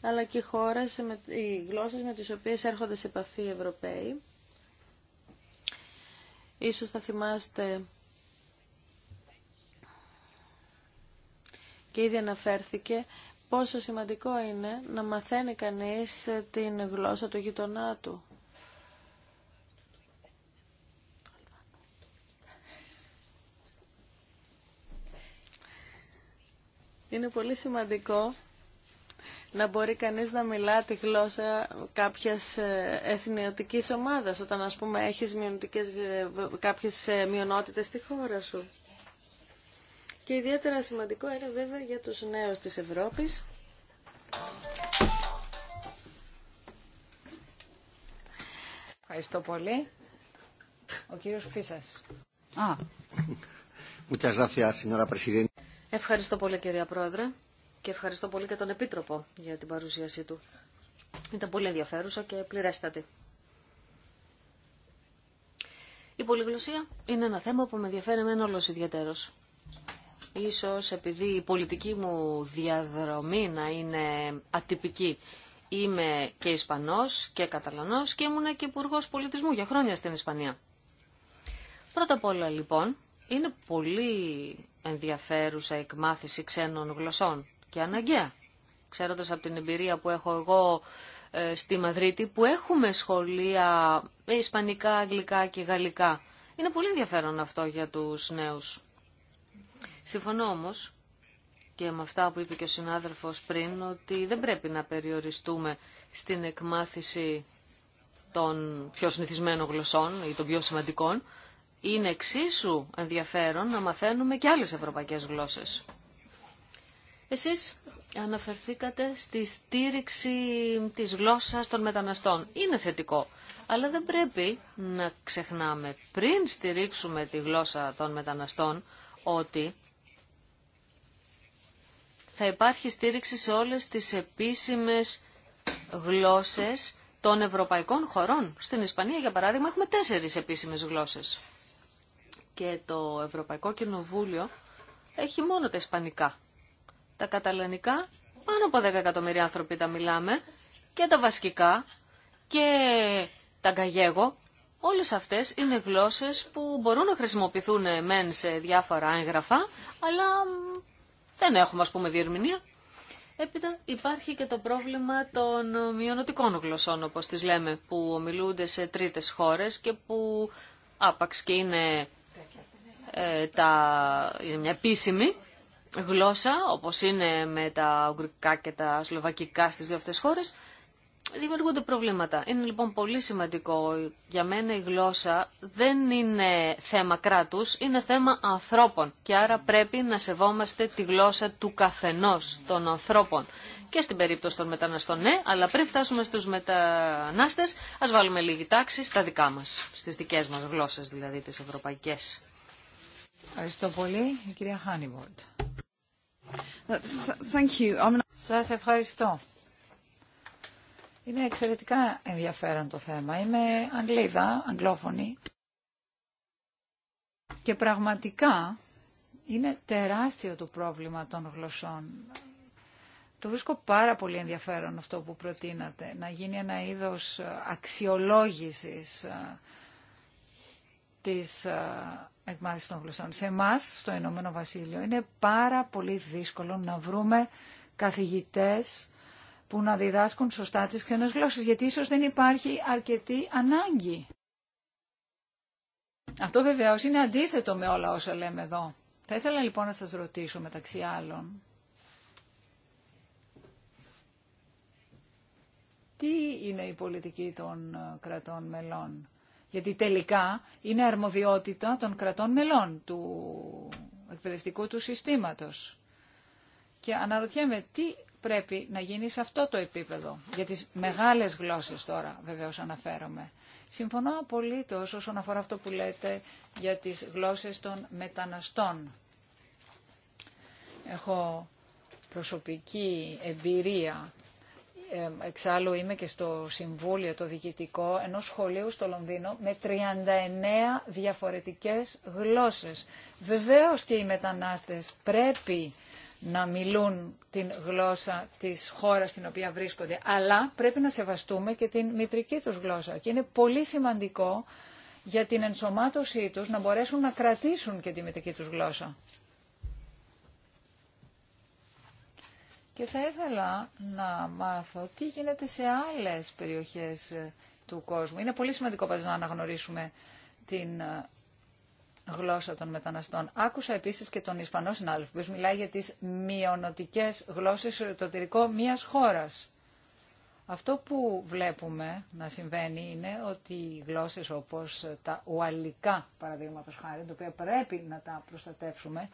αλλά και χώρες, οι γλώσσες με τις οποίες έρχονται σε επαφή οι Ευρωπαίοι. Ίσως θα θυμάστε και ήδη αναφέρθηκε πόσο σημαντικό είναι να μαθαίνει κανείς την γλώσσα του γειτονά του. Είναι πολύ σημαντικό να μπορεί κανείς να μιλά τη γλώσσα κάποιας ε, εθνιωτικής ομάδας, όταν ας πούμε έχεις ε, κάποιες ε, μειονότητες στη χώρα σου και ιδιαίτερα σημαντικό είναι βέβαια για τους νέους της Ευρώπης. Ευχαριστώ πολύ. Ο κύριος Φίσας. Α. Ευχαριστώ πολύ κυρία Πρόεδρε και ευχαριστώ πολύ και τον Επίτροπο για την παρουσίασή του. Ήταν πολύ ενδιαφέρουσα και πληρέστατη. Η πολυγλωσία είναι ένα θέμα που με ενδιαφέρει εμένα όλος ιδιαίτερος. Ίσως επειδή η πολιτική μου διαδρομή να είναι ατυπική. Είμαι και Ισπανός και Καταλανός και ήμουν και υπουργό Πολιτισμού για χρόνια στην Ισπανία. Πρώτα απ' όλα λοιπόν, είναι πολύ ενδιαφέρουσα εκμάθηση ξένων γλωσσών και αναγκαία. Ξέροντας από την εμπειρία που έχω εγώ ε, στη Μαδρίτη που έχουμε σχολεία ε, ισπανικά, αγγλικά και γαλλικά. Είναι πολύ ενδιαφέρον αυτό για τους νέους. Συμφωνώ όμω, και με αυτά που είπε και ο συνάδελφος πριν, ότι δεν πρέπει να περιοριστούμε στην εκμάθηση των πιο συνηθισμένων γλωσσών ή των πιο σημαντικών. Είναι εξίσου ενδιαφέρον να μαθαίνουμε και άλλες ευρωπαϊκές γλώσσες. Εσείς αναφερθήκατε στη στήριξη της γλώσσας των μεταναστών. Είναι θετικό. Αλλά δεν πρέπει να ξεχνάμε πριν στηρίξουμε τη γλώσσα των μεταναστών ότι θα υπάρχει στήριξη σε όλες τις επίσημες γλώσσες των ευρωπαϊκών χωρών. Στην Ισπανία, για παράδειγμα, έχουμε τέσσερις επίσημες γλώσσες. Και το Ευρωπαϊκό Κοινοβούλιο έχει μόνο τα ισπανικά. Τα καταλανικά, πάνω από 10 εκατομμύρια άνθρωποι τα μιλάμε, και τα Βασκικά και τα γκαγέγο. Όλες αυτές είναι γλώσσες που μπορούν να χρησιμοποιηθούν μεν σε διάφορα έγγραφα, αλλά δεν έχουμε ας πούμε διερμηνία. Έπειτα υπάρχει και το πρόβλημα των μειονοτικών γλωσσών, όπως τις λέμε, που ομιλούνται σε τρίτες χώρες και που άπαξ και είναι, ε, τα, είναι μια επίσημη γλώσσα, όπως είναι με τα ουγγρικά και τα σλοβακικά στις δύο αυτές χώρες, δημιουργούνται προβλήματα. Είναι λοιπόν πολύ σημαντικό για μένα η γλώσσα δεν είναι θέμα κράτους, είναι θέμα ανθρώπων και άρα πρέπει να σεβόμαστε τη γλώσσα του καθενός των ανθρώπων. Και στην περίπτωση των μεταναστών ναι, αλλά πριν φτάσουμε στους μετανάστες ας βάλουμε λίγη τάξη στα δικά μας, στις δικές μας γλώσσες δηλαδή τις ευρωπαϊκές. Ευχαριστώ πολύ. κυρία Χάνιμπορτ. Σας ευχαριστώ. Είναι εξαιρετικά ενδιαφέρον το θέμα. Είμαι Αγγλίδα, Αγγλόφωνη. Και πραγματικά είναι τεράστιο το πρόβλημα των γλωσσών. Το βρίσκω πάρα πολύ ενδιαφέρον αυτό που προτείνατε, να γίνει ένα είδος αξιολόγησης ε, της ε, εκμάθησης των γλωσσών. Σε εμά στο Ηνωμένο Βασίλειο, είναι πάρα πολύ δύσκολο να βρούμε καθηγητές που να διδάσκουν σωστά τις ξένες γλώσσες, γιατί ίσως δεν υπάρχει αρκετή ανάγκη. Αυτό βεβαίω είναι αντίθετο με όλα όσα λέμε εδώ. Θα ήθελα λοιπόν να σας ρωτήσω μεταξύ άλλων. Τι είναι η πολιτική των ε, κρατών μελών. Γιατί τελικά είναι αρμοδιότητα των κρατών μελών του εκπαιδευτικού του συστήματος. Και αναρωτιέμαι τι πρέπει να γίνει σε αυτό το επίπεδο. Για τις μεγάλες γλώσσες τώρα βεβαίως αναφέρομαι. Συμφωνώ απολύτως όσον αφορά αυτό που λέτε για τις γλώσσες των μεταναστών. Έχω προσωπική εμπειρία. Εξάλλου είμαι και στο Συμβούλιο το Διοικητικό ενός σχολείου στο Λονδίνο με 39 διαφορετικές γλώσσες. Βεβαίως και οι μετανάστες πρέπει να μιλούν την γλώσσα της χώρας στην οποία βρίσκονται, αλλά πρέπει να σεβαστούμε και την μητρική τους γλώσσα. Και είναι πολύ σημαντικό για την ενσωμάτωσή τους να μπορέσουν να κρατήσουν και τη μητρική τους γλώσσα. Και θα ήθελα να μάθω τι γίνεται σε άλλες περιοχές του κόσμου. Είναι πολύ σημαντικό πάντως να αναγνωρίσουμε την γλώσσα των μεταναστών. Άκουσα επίσης και τον Ισπανό συνάδελφο, που μιλάει για τις μειονοτικές γλώσσες στο εσωτερικό μιας χώρας. Αυτό που βλέπουμε να συμβαίνει είναι ότι οι γλώσσες όπως τα ουαλικά, παραδείγματος χάρη, τα οποία πρέπει να τα προστατεύσουμε,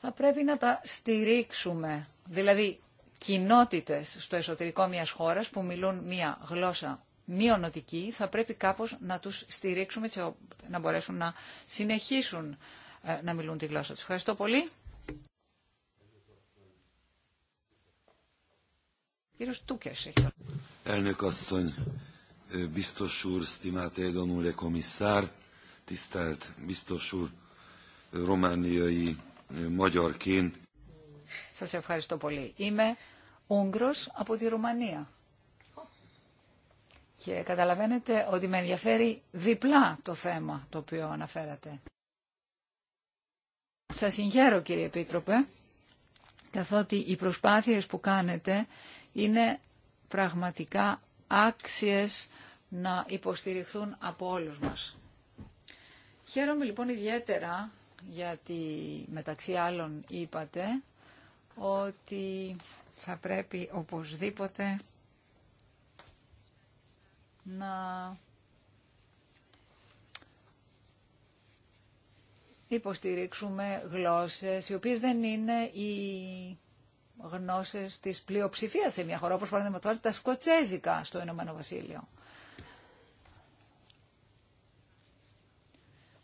θα πρέπει να τα στηρίξουμε. Δηλαδή, κοινότητες στο εσωτερικό μιας χώρας που μιλούν μια γλώσσα μειονοτικοί, θα πρέπει κάπως να τους στηρίξουμε και να μπορέσουν να συνεχίσουν ε, να μιλούν τη γλώσσα τους. Ευχαριστώ πολύ. Κύριος Τούκες έχει Elnök asszony, biztos úr, stimát komisszár, tisztelt biztos úr, romániai magyarként. Σας ευχαριστώ πολύ. Είμαι Ούγγρος από τη Ρουμανία. Και καταλαβαίνετε ότι με ενδιαφέρει διπλά το θέμα το οποίο αναφέρατε. Σας συγχαίρω κύριε Επίτροπε, καθότι οι προσπάθειες που κάνετε είναι πραγματικά άξιες να υποστηριχθούν από όλους μας. Χαίρομαι λοιπόν ιδιαίτερα γιατί μεταξύ άλλων είπατε ότι θα πρέπει οπωσδήποτε να υποστηρίξουμε γλώσσες οι οποίες δεν είναι οι γνώσεις της πλειοψηφίας σε μια χώρα, όπως τώρα, τα σκοτσέζικα στο Ηνωμένο Βασίλειο.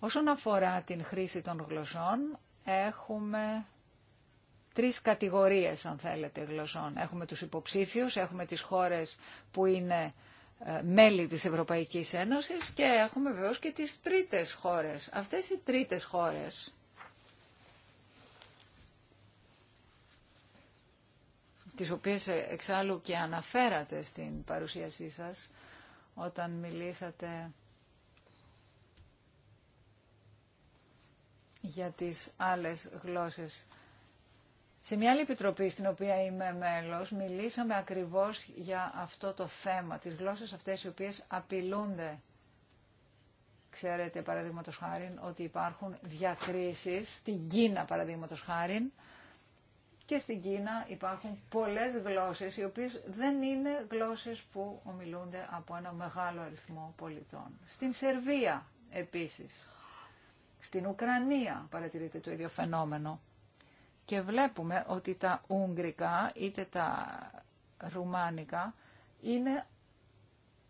Όσον αφορά την χρήση των γλωσσών, έχουμε τρεις κατηγορίες, αν θέλετε, γλωσσών. Έχουμε τους υποψήφιους, έχουμε τις χώρες που είναι μέλη της Ευρωπαϊκής Ένωσης και έχουμε βεβαίως και τις τρίτες χώρες. Αυτές οι τρίτες χώρες τις οποίες εξάλλου και αναφέρατε στην παρουσίασή σας όταν μιλήσατε για τις άλλες γλώσσες. Σε μια άλλη επιτροπή στην οποία είμαι μέλος μιλήσαμε ακριβώς για αυτό το θέμα, τις γλώσσες αυτές οι οποίες απειλούνται. Ξέρετε παραδείγματο χάρη ότι υπάρχουν διακρίσεις στην Κίνα παραδείγματο χάρη και στην Κίνα υπάρχουν πολλές γλώσσες οι οποίες δεν είναι γλώσσες που ομιλούνται από ένα μεγάλο αριθμό πολιτών. Στην Σερβία επίσης, στην Ουκρανία παρατηρείται το ίδιο φαινόμενο. Και βλέπουμε ότι τα Ούγγρικα είτε τα Ρουμάνικα είναι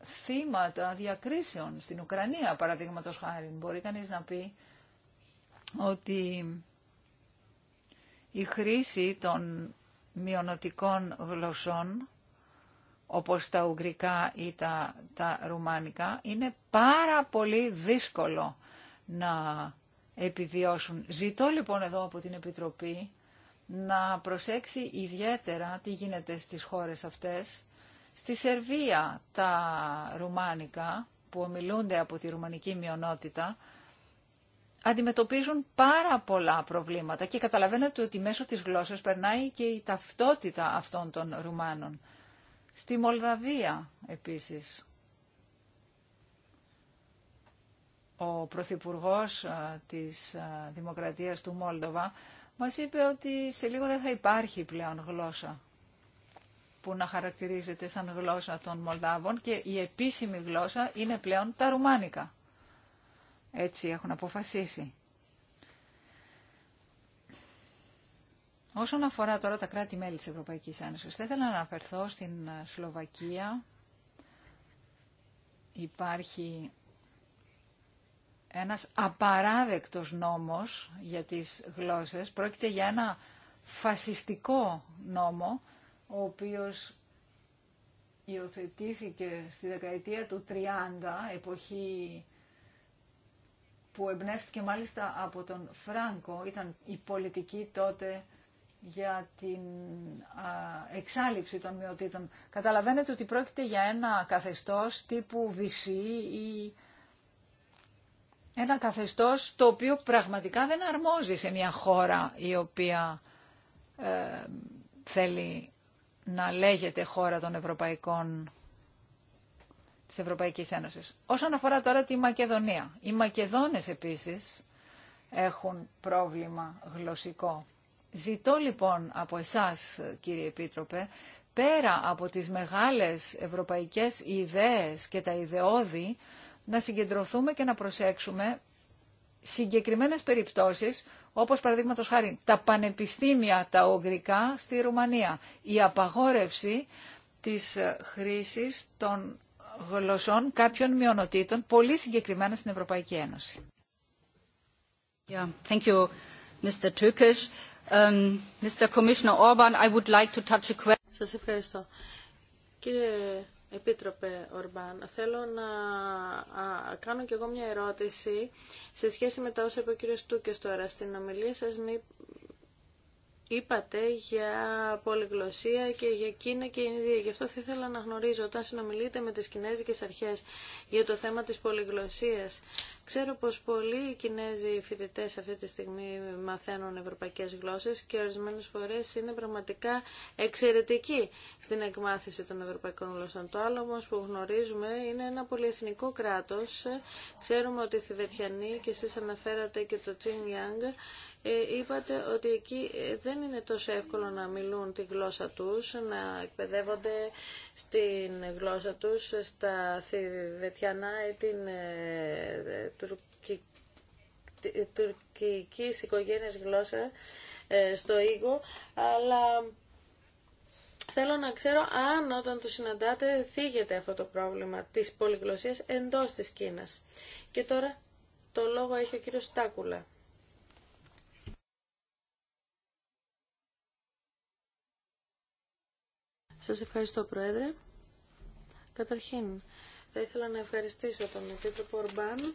θύματα διακρίσεων στην Ουκρανία, παραδείγματο χάρη. Μπορεί κανείς να πει ότι η χρήση των μειονοτικών γλωσσών, όπως τα ουγγρικά ή τα, τα ρουμάνικα, είναι πάρα πολύ δύσκολο να επιβιώσουν. Ζητώ λοιπόν εδώ από την Επιτροπή να προσέξει ιδιαίτερα τι γίνεται στις χώρες αυτές. Στη Σερβία τα ρουμάνικα που ομιλούνται από τη ρουμανική μειονότητα αντιμετωπίζουν πάρα πολλά προβλήματα και καταλαβαίνετε ότι μέσω της γλώσσας περνάει και η ταυτότητα αυτών των Ρουμάνων. Στη Μολδαβία επίσης. Ο Πρωθυπουργός ε, της ε, Δημοκρατίας του Μόλδοβα Μα είπε ότι σε λίγο δεν θα υπάρχει πλέον γλώσσα που να χαρακτηρίζεται σαν γλώσσα των Μολδάβων και η επίσημη γλώσσα είναι πλέον τα Ρουμάνικα. Έτσι έχουν αποφασίσει. Όσον αφορά τώρα τα κράτη-μέλη της Ευρωπαϊκής Ένωσης, θα ήθελα να αναφερθώ στην ε, Σλοβακία. Υπάρχει ένας απαράδεκτος νόμος για τις γλώσσες. Πρόκειται για ένα φασιστικό νόμο, ο οποίος υιοθετήθηκε στη δεκαετία του 30, εποχή που εμπνεύστηκε μάλιστα από τον Φράνκο, ήταν η πολιτική τότε για την εξάλληψη των μειοτήτων. Καταλαβαίνετε ότι πρόκειται για ένα καθεστώς τύπου Βυσσή ή ένα καθεστώς το οποίο πραγματικά δεν αρμόζει σε μια χώρα η οποία ε, θέλει να λέγεται χώρα των Ευρωπαϊκών της Ευρωπαϊκής Ένωσης. Όσον αφορά τώρα τη Μακεδονία. Οι Μακεδόνες επίσης έχουν πρόβλημα γλωσσικό. Ζητώ λοιπόν από εσάς κύριε Επίτροπε, πέρα από τις μεγάλες ευρωπαϊκές ιδέες και τα ιδεώδη, να συγκεντρωθούμε και να προσέξουμε συγκεκριμένες περιπτώσεις, όπως παραδείγματος χάρη τα πανεπιστήμια τα ογκρικά στη Ρουμανία, η απαγόρευση της χρήσης των γλωσσών κάποιων μειονοτήτων πολύ συγκεκριμένα στην Ευρωπαϊκή Ένωση. Yeah, thank you, Mr. Um, to touch a Επίτροπε Ορμπάν, θέλω να κάνω κι εγώ μια ερώτηση σε σχέση με τα όσα είπε ο κ. Τούκες τώρα. Στην ομιλία σας μη... είπατε για πολυγλωσία και για Κίνα και Ινδία. Γι' αυτό θα ήθελα να γνωρίζω όταν συνομιλείτε με τις Κινέζικες Αρχές για το θέμα της πολυγλωσίας. Ξέρω πως πολλοί οι Κινέζοι φοιτητέ αυτή τη στιγμή μαθαίνουν ευρωπαϊκές γλώσσες και ορισμένες φορές είναι πραγματικά εξαιρετικοί στην εκμάθηση των ευρωπαϊκών γλώσσων. Το άλλο όμως που γνωρίζουμε είναι ένα πολυεθνικό κράτος. Ξέρουμε ότι οι Θηβετιανοί και εσείς αναφέρατε και το Τσιν Γιάνγκ, ε, είπατε ότι εκεί ε, δεν είναι τόσο εύκολο να μιλούν τη γλώσσα τους, να εκπαιδεύονται στην γλώσσα τους ε, στα Θηβετιανά ή την, τουρκική τουρκικής οικογένειας γλώσσα ε, στο Ήγο, αλλά θέλω να ξέρω αν όταν το συναντάτε θίγεται αυτό το πρόβλημα της πολυγλωσσίας εντός της Κίνας. Και τώρα το λόγο έχει ο κύριος Στάκουλα. Σας ευχαριστώ Πρόεδρε. Καταρχήν, θα ήθελα να ευχαριστήσω τον Επίτροπο Ορμπάν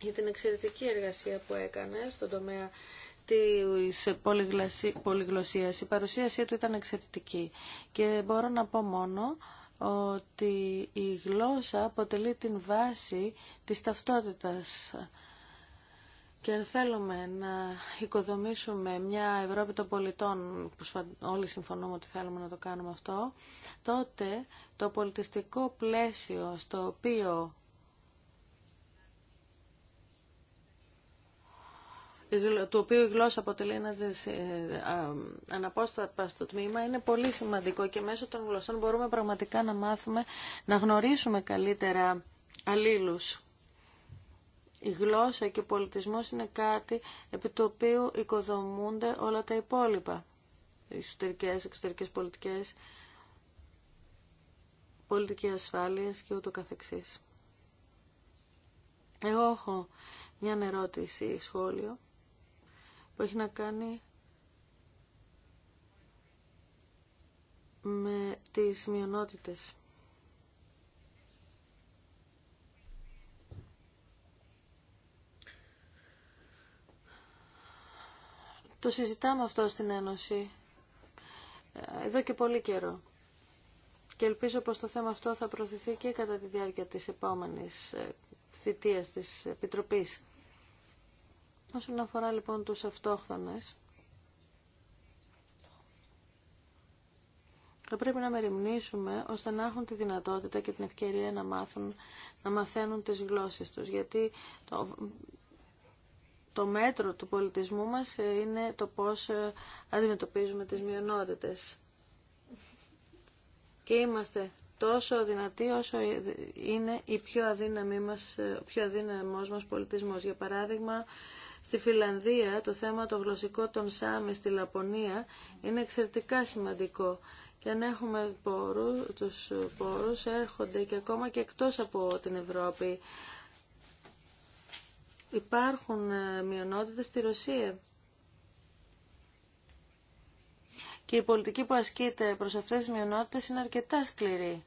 για την εξαιρετική εργασία που έκανε στον τομέα της πολυγλωσίας. Η παρουσίασή του ήταν εξαιρετική και μπορώ να πω μόνο ότι η γλώσσα αποτελεί την βάση της ταυτότητας. Και αν θέλουμε να οικοδομήσουμε μια Ευρώπη των πολιτών, που όλοι συμφωνούμε ότι θέλουμε να το κάνουμε αυτό, τότε το πολιτιστικό πλαίσιο στο οποίο του οποίου η γλώσσα αποτελεί ένα ε, αναπόσπαστο τμήμα, είναι πολύ σημαντικό και μέσω των γλωσσών μπορούμε πραγματικά να μάθουμε, να γνωρίσουμε καλύτερα αλλήλους. Η γλώσσα και ο πολιτισμός είναι κάτι επί το οποίο οικοδομούνται όλα τα υπόλοιπα. Οι εσωτερικές, εξωτερικές πολιτικές, πολιτική ασφάλεια και ούτω καθεξής. Εγώ έχω μια ερώτηση, σχόλιο που έχει να κάνει με τις μειονότητες. Το συζητάμε αυτό στην Ένωση ε, εδώ και πολύ καιρό. Και ελπίζω πως το θέμα αυτό θα προωθηθεί και κατά τη διάρκεια της επόμενης ε, θητείας της Επιτροπής. Όσον αφορά λοιπόν τους αυτόχθονες, θα πρέπει να μεριμνήσουμε ώστε να έχουν τη δυνατότητα και την ευκαιρία να, μάθουν, να μαθαίνουν τις γλώσσες τους, γιατί το, μέτρο του πολιτισμού μας είναι το πώς ε, αντιμετωπίζουμε τις μειονότητες. Και είμαστε τόσο δυνατοί όσο είναι η πιο αδύναμή μας, ε, ο πιο αδύναμος μας πολιτισμός. Για παράδειγμα, Στη Φιλανδία το θέμα το γλωσσικό των Σάμι στη Λαπωνία είναι εξαιρετικά σημαντικό και αν έχουμε πόρους, τους πόρους έρχονται και ακόμα και εκτός από την Ευρώπη. Υπάρχουν ε, μειονότητες στη Ρωσία. Και η πολιτική που ασκείται προς αυτές τις μειονότητες είναι αρκετά σκληρή.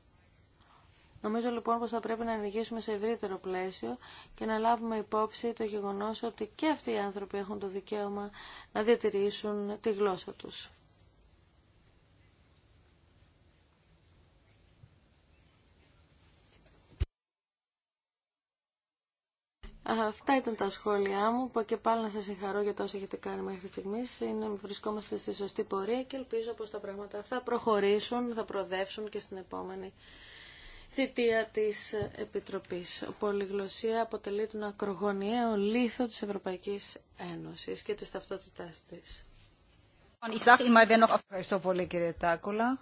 Νομίζω λοιπόν πως θα πρέπει να ενεργήσουμε σε ευρύτερο πλαίσιο και να λάβουμε υπόψη το γεγονός ότι και αυτοί οι άνθρωποι έχουν το δικαίωμα να διατηρήσουν τη γλώσσα τους. Αυτά ήταν τα σχόλιά μου που και πάλι να σας συγχαρώ για τόσο έχετε κάνει μέχρι στιγμής. Είναι, βρισκόμαστε στη σωστή πορεία και ελπίζω πως τα πράγματα θα προχωρήσουν, θα προοδεύσουν και στην επόμενη θητεία της Επιτροπής. Η πολυγλωσία αποτελεί τον ακρογωνιαίο λίθο της Ευρωπαϊκής Ένωσης και της ταυτότητάς της. Ευχαριστώ πολύ κύριε Τάκουλα,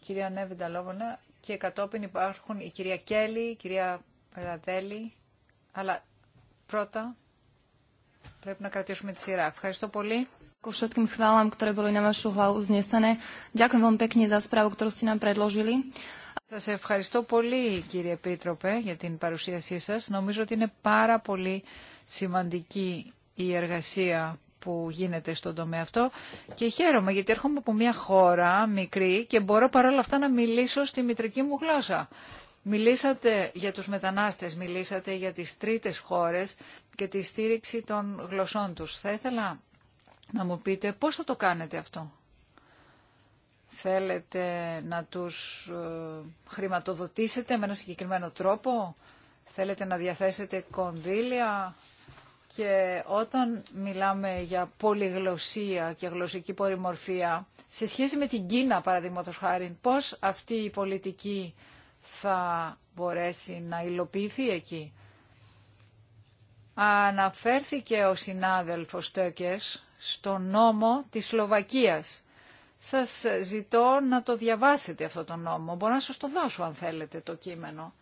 κυρία Νέβη Νταλόβωνα και κατόπιν υπάρχουν η κυρία Κέλλη, η κυρία Παρατέλη, αλλά πρώτα πρέπει να κρατήσουμε τη σειρά. Ευχαριστώ πολύ. všetkým chválam, ktoré boli na vašu hlavu znesené. Ďakujem veľmi pekne za správu, ktorú ste nám predložili. Σας ευχαριστώ πολύ κύριε Επίτροπε για την παρουσίασή σας. Νομίζω ότι είναι πάρα πολύ σημαντική η εργασία που γίνεται στον τομέα αυτό και χαίρομαι γιατί έρχομαι από μια χώρα μικρή και μπορώ παρόλα αυτά να μιλήσω στη μητρική μου γλώσσα. Μιλήσατε για τους μετανάστες, μιλήσατε για τις τρίτες χώρες και τη στήριξη των γλωσσών τους. Θα ήθελα να μου πείτε πώς θα το κάνετε αυτό. Θέλετε να τους ε, χρηματοδοτήσετε με ένα συγκεκριμένο τρόπο. Θέλετε να διαθέσετε κονδύλια. Και όταν μιλάμε για πολυγλωσία και γλωσσική πολυμορφία, σε σχέση με την Κίνα, παραδείγματος χάρη, πώς αυτή η πολιτική θα μπορέσει να υλοποιηθεί εκεί. Αναφέρθηκε ο συνάδελφος Τόκες στο νόμο της Σλοβακίας σας ζητώ να το διαβάσετε αυτό το νόμο. Μπορώ να σας το δώσω αν θέλετε το κείμενο.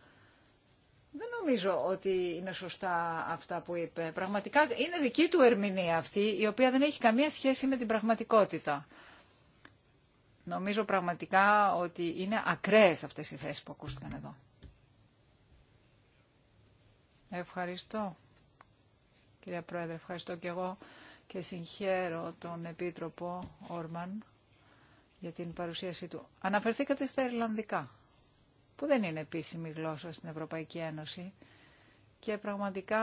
Δεν νομίζω ότι είναι σωστά αυτά που είπε. Πραγματικά είναι δική του ερμηνεία αυτή, η οποία δεν έχει καμία σχέση με την πραγματικότητα. Νομίζω πραγματικά ότι είναι ακραίες αυτές οι θέσεις που ακούστηκαν εδώ. Ευχαριστώ. Κυρία Πρόεδρε, ευχαριστώ και εγώ και συγχαίρω τον Επίτροπο Όρμαν για την παρουσίασή του. Αναφερθήκατε στα Ιρλανδικά, που δεν είναι επίσημη γλώσσα στην Ευρωπαϊκή Ένωση και πραγματικά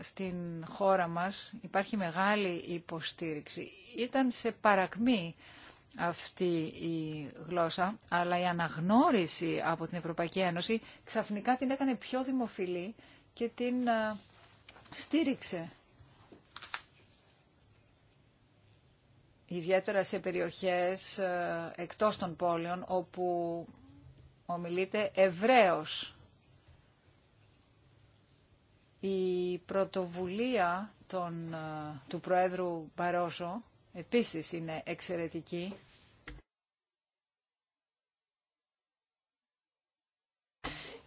στην χώρα μας υπάρχει μεγάλη υποστήριξη. Ήταν σε παρακμή αυτή η γλώσσα, αλλά η αναγνώριση από την Ευρωπαϊκή Ένωση ξαφνικά την έκανε πιο δημοφιλή και την ε, στήριξε. ιδιαίτερα σε περιοχές ε, εκτός των πόλεων όπου ομιλείται ευρέως. Η πρωτοβουλία ε, του Προέδρου Μπαρόζο επίσης είναι εξαιρετική.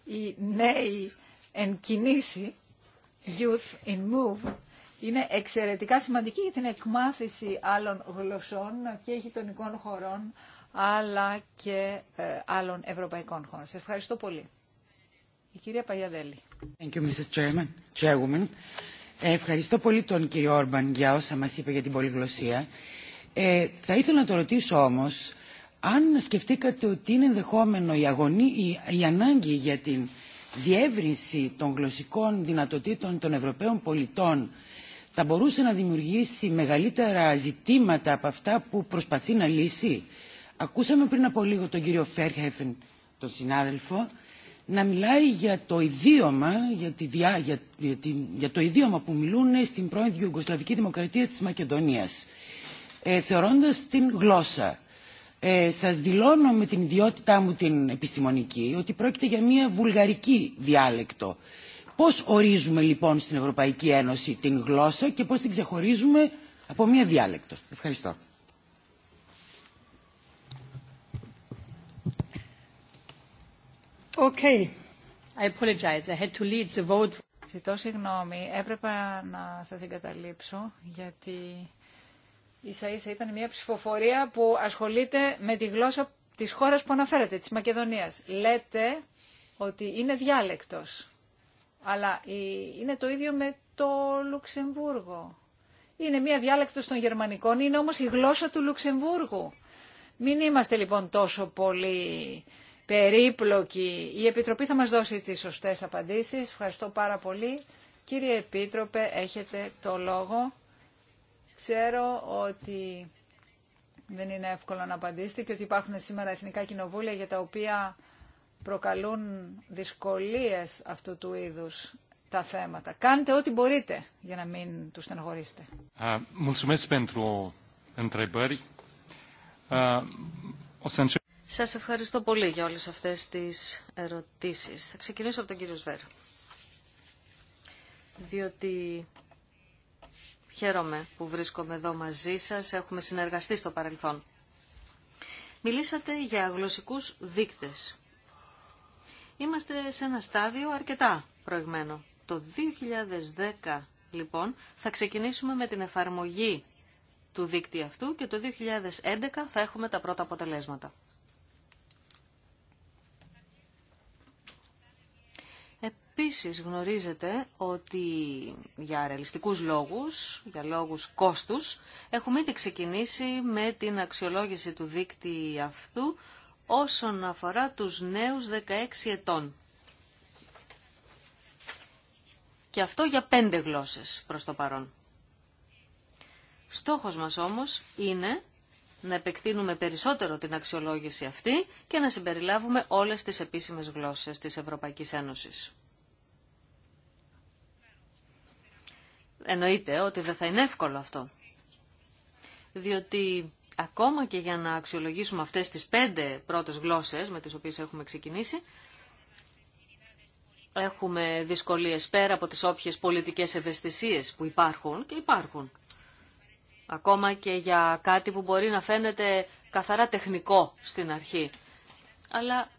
Οι νέοι εν κινήσει, Youth in Move, είναι εξαιρετικά σημαντική για την εκμάθηση άλλων γλωσσών και γειτονικών χωρών αλλά και ε, άλλων ευρωπαϊκών χωρών. Σε ευχαριστώ πολύ. Η κυρία Παγιαδέλη. Thank you, Mrs. Chairman. Chairwoman. Ευχαριστώ πολύ τον κύριο Όρμπαν για όσα μας είπε για την πολυγλωσσία. Ε, θα ήθελα να το ρωτήσω όμως αν σκεφτήκατε ότι είναι ενδεχόμενο η, η, η ανάγκη για την διεύρυνση των γλωσσικών δυνατοτήτων των Ευρωπαίων πολιτών θα μπορούσε να δημιουργήσει μεγαλύτερα ζητήματα από αυτά που προσπαθεί να λύσει. Ακούσαμε πριν από λίγο τον κύριο Φέρχεφν, τον συνάδελφο, να μιλάει για το ιδίωμα, για, τη διά, για, για, για το ιδίωμα που μιλούν στην πρώην Ιουγκοσλαβική Δημοκρατία της Μακεδονίας, ε, θεωρώντας την γλώσσα. Ε, σας δηλώνω με την ιδιότητά μου την επιστημονική ότι πρόκειται για μια βουλγαρική διάλεκτο Πώς ορίζουμε λοιπόν στην Ευρωπαϊκή Ένωση την γλώσσα και πώς την ξεχωρίζουμε από μία διάλεκτο. Ευχαριστώ. Okay. I I had to Ζητώ συγγνώμη. Έπρεπε να σας εγκαταλείψω γιατί ίσα ίσα ήταν μια ψηφοφορία που ασχολείται με τη γλώσσα της χώρας που αναφέρεται, της Μακεδονίας. Λέτε ότι είναι διάλεκτος. Αλλά είναι το ίδιο με το Λουξεμβούργο. Είναι μία διάλεκτος των Γερμανικών, είναι όμως η γλώσσα του Λουξεμβούργου. Μην είμαστε λοιπόν τόσο πολύ περίπλοκοι. Η Επιτροπή θα μας δώσει τις σωστές απαντήσεις. Ευχαριστώ πάρα πολύ. Κύριε Επίτροπε, έχετε το λόγο. Ξέρω ότι δεν είναι εύκολο να απαντήσετε και ότι υπάρχουν σήμερα εθνικά κοινοβούλια για τα οποία προκαλούν δυσκολίες αυτού του είδους τα θέματα. Κάντε ό,τι μπορείτε για να μην τους στενοχωρήσετε. Ε, ε, σας ευχαριστώ πολύ για όλες αυτές τις ερωτήσεις. Θα ξεκινήσω από τον κύριο Σβέρ. Διότι χαίρομαι που βρίσκομαι εδώ μαζί σας. Έχουμε συνεργαστεί στο παρελθόν. Μιλήσατε για γλωσσικούς δείκτες Είμαστε σε ένα στάδιο αρκετά προηγμένο. Το 2010 λοιπόν θα ξεκινήσουμε με την εφαρμογή του δίκτυα αυτού και το 2011 θα έχουμε τα πρώτα αποτελέσματα. Επίσης γνωρίζετε ότι για ρεαλιστικούς λόγους, για λόγους κόστους, έχουμε ήδη ξεκινήσει με την αξιολόγηση του δίκτυα αυτού όσον αφορά τους νέους 16 ετών. Και αυτό για πέντε γλώσσες προς το παρόν. Στόχος μας όμως είναι να επεκτείνουμε περισσότερο την αξιολόγηση αυτή και να συμπεριλάβουμε όλες τις επίσημες γλώσσες της Ευρωπαϊκής Ένωσης. Εννοείται ότι δεν θα είναι εύκολο αυτό, διότι Ακόμα και για να αξιολογήσουμε αυτές τις πέντε πρώτες γλώσσες με τις οποίες έχουμε ξεκινήσει, έχουμε δυσκολίες πέρα από τις όποιες πολιτικές ευαισθησίες που υπάρχουν και υπάρχουν. Ακόμα και για κάτι που μπορεί να φαίνεται καθαρά τεχνικό στην αρχή. Αλλά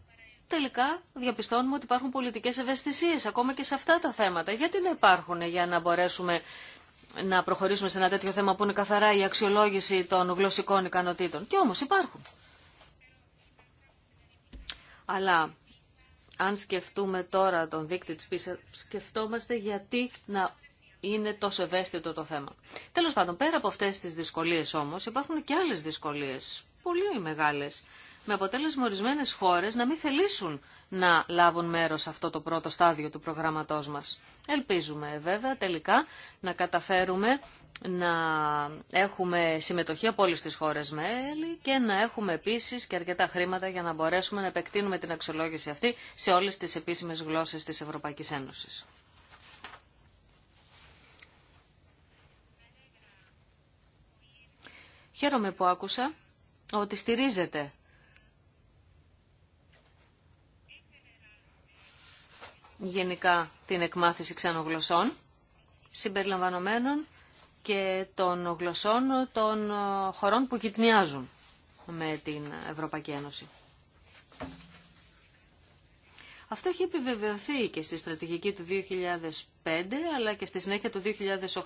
τελικά διαπιστώνουμε ότι υπάρχουν πολιτικές ευαισθησίες ακόμα και σε αυτά τα θέματα. Γιατί να υπάρχουν για να μπορέσουμε να προχωρήσουμε σε ένα τέτοιο θέμα που είναι καθαρά η αξιολόγηση των γλωσσικών ικανοτήτων. Και όμως υπάρχουν. Αλλά αν σκεφτούμε τώρα τον δίκτυ της πίσης, σκεφτόμαστε γιατί να είναι τόσο ευαίσθητο το θέμα. Τέλος πάντων, πέρα από αυτές τις δυσκολίες όμως, υπάρχουν και άλλες δυσκολίες, πολύ μεγάλες, με αποτέλεσμα ορισμένε χώρες να μην θελήσουν να λάβουν μέρος σε αυτό το πρώτο στάδιο του προγράμματός μας. Ελπίζουμε βέβαια τελικά να καταφέρουμε να έχουμε συμμετοχή από όλες τις χώρες μέλη και να έχουμε επίσης και αρκετά χρήματα για να μπορέσουμε να επεκτείνουμε την αξιολόγηση αυτή σε όλες τις επίσημες γλώσσες της Ευρωπαϊκής Ένωσης. Χαίρομαι που άκουσα ότι στηρίζεται γενικά την εκμάθηση ξενογλωσσών συμπεριλαμβανομένων και των γλωσσών των ε, χωρών που γυτνιάζουν με την Ευρωπαϊκή Ένωση. Αυτό έχει επιβεβαιωθεί και στη στρατηγική του 2005 αλλά και στη συνέχεια του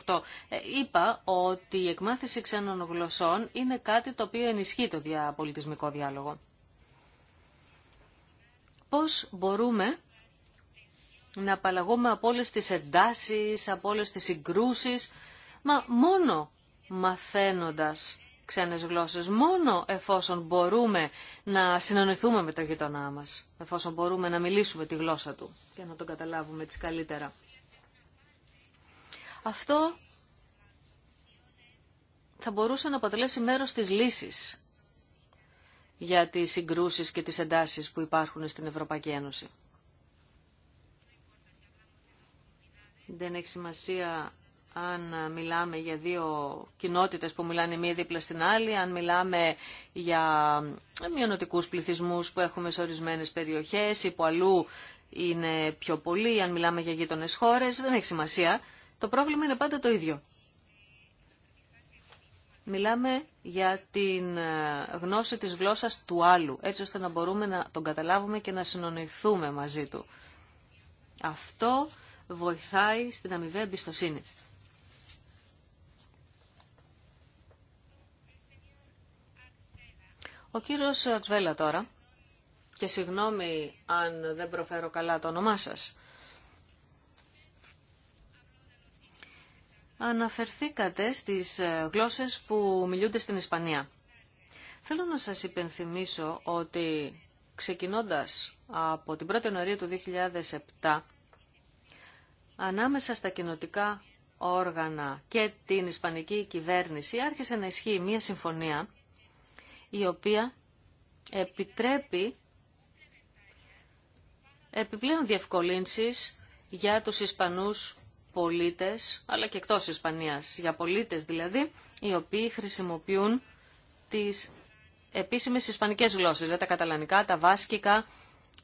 2008. Ε, είπα ότι η εκμάθηση ξένων γλωσσών είναι κάτι το οποίο ενισχύει το διαπολιτισμικό διάλογο. Πώς μπορούμε να απαλλαγούμε από όλες τις εντάσεις, από όλες τις συγκρούσεις, μα μόνο μαθαίνοντας ξένες γλώσσες, μόνο εφόσον μπορούμε να συναντηθούμε με τα γειτονά μας, εφόσον μπορούμε να μιλήσουμε τη γλώσσα του και να τον καταλάβουμε έτσι καλύτερα. Αυτό θα μπορούσε να αποτελέσει μέρος της λύσης για τις συγκρούσεις και τις εντάσεις που υπάρχουν στην Ευρωπαϊκή Ένωση. Δεν έχει σημασία αν μιλάμε για δύο κοινότητες που μιλάνε μία δίπλα στην άλλη, αν μιλάμε για μειονοτικούς πληθυσμούς που έχουμε σε ορισμένες περιοχές ή που αλλού είναι πιο πολλοί, αν μιλάμε για γείτονες χώρες, δεν έχει σημασία. Το πρόβλημα είναι πάντα το ίδιο. Μιλάμε για την ε, γνώση της γλώσσας του άλλου, έτσι ώστε να μπορούμε να τον καταλάβουμε και να συνονιθούμε μαζί του. Αυτό βοηθάει στην αμοιβαία εμπιστοσύνη. Ο κύριος Ατσβέλα τώρα, και συγγνώμη αν δεν προφέρω καλά το όνομά σας, αναφερθήκατε στις ε, γλώσσες που μιλούνται στην Ισπανία. Θέλω να σας υπενθυμίσω ότι ξεκινώντας από την 1η Ιανουαρίου του 2007 ανάμεσα στα κοινοτικά όργανα και την Ισπανική κυβέρνηση άρχισε να ισχύει μια συμφωνία η οποία επιτρέπει επιπλέον διευκολύνσεις για τους Ισπανούς πολίτες, αλλά και εκτός Ισπανίας, για πολίτες δηλαδή, οι οποίοι χρησιμοποιούν τις επίσημες ισπανικές γλώσσες, δηλαδή τα καταλανικά, τα βάσκικα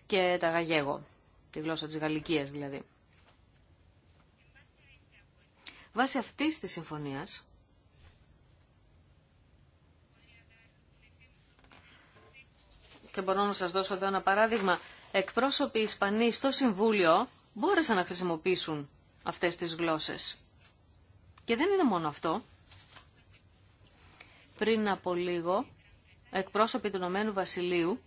και τα γαγέγο, τη γλώσσα της Γαλλικίας δηλαδή. Βάσει αυτής της συμφωνίας και μπορώ να σας δώσω εδώ ένα παράδειγμα, εκπρόσωποι Ισπανοί στο Συμβούλιο μπόρεσαν να χρησιμοποιήσουν αυτές τις γλώσσες. Και δεν είναι μόνο αυτό. Πριν από λίγο, εκπρόσωποι του Ηνωμένου Βασιλείου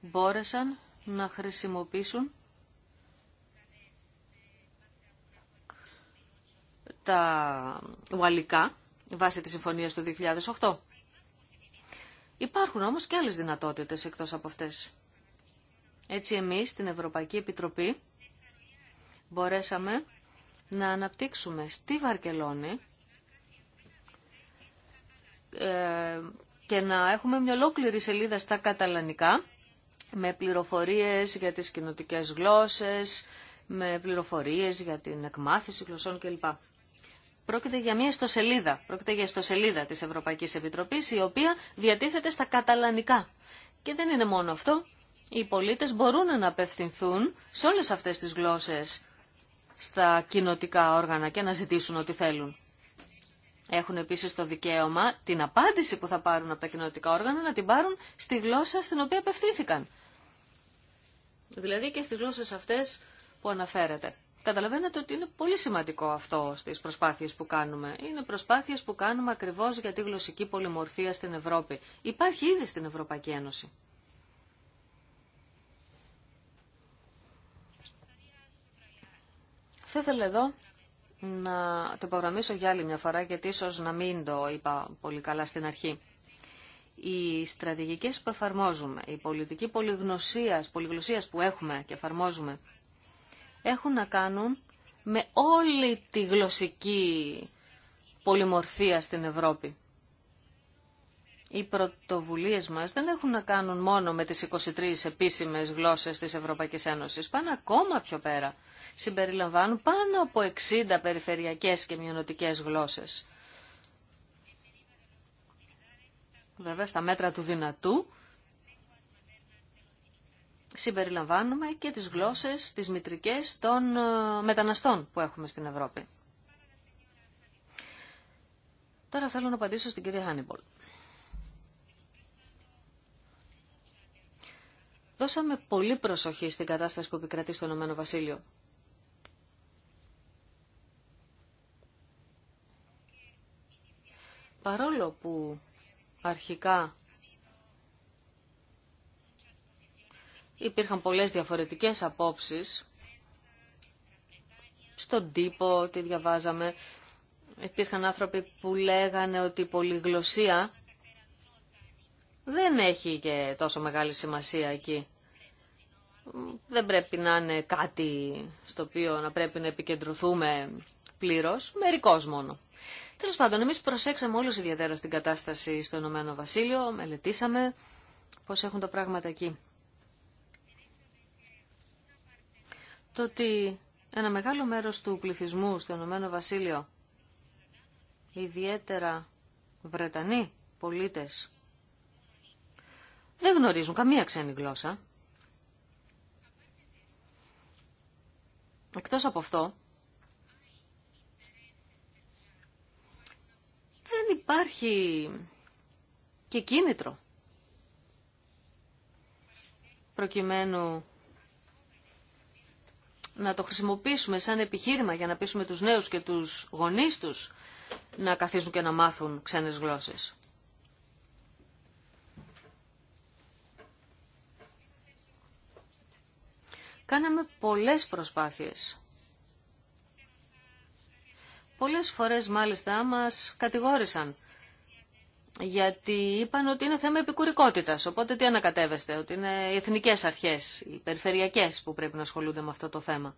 μπόρεσαν να χρησιμοποιήσουν τα ουαλικά βάσει της συμφωνίας του 2008. Υπάρχουν όμως και άλλες δυνατότητες εκτός από αυτές. Έτσι εμείς στην Ευρωπαϊκή Επιτροπή μπορέσαμε να αναπτύξουμε στη Βαρκελόνη ε, και να έχουμε μια ολόκληρη σελίδα στα καταλανικά με πληροφορίες για τις κοινοτικές γλώσσες, με πληροφορίες για την εκμάθηση γλωσσών κλπ. Πρόκειται για μια ιστοσελίδα, πρόκειται για ιστοσελίδα της Ευρωπαϊκής Επιτροπής, η οποία διατίθεται στα καταλανικά. Και δεν είναι μόνο αυτό. Οι πολίτες μπορούν να απευθυνθούν σε όλες αυτές τις γλώσσες στα κοινοτικά όργανα και να ζητήσουν ό,τι θέλουν. Έχουν επίσης το δικαίωμα την απάντηση που θα πάρουν από τα κοινοτικά όργανα να την πάρουν στη γλώσσα στην οποία απευθύνθηκαν. Δηλαδή και στις γλώσσες αυτές που αναφέρεται. Καταλαβαίνετε ότι είναι πολύ σημαντικό αυτό στις προσπάθειες που κάνουμε. Είναι προσπάθειες που κάνουμε ακριβώς για τη γλωσσική πολυμορφία στην Ευρώπη. Υπάρχει ήδη στην Ευρωπαϊκή Ένωση. Θα ήθελα εδώ να το υπογραμμίσω για άλλη μια φορά, γιατί ίσως να μην το είπα πολύ καλά στην αρχή. Οι στρατηγικές που εφαρμόζουμε, η πολιτική πολυγνωσίας, πολυγλωσσίας που έχουμε και εφαρμόζουμε, έχουν να κάνουν με όλη τη γλωσσική πολυμορφία στην Ευρώπη. Οι πρωτοβουλίε μας δεν έχουν να κάνουν μόνο με τις 23 επίσημες γλώσσες της Ευρωπαϊκής Ένωσης, πάνε ακόμα πιο πέρα. Συμπεριλαμβάνουν πάνω από 60 περιφερειακές και μειονοτικές γλώσσες. Βέβαια, στα μέτρα του δυνατού συμπεριλαμβάνουμε και τις γλώσσες, τις μητρικές των ε, μεταναστών που έχουμε στην Ευρώπη. Τώρα θέλω να απαντήσω στην κυρία Χάνιμπολ. Δώσαμε πολύ προσοχή στην κατάσταση που επικρατεί στο Ηνωμένο Παρόλο που αρχικά Υπήρχαν πολλές διαφορετικές απόψεις. Στον τύπο τι διαβάζαμε. Υπήρχαν άνθρωποι που λέγανε ότι η πολυγλωσία δεν έχει και τόσο μεγάλη σημασία εκεί. Δεν πρέπει να είναι κάτι στο οποίο να πρέπει να επικεντρωθούμε πλήρως, μερικός μόνο. Τέλο πάντων, εμεί προσέξαμε όλου ιδιαίτερα στην κατάσταση στο Ηνωμένο Βασίλειο, μελετήσαμε πώ έχουν τα πράγματα εκεί. το ότι ένα μεγάλο μέρος του πληθυσμού στο Ηνωμένο Βασίλειο, ιδιαίτερα Βρετανοί πολίτες, δεν γνωρίζουν καμία ξένη γλώσσα. Εκτός από αυτό, δεν υπάρχει και κίνητρο προκειμένου να το χρησιμοποιήσουμε σαν επιχείρημα για να πείσουμε τους νέους και τους γονείς τους να καθίσουν και να μάθουν ξένες γλώσσες. Κάναμε πολλές προσπάθειες. Πολλές φορές μάλιστα μας κατηγόρησαν γιατί είπαν ότι είναι θέμα επικουρικότητας. Οπότε τι ανακατεύεστε, ότι είναι οι εθνικές αρχές, οι περιφερειακές που πρέπει να ασχολούνται με αυτό το θέμα.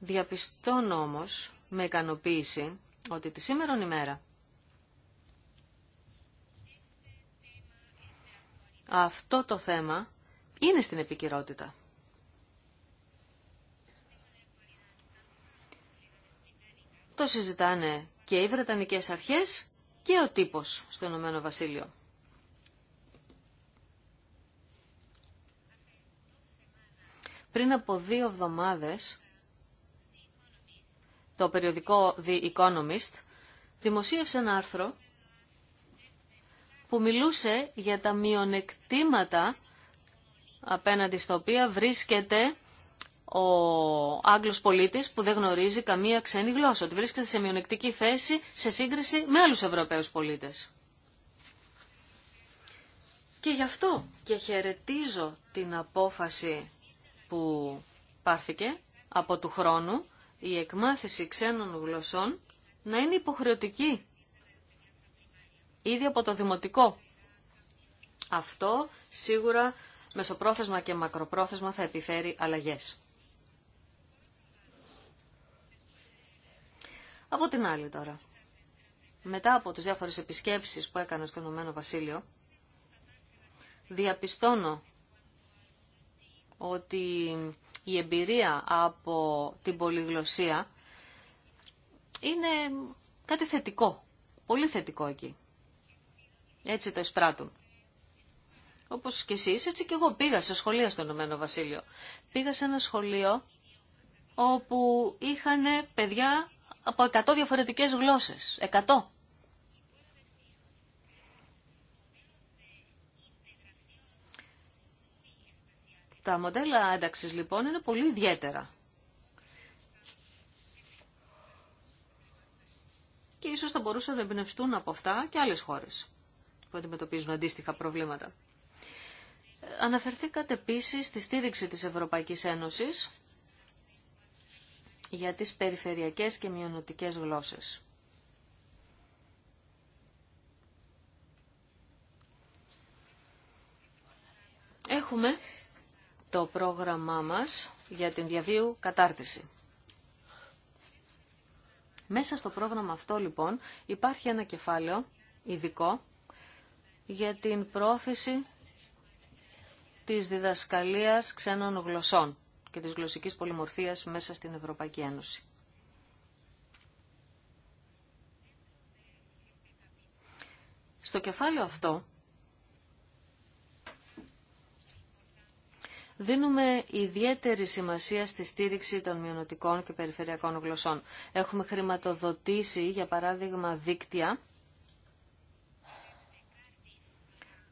Διαπιστώνω όμως με ικανοποίηση ότι τη σήμερα ημέρα αυτό το θέμα είναι στην επικυρότητα. Το συζητάνε και οι Βρετανικές αρχές και ο τύπος στο Ηνωμένο Βασίλειο. Πριν από δύο εβδομάδες, το περιοδικό The Economist δημοσίευσε ένα άρθρο που μιλούσε για τα μειονεκτήματα απέναντι στα οποία βρίσκεται ο Άγγλο πολίτη που δεν γνωρίζει καμία ξένη γλώσσα, ότι βρίσκεται σε μειονεκτική θέση σε σύγκριση με άλλους Ευρωπαίους πολίτες. Και γι' αυτό και χαιρετίζω την απόφαση που πάρθηκε από του χρόνου η εκμάθηση ξένων γλωσσών να είναι υποχρεωτική ήδη από το δημοτικό. Αυτό σίγουρα μεσοπρόθεσμα και μακροπρόθεσμα θα επιφέρει αλλαγές. Από την άλλη τώρα, μετά από τις διάφορες επισκέψεις που έκανα στο Ηνωμένο Βασίλειο, διαπιστώνω ότι η εμπειρία από την πολυγλωσία είναι κάτι θετικό, πολύ θετικό εκεί. Έτσι το εισπράττουν. Όπως και εσείς, έτσι και εγώ πήγα σε σχολεία στο Ηνωμένο Βασίλειο. Πήγα σε ένα σχολείο όπου είχαν παιδιά από 100 διαφορετικές γλώσσες. 100. Τα μοντέλα ένταξης λοιπόν είναι πολύ ιδιαίτερα. Και ίσως θα μπορούσαν να εμπνευστούν από αυτά και άλλες χώρες που αντιμετωπίζουν αντίστοιχα προβλήματα. Ε, αναφερθήκατε επίσης στη στήριξη της Ευρωπαϊκής Ένωσης για τις περιφερειακές και μειονοτικές γλώσσες. Έχουμε το πρόγραμμά μας για την διαβίου κατάρτιση. Μέσα στο πρόγραμμα αυτό λοιπόν υπάρχει ένα κεφάλαιο ειδικό για την πρόθεση της διδασκαλίας ξένων γλωσσών και της γλωσσικής πολυμορφίας μέσα στην Ευρωπαϊκή Ένωση. Στο κεφάλαιο αυτό δίνουμε ιδιαίτερη σημασία στη στήριξη των μειονοτικών και περιφερειακών γλωσσών. Έχουμε χρηματοδοτήσει, για παράδειγμα, δίκτυα,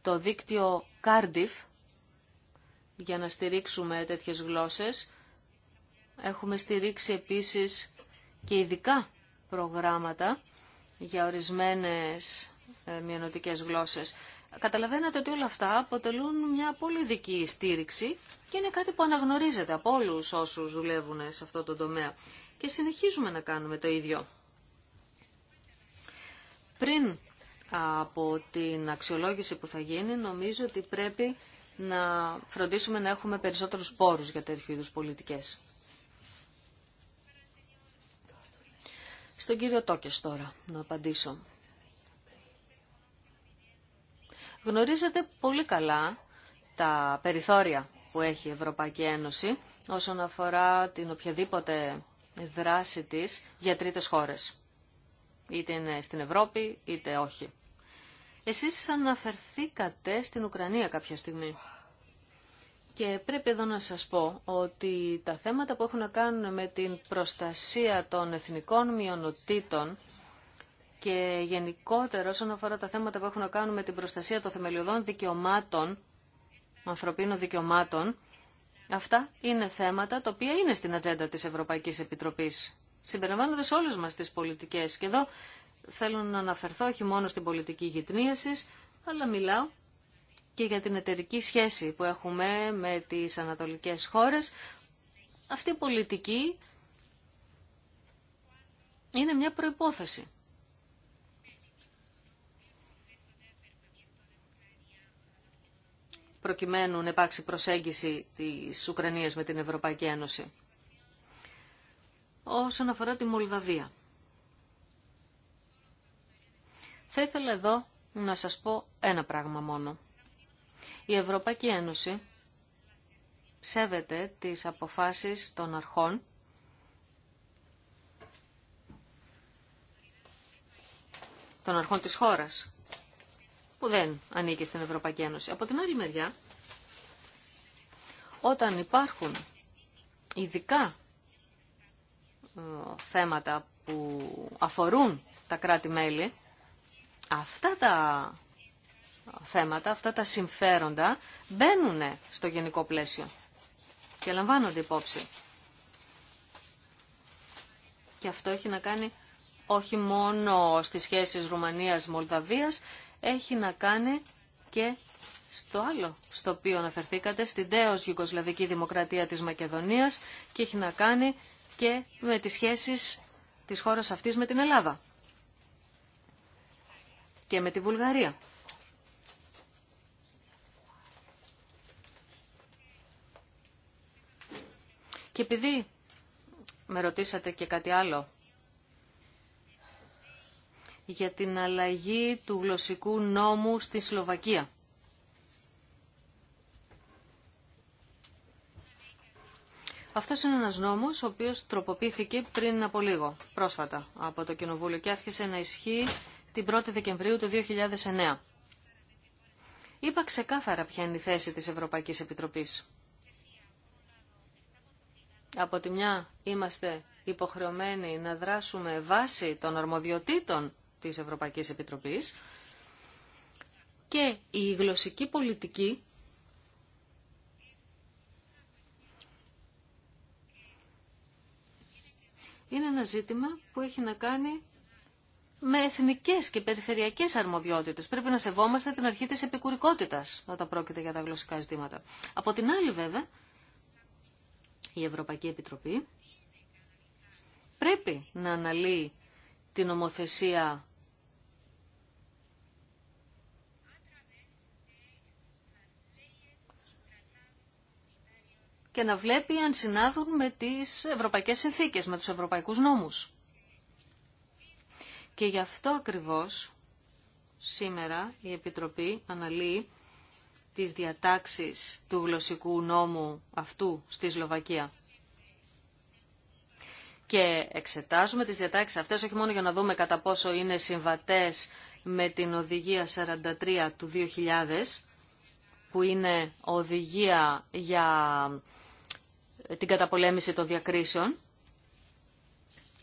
το δίκτυο Cardiff, για να στηρίξουμε τέτοιες γλώσσες. Έχουμε στηρίξει επίσης και ειδικά προγράμματα για ορισμένες ε, μειονοτικές γλώσσες. Καταλαβαίνετε ότι όλα αυτά αποτελούν μια πολύ δική στήριξη και είναι κάτι που αναγνωρίζεται από όλους όσους δουλεύουν σε αυτό το τομέα. Και συνεχίζουμε να κάνουμε το ίδιο. Πριν από την αξιολόγηση που θα γίνει, νομίζω ότι πρέπει να φροντίσουμε να έχουμε περισσότερους πόρους για τέτοιου είδους πολιτικές. Στον κύριο Τόκες τώρα να απαντήσω. Γνωρίζετε πολύ καλά τα περιθώρια που έχει η Ευρωπαϊκή Ένωση όσον αφορά την οποιαδήποτε δράση της για τρίτες χώρες. Είτε είναι στην Ευρώπη είτε όχι. Εσείς αναφερθήκατε στην Ουκρανία κάποια στιγμή. Και πρέπει εδώ να σας πω ότι τα θέματα που έχουν να κάνουν με την προστασία των εθνικών μειονοτήτων και γενικότερα όσον αφορά τα θέματα που έχουν να κάνουν με την προστασία των θεμελιωδών δικαιωμάτων, ανθρωπίνων δικαιωμάτων, αυτά είναι θέματα τα οποία είναι στην ατζέντα της Ευρωπαϊκής Επιτροπής. Συμπεριλαμβάνονται σε όλες μας τις πολιτικές. Και εδώ θέλω να αναφερθώ όχι μόνο στην πολιτική γυτνίασης, αλλά μιλάω και για την εταιρική σχέση που έχουμε με τις ανατολικές χώρες. Αυτή η πολιτική είναι μια προϋπόθεση. προκειμένου να υπάρξει προσέγγιση της Ουκρανίας με την Ευρωπαϊκή Ένωση. Όσον αφορά τη Μολδαβία. Θα ήθελα εδώ να σας πω ένα πράγμα μόνο. Η Ευρωπαϊκή Ένωση σέβεται τις αποφάσεις των αρχών των αρχών της χώρας που δεν ανήκει στην Ευρωπαϊκή Ένωση. Από την άλλη μεριά, όταν υπάρχουν ειδικά ε, θέματα που αφορούν τα κράτη-μέλη, Αυτά τα θέματα, αυτά τα συμφέροντα μπαίνουν στο γενικό πλαίσιο και λαμβάνονται υπόψη. Και αυτό έχει να κάνει όχι μόνο στις σχέσεις Ρουμανίας-Μολδαβίας, έχει να κάνει και στο άλλο στο οποίο αναφερθήκατε, στην τέος Γιουγκοσλαβική Δημοκρατία της Μακεδονίας και έχει να κάνει και με τις σχέσεις της χώρας αυτής με την Ελλάδα και με τη Βουλγαρία. Και επειδή με ρωτήσατε και κάτι άλλο για την αλλαγή του γλωσσικού νόμου στη Σλοβακία. Αυτός είναι ένας νόμος ο οποίος τροποποιήθηκε πριν από λίγο, πρόσφατα, από το Κοινοβούλιο και άρχισε να ισχύει την 1η Δεκεμβρίου του 2009. Είπα ξεκάθαρα ποια είναι η θέση της Ευρωπαϊκής Επιτροπής. Από τη μια είμαστε υποχρεωμένοι να δράσουμε βάσει των αρμοδιοτήτων της Ευρωπαϊκής Επιτροπής και η γλωσσική πολιτική είναι ένα ζήτημα που έχει να κάνει με εθνικές και περιφερειακές αρμοδιότητες. Πρέπει να σεβόμαστε την αρχή της επικουρικότητας όταν πρόκειται για τα γλωσσικά ζητήματα. Από την άλλη βέβαια, η Ευρωπαϊκή Επιτροπή πρέπει να αναλύει την ομοθεσία και να βλέπει αν συνάδουν με τις ευρωπαϊκές συνθήκες, με τους ευρωπαϊκούς νόμους. Και γι' αυτό ακριβώς σήμερα η Επιτροπή αναλύει τις διατάξεις του γλωσσικού νόμου αυτού στη Σλοβακία. Και εξετάζουμε τις διατάξεις αυτές όχι μόνο για να δούμε κατά πόσο είναι συμβατές με την οδηγία 43 του 2000, που είναι οδηγία για την καταπολέμηση των διακρίσεων,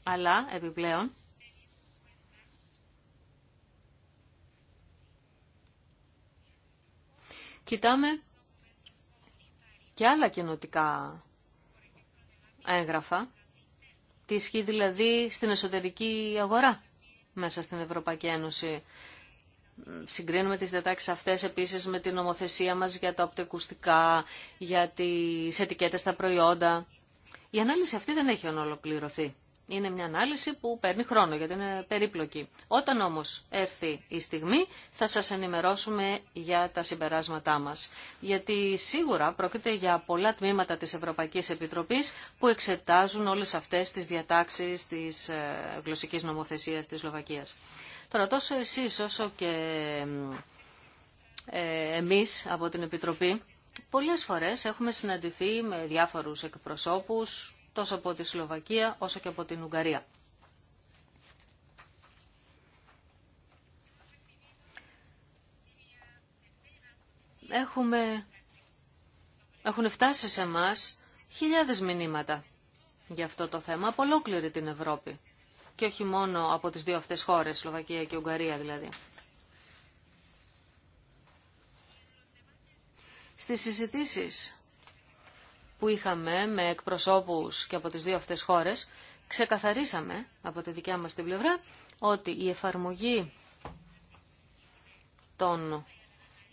αλλά επιπλέον Κοιτάμε και άλλα κοινοτικά έγγραφα, τι ισχύει δηλαδή στην εσωτερική αγορά μέσα στην Ευρωπαϊκή Ένωση. Συγκρίνουμε τις διατάξεις αυτές επίσης με την νομοθεσία μας για τα οπτικουστικά, για τις ετικέτες στα προϊόντα. Η ανάλυση αυτή δεν έχει ολοκληρωθεί. Είναι μια ανάλυση που παίρνει χρόνο γιατί είναι περίπλοκη. Όταν όμως έρθει η στιγμή θα σας ενημερώσουμε για τα συμπεράσματά μας. Γιατί σίγουρα πρόκειται για πολλά τμήματα της Ευρωπαϊκής Επιτροπής που εξετάζουν όλες αυτές τις διατάξεις της ε, γλωσσικής νομοθεσίας της Σλοβακίας. Τώρα τόσο εσείς όσο και ε, εμείς από την Επιτροπή πολλές φορές έχουμε συναντηθεί με διάφορους εκπροσώπους τόσο από τη Σλοβακία όσο και από την Ουγγαρία. Έχουμε... Έχουν φτάσει σε εμά χιλιάδες μηνύματα για αυτό το θέμα από ολόκληρη την Ευρώπη και όχι μόνο από τις δύο αυτές χώρες, Σλοβακία και Ουγγαρία δηλαδή. Στις συζητήσεις που είχαμε με εκπροσώπους και από τις δύο αυτές χώρες, ξεκαθαρίσαμε από τη δικιά μας την πλευρά ότι η εφαρμογή των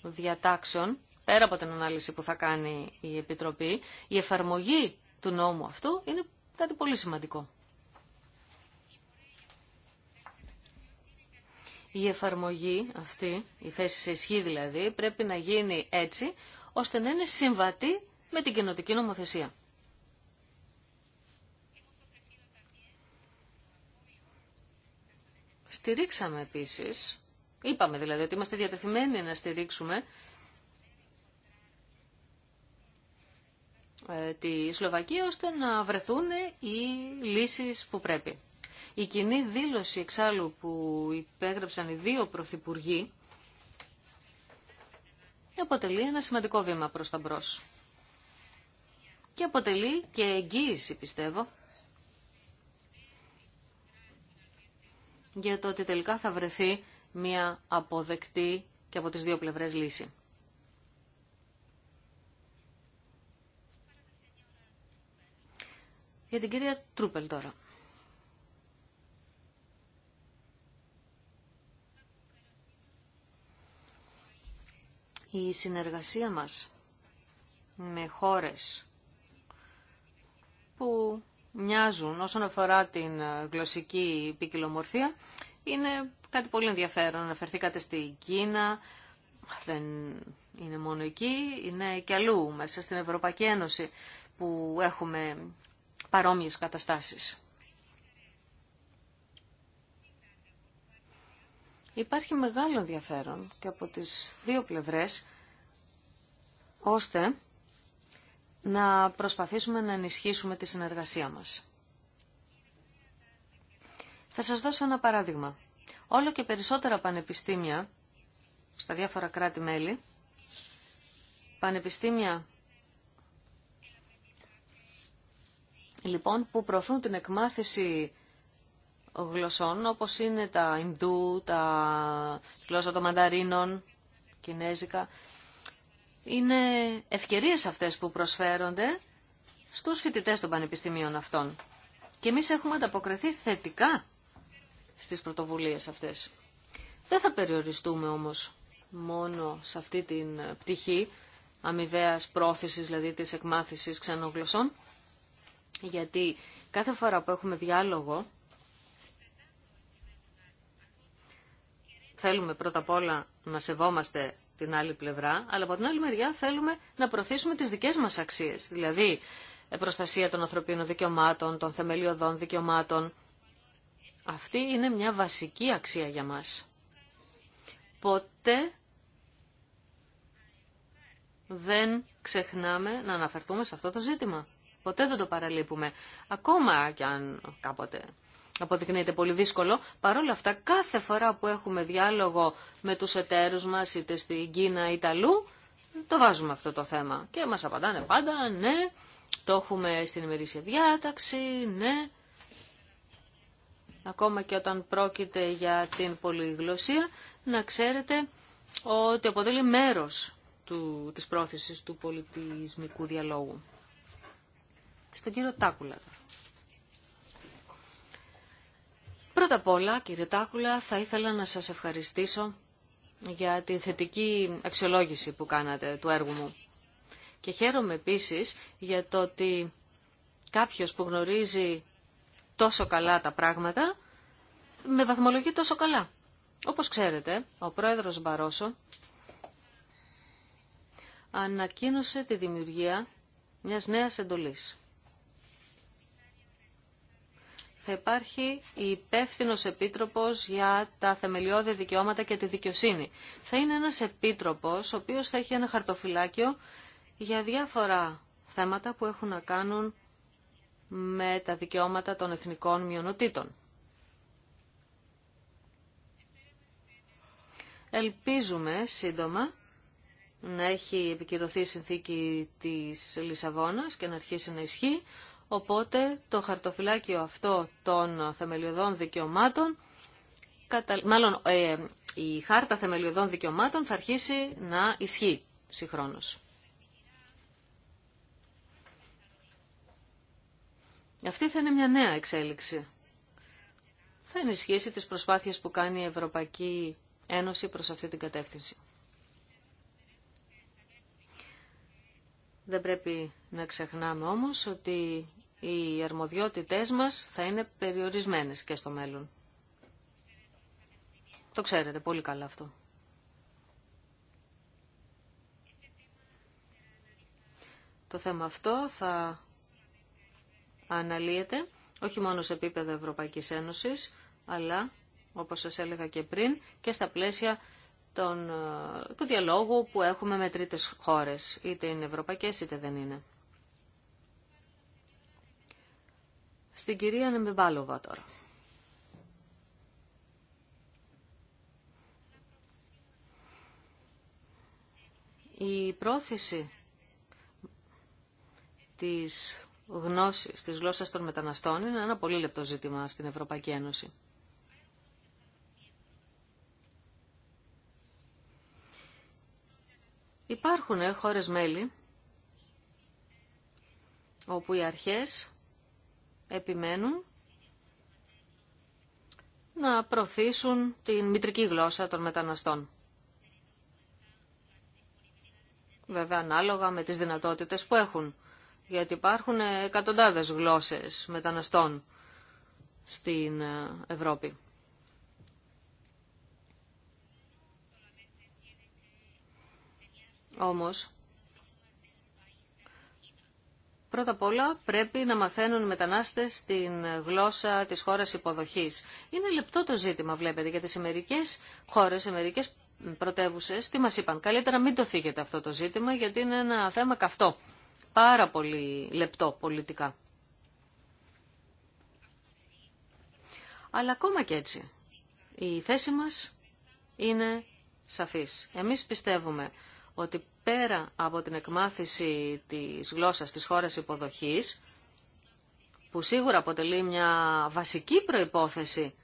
διατάξεων, πέρα από την ανάλυση που θα κάνει η Επιτροπή, η εφαρμογή του νόμου αυτού είναι κάτι πολύ σημαντικό. Η εφαρμογή αυτή, η θέση σε ισχύ δηλαδή, πρέπει να γίνει έτσι, ώστε να είναι συμβατή με την κοινοτική νομοθεσία. Στηρίξαμε επίσης, είπαμε δηλαδή ότι είμαστε διατεθειμένοι να στηρίξουμε ε, τη Σλοβακία ώστε να βρεθούν οι λύσεις που πρέπει. Η κοινή δήλωση εξάλλου που υπέγραψαν οι δύο πρωθυπουργοί αποτελεί ένα σημαντικό βήμα προς τα μπρος και αποτελεί και εγγύηση πιστεύω για το ότι τελικά θα βρεθεί μια αποδεκτή και από τις δύο πλευρές λύση. Για την κυρία Τρούπελ τώρα. Η συνεργασία μας με χώρες που μοιάζουν όσον αφορά την ε, γλωσσική ποικιλομορφία είναι κάτι πολύ ενδιαφέρον. Αναφερθήκατε στην Κίνα, δεν είναι μόνο εκεί, είναι και αλλού μέσα στην Ευρωπαϊκή Ένωση που έχουμε παρόμοιες καταστάσεις. Υπάρχει μεγάλο ενδιαφέρον και από τις δύο πλευρές, ώστε να προσπαθήσουμε να ενισχύσουμε τη συνεργασία μας. Θα σας δώσω ένα παράδειγμα. Όλο και περισσότερα πανεπιστήμια στα διάφορα κράτη-μέλη, πανεπιστήμια λοιπόν που προωθούν την εκμάθηση γλωσσών όπως είναι τα Ινδού, τα γλώσσα των Μανταρίνων, Κινέζικα, είναι ευκαιρίες αυτές που προσφέρονται στους φοιτητές των πανεπιστημίων αυτών. Και εμείς έχουμε ανταποκριθεί θετικά στις πρωτοβουλίες αυτές. Δεν θα περιοριστούμε όμως μόνο σε αυτή την πτυχή αμοιβαία πρόθεσης, δηλαδή της εκμάθησης ξενογλωσσών, γιατί κάθε φορά που έχουμε διάλογο, θέλουμε πρώτα απ' όλα να σεβόμαστε την άλλη πλευρά, αλλά από την άλλη μεριά θέλουμε να προωθήσουμε τις δικές μας αξίες, δηλαδή ε, προστασία των ανθρωπίνων δικαιωμάτων, των θεμελιωδών δικαιωμάτων. Αυτή είναι μια βασική αξία για μας. Ποτέ δεν ξεχνάμε να αναφερθούμε σε αυτό το ζήτημα. Ποτέ δεν το παραλείπουμε. Ακόμα κι αν κάποτε αποδεικνύεται πολύ δύσκολο. Παρ' αυτά, κάθε φορά που έχουμε διάλογο με τους εταίρους μας, είτε στην Κίνα είτε αλλού, το βάζουμε αυτό το θέμα. Και μας απαντάνε πάντα, ναι, το έχουμε στην ημερήσια διάταξη, ναι. Ακόμα και όταν πρόκειται για την πολυγλωσία, να ξέρετε ότι αποτελεί μέρος του, της πρόθεσης του πολιτισμικού διαλόγου. Στον κύριο Τάκουλα Πρώτα απ' όλα, κύριε Τάκουλα, θα ήθελα να σας ευχαριστήσω για την θετική αξιολόγηση που κάνατε του έργου μου. Και χαίρομαι επίσης για το ότι κάποιος που γνωρίζει τόσο καλά τα πράγματα, με βαθμολογεί τόσο καλά. Όπως ξέρετε, ο πρόεδρος Μπαρόσο ανακοίνωσε τη δημιουργία μιας νέας εντολής θα υπάρχει υπεύθυνο επίτροπος για τα θεμελιώδη δικαιώματα και τη δικαιοσύνη. Θα είναι ένα επίτροπος ο οποίος θα έχει ένα χαρτοφυλάκιο για διάφορα θέματα που έχουν να κάνουν με τα δικαιώματα των εθνικών μειονοτήτων. Ελπίζουμε σύντομα να έχει επικυρωθεί η συνθήκη της Λισαβόνας και να αρχίσει να ισχύει, Οπότε το χαρτοφυλάκιο αυτό των θεμελιωδών δικαιωμάτων, μάλλον ε, η χάρτα θεμελιωδών δικαιωμάτων θα αρχίσει να ισχύει συγχρόνως. Αυτή θα είναι μια νέα εξέλιξη. Θα ενισχύσει τις προσπάθειες που κάνει η Ευρωπαϊκή Ένωση προς αυτή την κατεύθυνση. Δεν πρέπει να ξεχνάμε όμως ότι οι αρμοδιότητές μας θα είναι περιορισμένες και στο μέλλον. Το ξέρετε πολύ καλά αυτό. Το θέμα αυτό θα αναλύεται όχι μόνο σε επίπεδο Ευρωπαϊκής Ένωσης, αλλά, όπως σας έλεγα και πριν, και στα πλαίσια ε, του διαλόγου που έχουμε με τρίτες χώρες, είτε είναι ευρωπαϊκές είτε δεν είναι. Στην κυρία Νεμπεμπάλοβα τώρα. Η πρόθεση της γνώσης της γλώσσας των μεταναστών είναι ένα πολύ λεπτό ζήτημα στην Ευρωπαϊκή Ένωση. Υπάρχουν ε, χώρες μέλη όπου οι αρχές επιμένουν να προωθήσουν την μητρική γλώσσα των μεταναστών. Βέβαια ανάλογα με τις δυνατότητες που έχουν, γιατί υπάρχουν εκατοντάδες γλώσσες μεταναστών στην ε, Ευρώπη. Όμως, Πρώτα απ' όλα πρέπει να μαθαίνουν οι μετανάστες την γλώσσα της χώρας υποδοχής. Είναι λεπτό το ζήτημα βλέπετε γιατί σε μερικές χώρες, σε μερικές πρωτεύουσες, τι μας είπαν. Καλύτερα μην το θίγετε αυτό το ζήτημα γιατί είναι ένα θέμα καυτό. Πάρα πολύ λεπτό πολιτικά. Αλλά ακόμα και έτσι, η θέση μας είναι σαφής. Εμείς πιστεύουμε ότι πέρα από την εκμάθηση της γλώσσας της χώρας υποδοχής, που σίγουρα αποτελεί μια βασική προϋπόθεση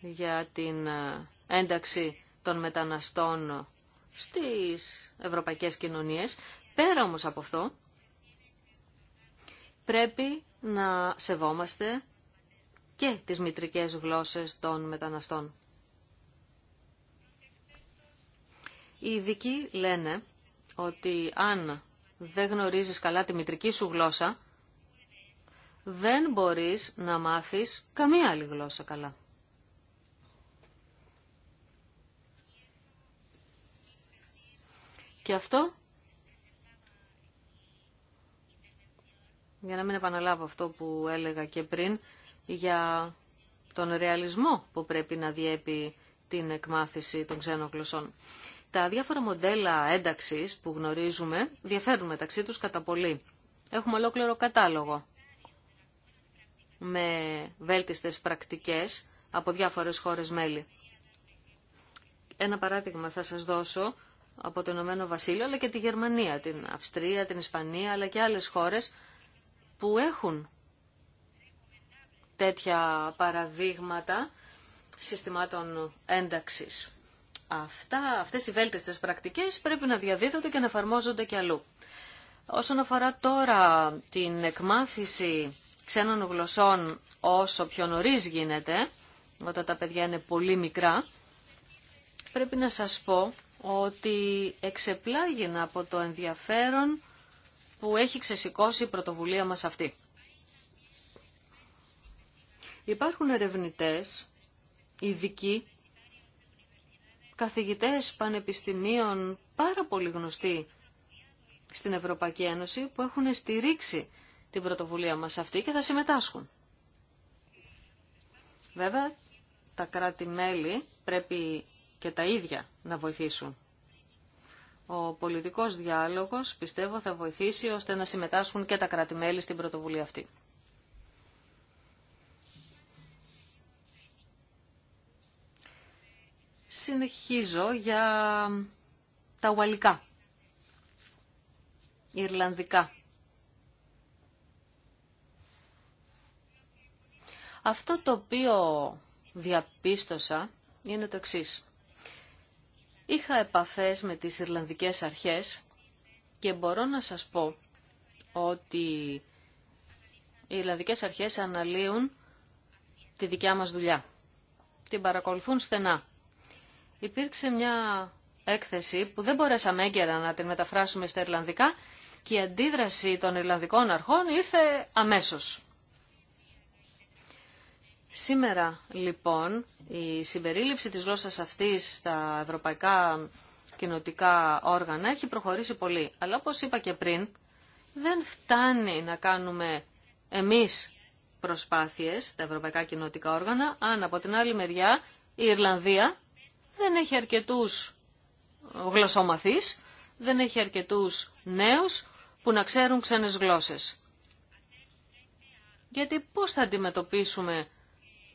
για την ε, ένταξη των μεταναστών στις ευρωπαϊκές κοινωνίες. Πέρα όμως από αυτό, πρέπει να σεβόμαστε και τις μητρικές γλώσσες των μεταναστών. Οι ειδικοί λένε ότι αν δεν γνωρίζεις καλά τη μητρική σου γλώσσα, δεν μπορείς να μάθεις καμία άλλη γλώσσα καλά. Και αυτό, για να μην επαναλάβω αυτό που έλεγα και πριν, για τον ρεαλισμό που πρέπει να διέπει την εκμάθηση των ξένων γλωσσών. Τα διάφορα μοντέλα ένταξης που γνωρίζουμε διαφέρουν μεταξύ τους κατά πολύ. Έχουμε ολόκληρο κατάλογο με βέλτιστες πρακτικές από διάφορες χώρες μέλη. Ένα παράδειγμα θα σας δώσω από το Ηνωμένο Βασίλειο, αλλά και τη Γερμανία, την Αυστρία, την Ισπανία, αλλά και άλλες χώρες που έχουν τέτοια παραδείγματα συστημάτων ένταξης αυτά, αυτές οι βέλτιστες πρακτικές πρέπει να διαδίδονται και να εφαρμόζονται και αλλού. Όσον αφορά τώρα την εκμάθηση ξένων γλωσσών όσο πιο νωρί γίνεται, όταν τα παιδιά είναι πολύ μικρά, πρέπει να σας πω ότι εξεπλάγινα από το ενδιαφέρον που έχει ξεσηκώσει η πρωτοβουλία μας αυτή. Υπάρχουν ερευνητές, ειδικοί, καθηγητές πανεπιστημίων πάρα πολύ γνωστοί στην Ευρωπαϊκή Ένωση που έχουν στηρίξει την πρωτοβουλία μας αυτή και θα συμμετάσχουν. Βέβαια, τα κράτη-μέλη πρέπει και τα ίδια να βοηθήσουν. Ο πολιτικός διάλογος, πιστεύω, θα βοηθήσει ώστε να συμμετάσχουν και τα κράτη-μέλη στην πρωτοβουλία αυτή. Συνεχίζω για τα ουαλικά, Ιρλανδικά. Αυτό το οποίο διαπίστωσα είναι το εξής. Είχα επαφές με τις Ιρλανδικές αρχές και μπορώ να σας πω ότι οι Ιρλανδικές αρχές αναλύουν τη δικιά μας δουλειά. Την παρακολουθούν στενά υπήρξε μια έκθεση που δεν μπορέσαμε έγκαιρα να την μεταφράσουμε στα Ιρλανδικά και η αντίδραση των Ιρλανδικών αρχών ήρθε αμέσως. Σήμερα λοιπόν η συμπερίληψη της γλώσσας αυτής στα ευρωπαϊκά κοινοτικά όργανα έχει προχωρήσει πολύ. Αλλά όπως είπα και πριν, δεν φτάνει να κάνουμε εμείς προσπάθειες, στα ευρωπαϊκά κοινοτικά όργανα, αν από την άλλη μεριά η Ιρλανδία δεν έχει αρκετούς γλωσσομαθείς, δεν έχει αρκετούς νέους που να ξέρουν ξένες γλώσσες. Γιατί πώς θα αντιμετωπίσουμε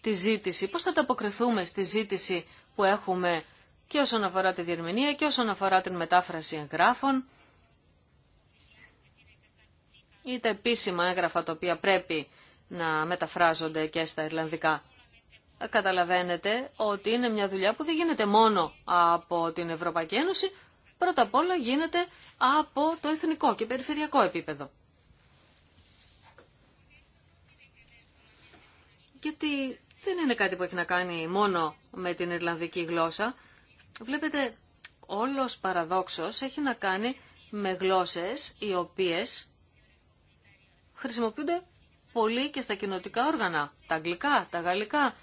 τη ζήτηση, πώς θα ανταποκριθούμε στη ζήτηση που έχουμε και όσον αφορά τη διερμηνία και όσον αφορά την μετάφραση εγγράφων ή τα επίσημα έγγραφα τα οποία πρέπει να μεταφράζονται και στα Ιρλανδικά καταλαβαίνετε ότι είναι μια δουλειά που δεν γίνεται μόνο από την Ευρωπαϊκή Ένωση, πρώτα απ' όλα γίνεται από το εθνικό και περιφερειακό επίπεδο. Γιατί δεν είναι κάτι που έχει να κάνει μόνο με την Ιρλανδική γλώσσα. Βλέπετε, όλος παραδόξος έχει να κάνει με γλώσσες οι οποίες χρησιμοποιούνται πολύ και στα κοινοτικά όργανα. Τα αγγλικά, τα γαλλικά,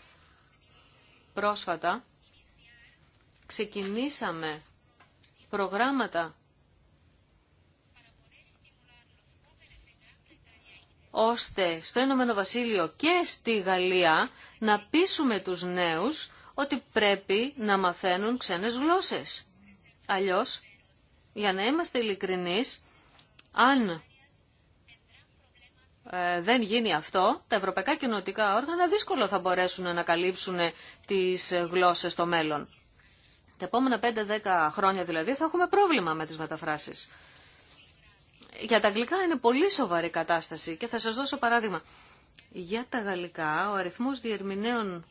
πρόσφατα ξεκινήσαμε προγράμματα ώστε στο Ηνωμένο Βασίλειο και στη Γαλλία να πείσουμε τους νέους ότι πρέπει να μαθαίνουν ξένες γλώσσες. Αλλιώς, για να είμαστε ειλικρινείς, αν ε, δεν γίνει αυτό, τα ευρωπαϊκά κοινωτικά όργανα δύσκολο θα μπορέσουν να καλύψουν τις γλώσσες στο μέλλον. Τα επόμενα 5-10 χρόνια δηλαδή θα έχουμε πρόβλημα με τις μεταφράσεις. Για τα αγγλικά είναι πολύ σοβαρή κατάσταση και θα σας δώσω παράδειγμα. Για τα γαλλικά ο αριθμός διερμηνέων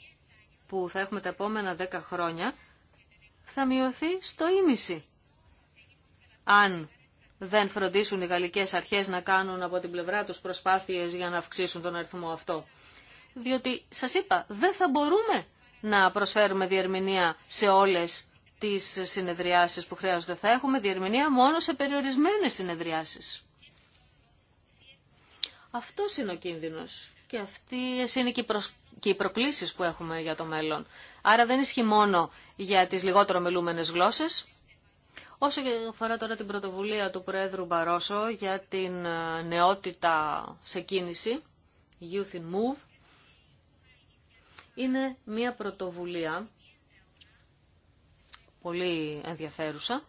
που θα έχουμε τα επόμενα 10 χρόνια θα μειωθεί στο ίμιση. Αν δεν φροντίσουν οι γαλλικές αρχές να κάνουν από την πλευρά τους προσπάθειες για να αυξήσουν τον αριθμό αυτό. Διότι, σας είπα, δεν θα μπορούμε να προσφέρουμε διερμηνία σε όλες τις συνεδριάσεις που χρειάζονται. Θα έχουμε διερμηνία μόνο σε περιορισμένες συνεδριάσεις. Αυτό είναι ο κίνδυνος και αυτές είναι και οι προκλήσεις που έχουμε για το μέλλον. Άρα δεν ισχύει μόνο για τις λιγότερο μιλούμενες γλώσσες, Όσο και αφορά τώρα την πρωτοβουλία του Προέδρου Μπαρόσο για την ε, νεότητα σε κίνηση, Youth in Move, είναι μια πρωτοβουλία πολύ ενδιαφέρουσα.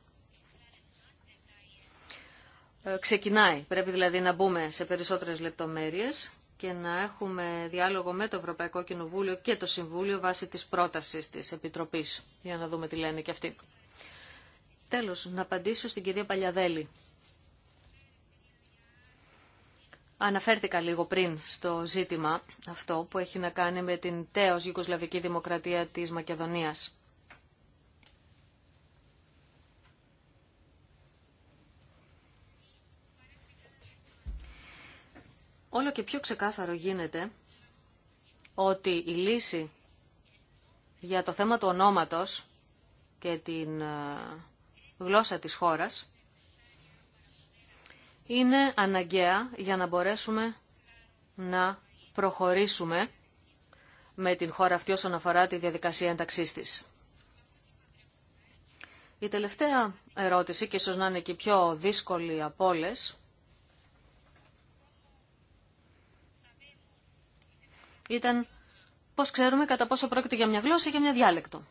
Ε, ξεκινάει, πρέπει δηλαδή να μπούμε σε περισσότερες λεπτομέρειες και να έχουμε διάλογο με το Ευρωπαϊκό Κοινοβούλιο και το Συμβούλιο βάσει της πρότασης της Επιτροπής, για να δούμε τι λένε και αυτοί. Τέλος, να απαντήσω στην κυρία Παλιαδέλη. Αναφέρθηκα λίγο πριν στο ζήτημα αυτό που έχει να κάνει με την τέος Ιουκοσλαβική Δημοκρατία της Μακεδονίας. Όλο και πιο ξεκάθαρο γίνεται ότι η λύση για το θέμα του ονόματος και την ε, γλώσσα της χώρας, είναι αναγκαία για να μπορέσουμε να προχωρήσουμε με την χώρα αυτή όσον αφορά τη διαδικασία ένταξής της. Η τελευταία ερώτηση, και ίσως να είναι και πιο δύσκολη από όλες, ήταν πώς ξέρουμε κατά πόσο πρόκειται για μια γλώσσα ή για μια διάλεκτο.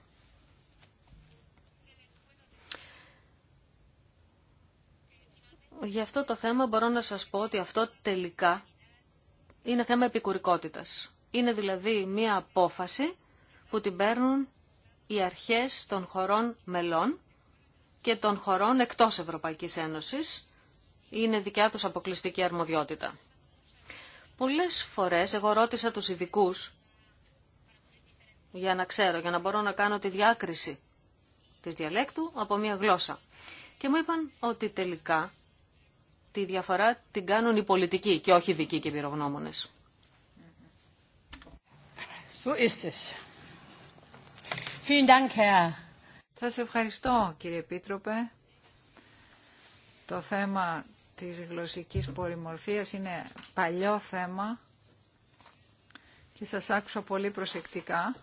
για αυτό το θέμα μπορώ να σας πω ότι αυτό τελικά είναι θέμα επικουρικότητας. Είναι δηλαδή μία απόφαση που την παίρνουν οι αρχές των χωρών μελών και των χωρών εκτός Ευρωπαϊκής Ένωσης. Είναι δικιά τους αποκλειστική αρμοδιότητα. Πολλές φορές εγώ ρώτησα τους ειδικού για να ξέρω, για να μπορώ να κάνω τη διάκριση της διαλέκτου από μία γλώσσα. Και μου είπαν ότι τελικά τη διαφορά την κάνουν οι πολιτικοί και όχι οι δικοί και οι πυρογνώμονες. Θα σε ευχαριστώ κύριε Επίτροπε. Το θέμα της γλωσσικής πολυμορφίας είναι παλιό θέμα και σας άκουσα πολύ προσεκτικά.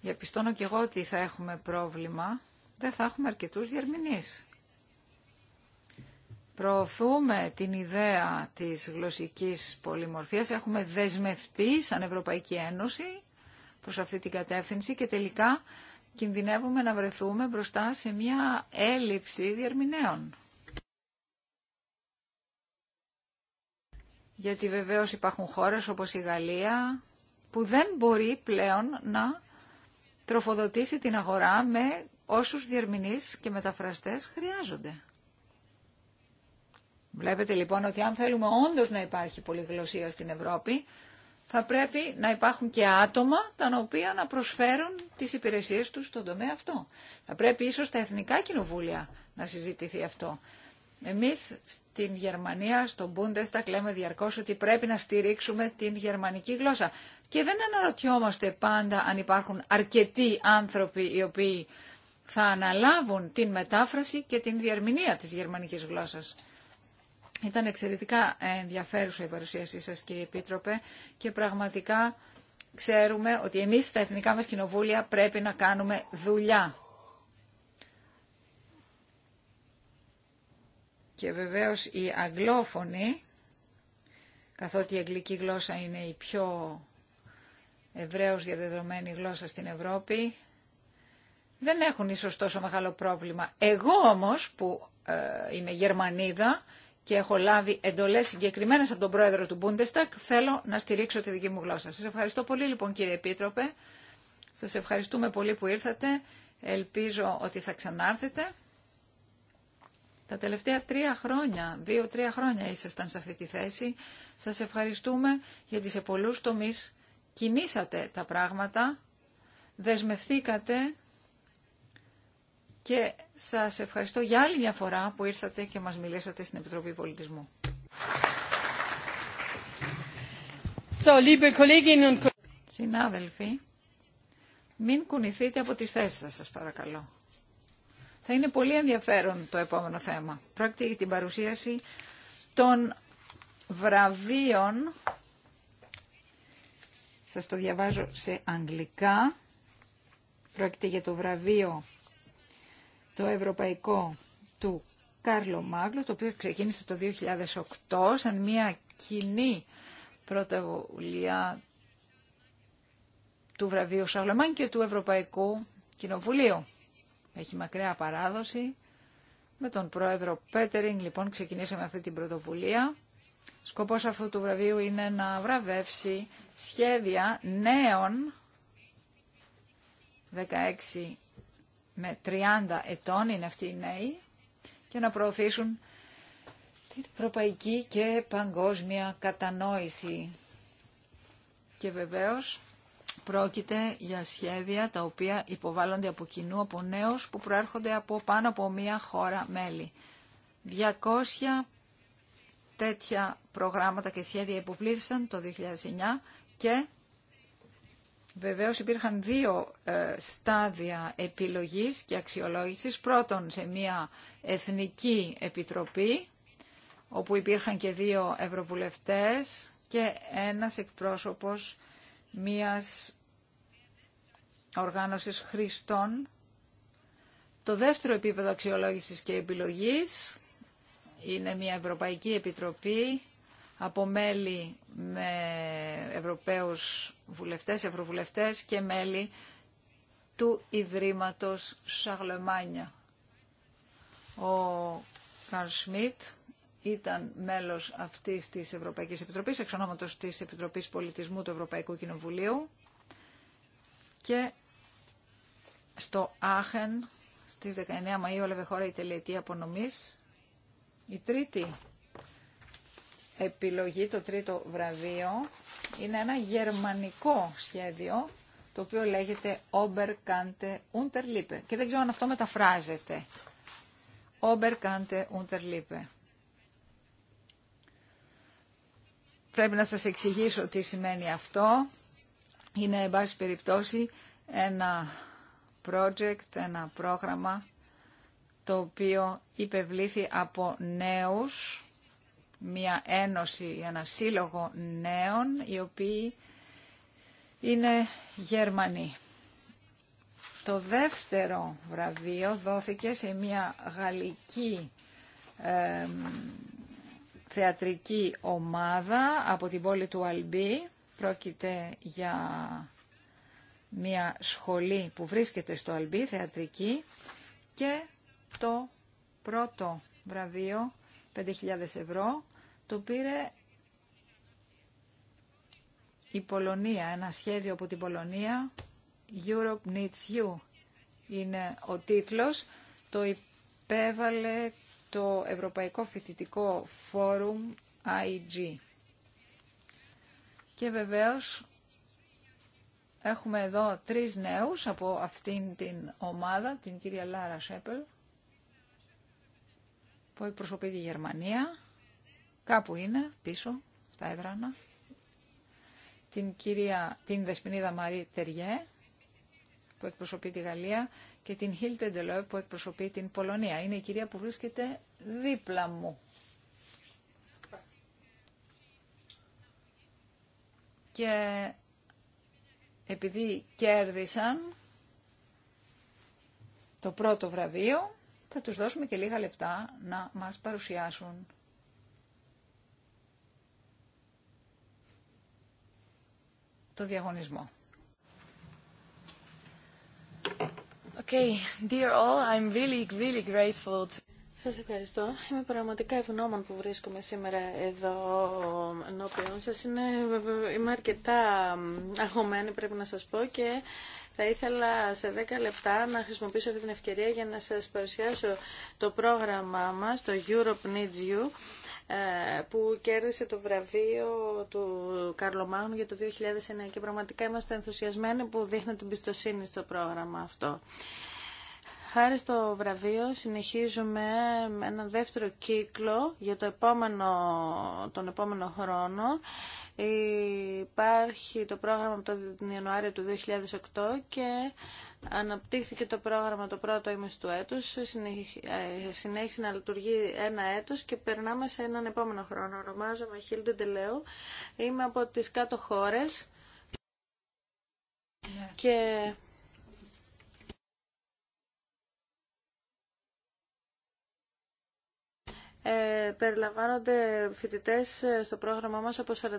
Διαπιστώνω και εγώ ότι θα έχουμε πρόβλημα. Δεν θα έχουμε αρκετούς διερμηνείς. Προωθούμε την ιδέα της γλωσσικής πολυμορφίας. Έχουμε δεσμευτεί σαν Ευρωπαϊκή Ένωση προς αυτή την κατεύθυνση και τελικά κινδυνεύουμε να βρεθούμε μπροστά σε μια έλλειψη διερμηνέων. Γιατί βεβαίως υπάρχουν χώρες όπως η Γαλλία που δεν μπορεί πλέον να τροφοδοτήσει την αγορά με όσους διερμηνείς και μεταφραστές χρειάζονται. Βλέπετε λοιπόν ότι αν θέλουμε όντως να υπάρχει πολυγλωσία στην Ευρώπη, θα πρέπει να υπάρχουν και άτομα τα οποία να προσφέρουν τις υπηρεσίες τους στον τομέα αυτό. Θα πρέπει ίσως τα εθνικά κοινοβούλια να συζητηθεί αυτό. Εμείς στην Γερμανία, στον Bundestag, λέμε διαρκώς ότι πρέπει να στηρίξουμε την γερμανική γλώσσα. Και δεν αναρωτιόμαστε πάντα αν υπάρχουν αρκετοί άνθρωποι οι οποίοι θα αναλάβουν την μετάφραση και την διερμηνία της γερμανικής γλώσσας. Ήταν εξαιρετικά ενδιαφέρουσα η παρουσίασή σας κύριε Επίτροπε και πραγματικά ξέρουμε ότι εμείς στα εθνικά μας κοινοβούλια πρέπει να κάνουμε δουλειά. Και βεβαίως οι αγγλόφωνοι, καθότι η αγγλική γλώσσα είναι η πιο ευρέως διαδεδομένη γλώσσα στην Ευρώπη, δεν έχουν ίσως τόσο μεγάλο πρόβλημα. Εγώ όμως που ε, είμαι Γερμανίδα και έχω λάβει εντολές συγκεκριμένες από τον πρόεδρο του Bundestag, θέλω να στηρίξω τη δική μου γλώσσα. Σας ευχαριστώ πολύ λοιπόν κύριε Επίτροπε. Σας ευχαριστούμε πολύ που ήρθατε. Ελπίζω ότι θα ξανάρθετε. Τα τελευταία τρία χρόνια, δύο-τρία χρόνια ήσασταν σε αυτή τη θέση. Σας ευχαριστούμε γιατί σε πολλούς τομείς κινήσατε τα πράγματα, δεσμευθήκατε και σας ευχαριστώ για άλλη μια φορά που ήρθατε και μας μιλήσατε στην Επιτροπή Πολιτισμού. So, liebe Kolleginnen und... Συνάδελφοι, μην κουνηθείτε από τις θέσεις σας, σας παρακαλώ. Θα είναι πολύ ενδιαφέρον το επόμενο θέμα. Πρόκειται για την παρουσίαση των βραβείων. Σας το διαβάζω σε αγγλικά. Πρόκειται για το βραβείο το ευρωπαϊκό του Κάρλο Μάγλου, το οποίο ξεκίνησε το 2008 σαν μια κοινή πρωτοβουλία του βραβείου Σαγλωμάν και του Ευρωπαϊκού Κοινοβουλίου. Έχει μακριά παράδοση. Με τον πρόεδρο Πέτερινγκ λοιπόν ξεκινήσαμε αυτή την πρωτοβουλία. Σκοπός αυτού του βραβείου είναι να βραβεύσει σχέδια νέων 16 με 30 ετών είναι αυτοί οι νέοι και να προωθήσουν την ευρωπαϊκή και παγκόσμια κατανόηση. Και βεβαίως πρόκειται για σχέδια τα οποία υποβάλλονται από κοινού από νέους που προέρχονται από πάνω από μία χώρα μέλη. 200 τέτοια προγράμματα και σχέδια υποβλήθησαν το 2009 και Βεβαίως υπήρχαν δύο ε, στάδια επιλογής και αξιολόγησης. Πρώτον σε μια εθνική επιτροπή, όπου υπήρχαν και δύο ευρωβουλευτές και ένας εκπρόσωπος μιας οργάνωσης χρηστών. Το δεύτερο επίπεδο αξιολόγησης και επιλογής είναι μια Ευρωπαϊκή Επιτροπή από μέλη με Ευρωπαίους βουλευτές, ευρωβουλευτές και μέλη του Ιδρύματος Σαγλεμάνια. Ο Καρλ Σμιτ ήταν μέλος αυτής της Ευρωπαϊκής Επιτροπής, εξ ονόματος της Επιτροπής Πολιτισμού του Ευρωπαϊκού Κοινοβουλίου και στο Άχεν στις 19 Μαΐου έλαβε χώρα η τελετή απονομής. Η τρίτη επιλογή, το τρίτο βραβείο, είναι ένα γερμανικό σχέδιο το οποίο λέγεται Oberkante Unterlippe Και δεν ξέρω αν αυτό μεταφράζεται. Oberkante Unterlippe. Πρέπει να σας εξηγήσω τι σημαίνει αυτό. Είναι, εν πάση περιπτώσει, ένα project, ένα πρόγραμμα το οποίο υπευλήθη από νέους μια ένωση, ένα σύλλογο νέων, οι οποίοι είναι Γερμανοί. Το δεύτερο βραβείο δόθηκε σε μια γαλλική θεατρική ομάδα από την πόλη του Αλμπί. Πρόκειται για μια σχολή που βρίσκεται στο Αλμπί, θεατρική, και το πρώτο βραβείο 5.000 ευρώ. Το πήρε η Πολωνία, ένα σχέδιο από την Πολωνία, Europe Needs You είναι ο τίτλος. Το υπέβαλε το Ευρωπαϊκό Φοιτητικό Φόρουμ IG. Και βεβαίως έχουμε εδώ τρεις νέους από αυτήν την ομάδα, την κυρία Λάρα Σέπελ, που εκπροσωπεί τη Γερμανία. Κάπου είναι, πίσω, στα έδρανα. Την κυρία, την Δεσποινίδα Μαρή Τεριέ, που εκπροσωπεί τη Γαλλία, και την Χίλτε Ντελόε, που εκπροσωπεί την Πολωνία. Είναι η κυρία που βρίσκεται δίπλα μου. Και επειδή κέρδισαν το πρώτο βραβείο, θα τους δώσουμε και λίγα λεπτά να μας παρουσιάσουν το διαγωνισμό. Okay, dear all, I'm really, really grateful Σας ευχαριστώ. Είμαι πραγματικά ευγνώμων που βρίσκομαι σήμερα εδώ ενώπιον σας. Είναι, είμαι αρκετά αγωμένη πρέπει να σας πω και θα ήθελα σε 10 λεπτά να χρησιμοποιήσω αυτή την ευκαιρία για να σας παρουσιάσω το πρόγραμμά μας, το Europe Needs You, ε, που κέρδισε το βραβείο του Καρλομάγνου για το 2009 και πραγματικά είμαστε ενθουσιασμένοι που δείχνουν την πιστοσύνη στο πρόγραμμα αυτό. Χάρη στο βραβείο συνεχίζουμε με ένα δεύτερο κύκλο για το επόμενο, τον επόμενο χρόνο. Υπάρχει το πρόγραμμα από τον Ιανουάριο του 2008 και αναπτύχθηκε το πρόγραμμα το πρώτο ήμιση του έτους, ε, συνέχισε να λειτουργεί ένα έτος και περνάμε σε έναν επόμενο χρόνο. Ονομάζομαι Χίλντε Τελέου, είμαι από τις κάτω χώρες Ε, περιλαμβάνονται φοιτητές ε, στο πρόγραμμα μας από 43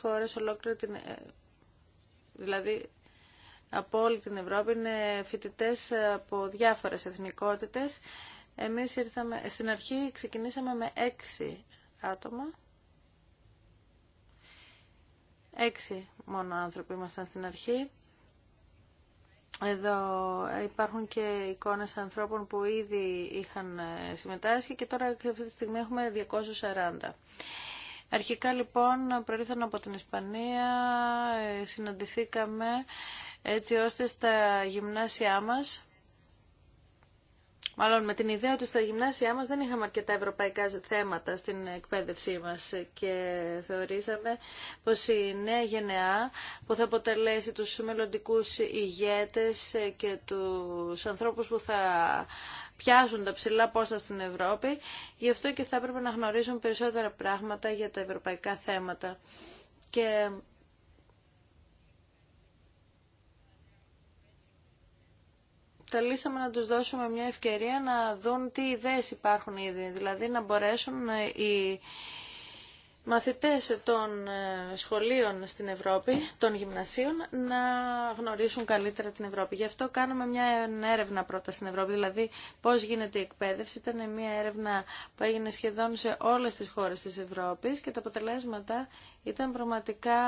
χώρες ολόκληρη την... Ε, δηλαδή από όλη την Ευρώπη είναι φοιτητές από διάφορες εθνικότητες. Εμείς ήρθαμε, στην αρχή ξεκινήσαμε με έξι άτομα. Έξι μόνο άνθρωποι ήμασταν στην αρχή. Εδώ υπάρχουν και εικόνες ανθρώπων που ήδη είχαν ε, συμμετάσχει και τώρα και αυτή τη στιγμή έχουμε 240. Αρχικά λοιπόν προήλθαν από την Ισπανία, ε, συναντηθήκαμε έτσι ώστε στα γυμνάσια μας μάλλον με την ιδέα ότι στα γυμνάσια μας δεν είχαμε αρκετά ευρωπαϊκά θέματα στην εκπαίδευσή μας και θεωρήσαμε πως η νέα γενεά που θα αποτελέσει τους μελλοντικού ηγέτες και τους ανθρώπους που θα πιάσουν τα ψηλά πόσα στην Ευρώπη, γι' αυτό και θα έπρεπε να γνωρίζουν περισσότερα πράγματα για τα ευρωπαϊκά θέματα. Και θελήσαμε να τους δώσουμε μια ευκαιρία να δουν τι ιδέες υπάρχουν ήδη, δηλαδή να μπορέσουν ε, οι μαθητές των ε, σχολείων στην Ευρώπη, των γυμνασίων, να γνωρίσουν καλύτερα την Ευρώπη. Γι' αυτό κάναμε μια έρευνα πρώτα στην Ευρώπη, δηλαδή πώς γίνεται η εκπαίδευση. Ήταν μια έρευνα που έγινε σχεδόν σε όλες τις χώρες της Ευρώπης και τα αποτελέσματα ήταν πραγματικά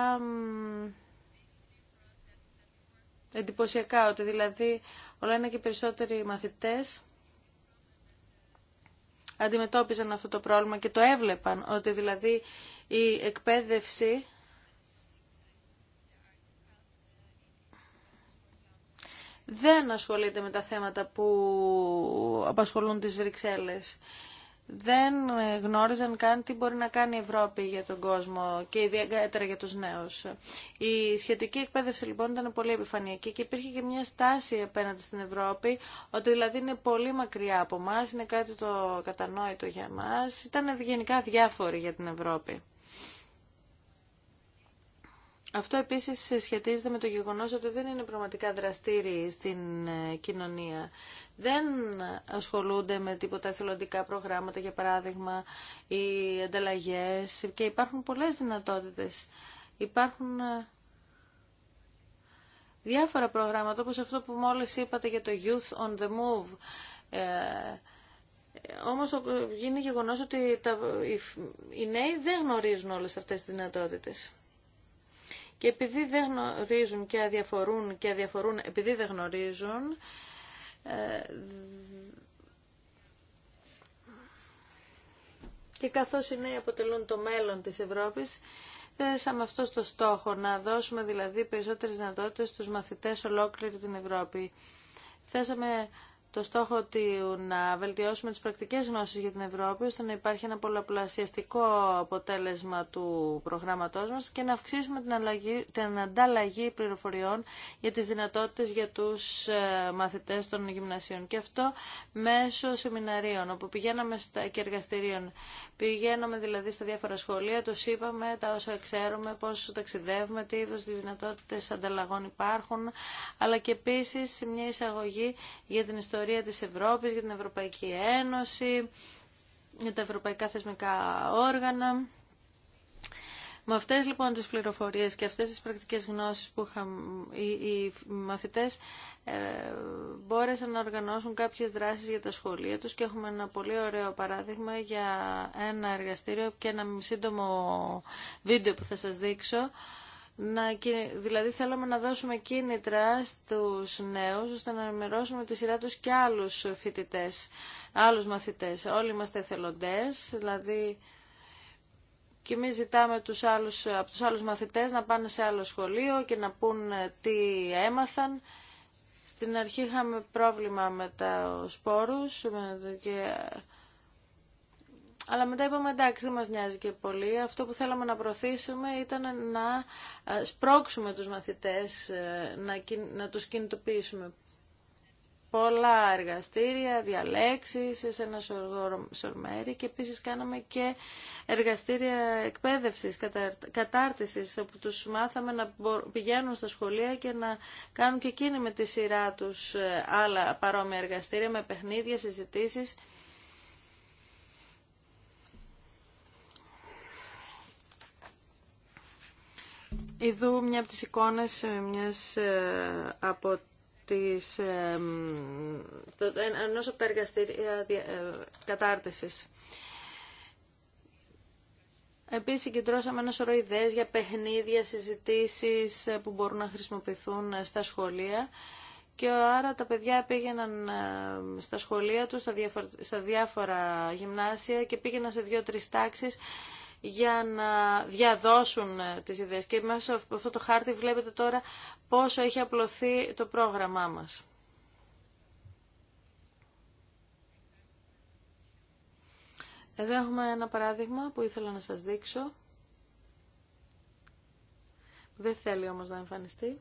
εντυπωσιακά, ότι δηλαδή Όλα είναι και περισσότεροι μαθητές αντιμετώπιζαν αυτό το πρόβλημα και το έβλεπαν, ότι δηλαδή η εκπαίδευση δεν ασχολείται με τα θέματα που απασχολούν τις Βρυξέλλες δεν γνώριζαν καν τι μπορεί να κάνει η Ευρώπη για τον κόσμο και ιδιαίτερα για τους νέους. Η σχετική εκπαίδευση λοιπόν ήταν πολύ επιφανειακή και υπήρχε και μια στάση απέναντι στην Ευρώπη ότι δηλαδή είναι πολύ μακριά από μας, είναι κάτι το κατανόητο για μας, ήταν γενικά διάφοροι για την Ευρώπη. Αυτό επίσης σχετίζεται με το γεγονός ότι δεν είναι πραγματικά δραστήριοι στην ε, κοινωνία. Δεν ασχολούνται με τίποτα εθελοντικά προγράμματα, για παράδειγμα, οι ανταλλαγέ και υπάρχουν πολλές δυνατότητες. Υπάρχουν ε, διάφορα προγράμματα, όπως αυτό που μόλις είπατε για το Youth on the Move, ε, όμως γίνει γεγονός ότι τα, οι, οι νέοι δεν γνωρίζουν όλες αυτές τις δυνατότητες. Και επειδή δεν γνωρίζουν και αδιαφορούν και αδιαφορούν επειδή δεν γνωρίζουν, ε, και καθώς οι νέοι αποτελούν το μέλλον της Ευρώπης, θέσαμε αυτό το στόχο, να δώσουμε δηλαδή περισσότερες δυνατότητες στους μαθητές ολόκληρη την Ευρώπη. Θέσαμε το στόχο ότι να βελτιώσουμε τις πρακτικές γνώσεις για την Ευρώπη, ώστε να υπάρχει ένα πολλαπλασιαστικό αποτέλεσμα του προγράμματός μας και να αυξήσουμε την, αλλαγή, την ανταλλαγή πληροφοριών για τις δυνατότητες για τους ε, μαθητές των γυμνασίων. Και αυτό μέσω σεμιναρίων, όπου πηγαίναμε στα, και εργαστηρίων. Πηγαίναμε δηλαδή στα διάφορα σχολεία, του είπαμε τα όσα ξέρουμε, πώς ταξιδεύουμε, τι είδους δυνατότητες ανταλλαγών υπάρχουν, αλλά και επίση μια εισαγωγή για την ιστορία ιστορία της Ευρώπης, για την Ευρωπαϊκή Ένωση, για τα ευρωπαϊκά θεσμικά όργανα. Με αυτές λοιπόν τις πληροφορίες και αυτές τις πρακτικές γνώσεις που είχαν οι μαθητές ε, μπόρεσαν να οργανώσουν κάποιες δράσεις για τα σχολεία τους και έχουμε ένα πολύ ωραίο παράδειγμα για ένα εργαστήριο και ένα σύντομο βίντεο που θα σας δείξω να, δηλαδή θέλαμε να δώσουμε κίνητρα στους νέους ώστε να ενημερώσουμε τη σειρά τους και άλλους φοιτητές, άλλους μαθητές. Όλοι είμαστε εθελοντές, δηλαδή και εμείς ζητάμε τους άλλους, από τους άλλους μαθητές να πάνε σε άλλο σχολείο και να πούν ε, τι έμαθαν. Στην αρχή είχαμε πρόβλημα με τα σπόρους και αλλά μετά είπαμε εντάξει δεν μας νοιάζει και πολύ. Αυτό που θέλαμε να προωθήσουμε ήταν να ε, σπρώξουμε τους μαθητές, ε, να, να τους κινητοποιήσουμε. Πολλά εργαστήρια, διαλέξεις σε ένα σορμέρι και επίσης κάναμε και εργαστήρια εκπαίδευσης, κατάρτισης, όπου τους μάθαμε να πηγαίνουν στα σχολεία και να κάνουν και εκείνοι με τη σειρά τους ε, άλλα παρόμοια εργαστήρια με παιχνίδια, συζητήσεις. εδώ μια από τις εικόνες ε, μιας ε, από τις ε, ενός από τα εργαστήρια κατάρτισης. Επίσης συγκεντρώσαμε ένα σωρό ιδέες για παιχνίδια, συζητήσεις που μπορούν να χρησιμοποιηθούν στα σχολεία και άρα τα παιδιά πήγαιναν στα σχολεία τους, στα διάφορα γυμνάσια και πήγαιναν σε δύο-τρεις τάξεις για να διαδώσουν ε, τις ιδέες. Και μέσα από αυτό το χάρτη βλέπετε τώρα πόσο έχει απλωθεί το πρόγραμμά μας. Εδώ έχουμε ένα παράδειγμα που ήθελα να σας δείξω. Δεν θέλει όμως να εμφανιστεί.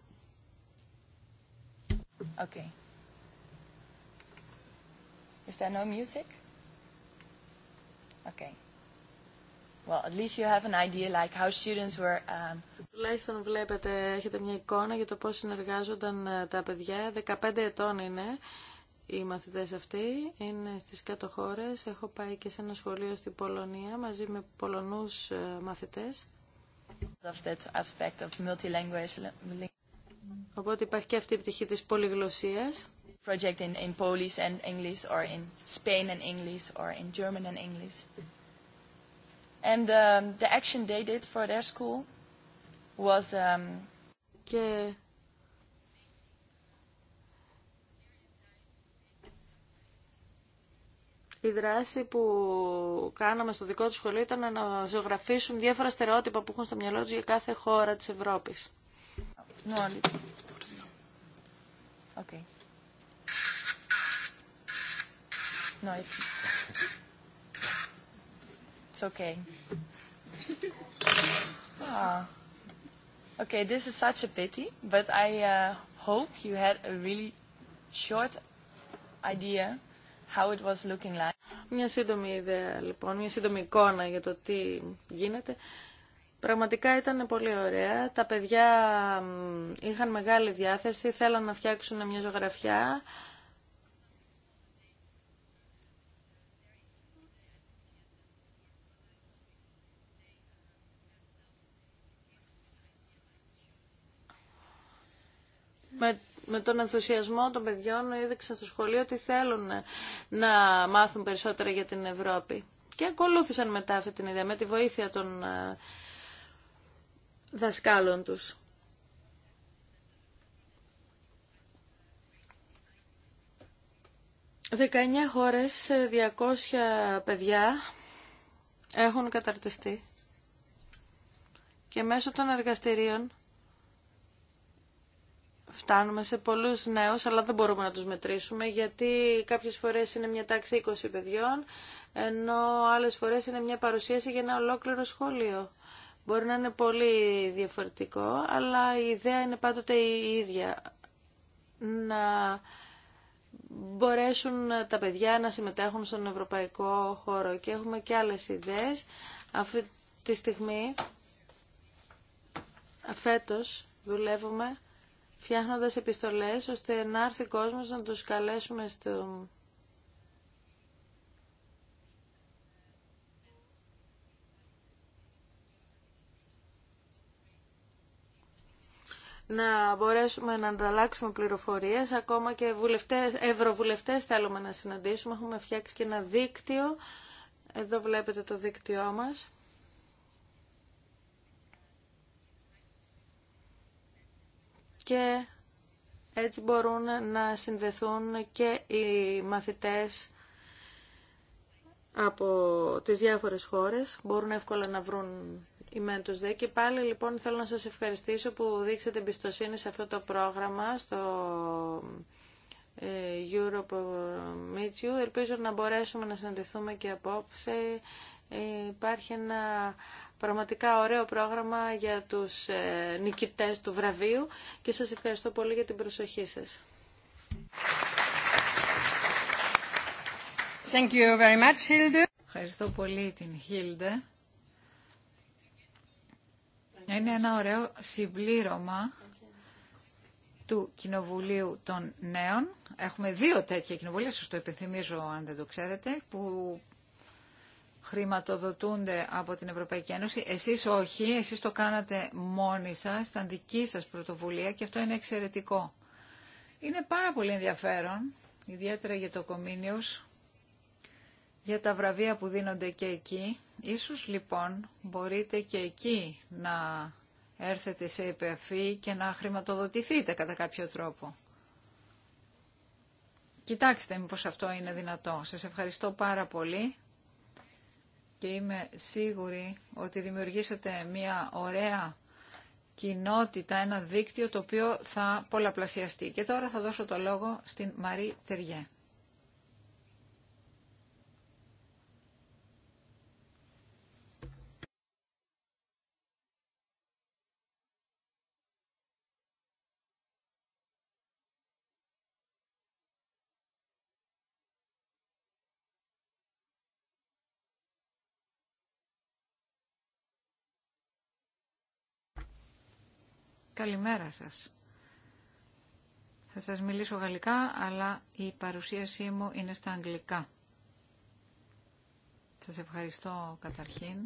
Okay. Is there no music? Okay. Well, at least you have an idea like how students were. Um, Τουλάχιστον βλέπετε, έχετε μια εικόνα για το πώς συνεργάζονταν ε, τα παιδιά. 15 ετών είναι οι μαθητές αυτοί, είναι στις κάτω χώρες. Έχω πάει και σε ένα σχολείο στην Πολωνία μαζί με Πολωνούς ε, μαθητές. Of that aspect of Οπότε υπάρχει και αυτή η πτυχή της πολυγλωσσίας. Project in, in Polish and English or in Spain and English or in German and English. And um, the action they did for their school was... Um, Και η δράση που κάναμε στο δικό του σχολείο ήταν να ζωγραφίσουν διάφορα στερεότυπα που έχουν στο μυαλό τους για κάθε χώρα της Ευρώπης. Okay. No, It's okay. Ah. Okay, this is such a pity, but I uh, hope you had a really short idea how it was looking like. Μια σύντομη ιδέα λοιπόν, μια σύντομη εικόνα για το τι γίνεται. Πραγματικά ήταν πολύ ωραία. Τα παιδιά είχαν μεγάλη διάθεση, θέλαν να φτιάξουν μια ζωγραφιά. με με τον ενθουσιασμό των παιδιών έδειξαν στο σχολείο ότι θέλουν να μάθουν περισσότερα για την Ευρώπη. Και ακολούθησαν μετά αυτή την ιδέα με τη βοήθεια των ε, δασκάλων τους. Δεκαεννιά χώρες, 200 ε, παιδιά έχουν καταρτιστεί και μέσω των εργαστηρίων φτάνουμε σε πολλούς νέους, αλλά δεν μπορούμε να τους μετρήσουμε, γιατί κάποιες φορές είναι μια τάξη 20 παιδιών, ενώ άλλες φορές είναι μια παρουσίαση για ένα ολόκληρο σχολείο. Μπορεί να είναι πολύ διαφορετικό, αλλά η ιδέα είναι πάντοτε η ίδια. Να μπορέσουν τα παιδιά να συμμετέχουν στον ευρωπαϊκό χώρο. Και έχουμε και άλλες ιδέες. Αυτή τη στιγμή, φέτος, δουλεύουμε φτιάχνοντας επιστολές ώστε να έρθει κόσμος να τους καλέσουμε στο... να μπορέσουμε να ανταλλάξουμε πληροφορίες, ακόμα και βουλευτές, ευρωβουλευτές θέλουμε να συναντήσουμε, έχουμε φτιάξει και ένα δίκτυο, εδώ βλέπετε το δίκτυό μας. και έτσι μπορούν να συνδεθούν και οι μαθητές από τις διάφορες χώρες, μπορούν εύκολα να βρουν η μεν δε. Και πάλι λοιπόν θέλω να σας ευχαριστήσω που δείξατε εμπιστοσύνη σε αυτό το πρόγραμμα στο ε, Europe Meet You. Ελπίζω να μπορέσουμε να συνδεθούμε και απόψε υπάρχει ένα πραγματικά ωραίο πρόγραμμα για τους ε, νικητές του βραβείου και σας ευχαριστώ πολύ για την προσοχή σας. Thank you very much, Hilde. Ευχαριστώ πολύ την Χίλντε. Είναι ένα ωραίο συμπλήρωμα του Κοινοβουλίου των Νέων. Έχουμε δύο τέτοια κοινοβουλία, σας το επιθυμίζω αν δεν το ξέρετε, που χρηματοδοτούνται από την Ευρωπαϊκή Ένωση. Εσείς όχι, εσείς το κάνατε μόνοι σας, ήταν δική σας πρωτοβουλία και αυτό είναι εξαιρετικό. Είναι πάρα πολύ ενδιαφέρον, ιδιαίτερα για το Κομίνιος, για τα βραβεία που δίνονται και εκεί. Ίσως λοιπόν μπορείτε και εκεί να έρθετε σε επαφή και να χρηματοδοτηθείτε κατά κάποιο τρόπο. Κοιτάξτε μήπως αυτό είναι δυνατό. Σας ευχαριστώ πάρα πολύ και είμαι σίγουρη ότι δημιουργήσατε μια ωραία κοινότητα, ένα δίκτυο το οποίο θα πολλαπλασιαστεί. Και τώρα θα δώσω το λόγο στην Μαρή Τεριέ. καλημέρα σας. Θα σας μιλήσω γαλλικά, αλλά η παρουσίασή μου είναι στα αγγλικά. Σας ευχαριστώ καταρχήν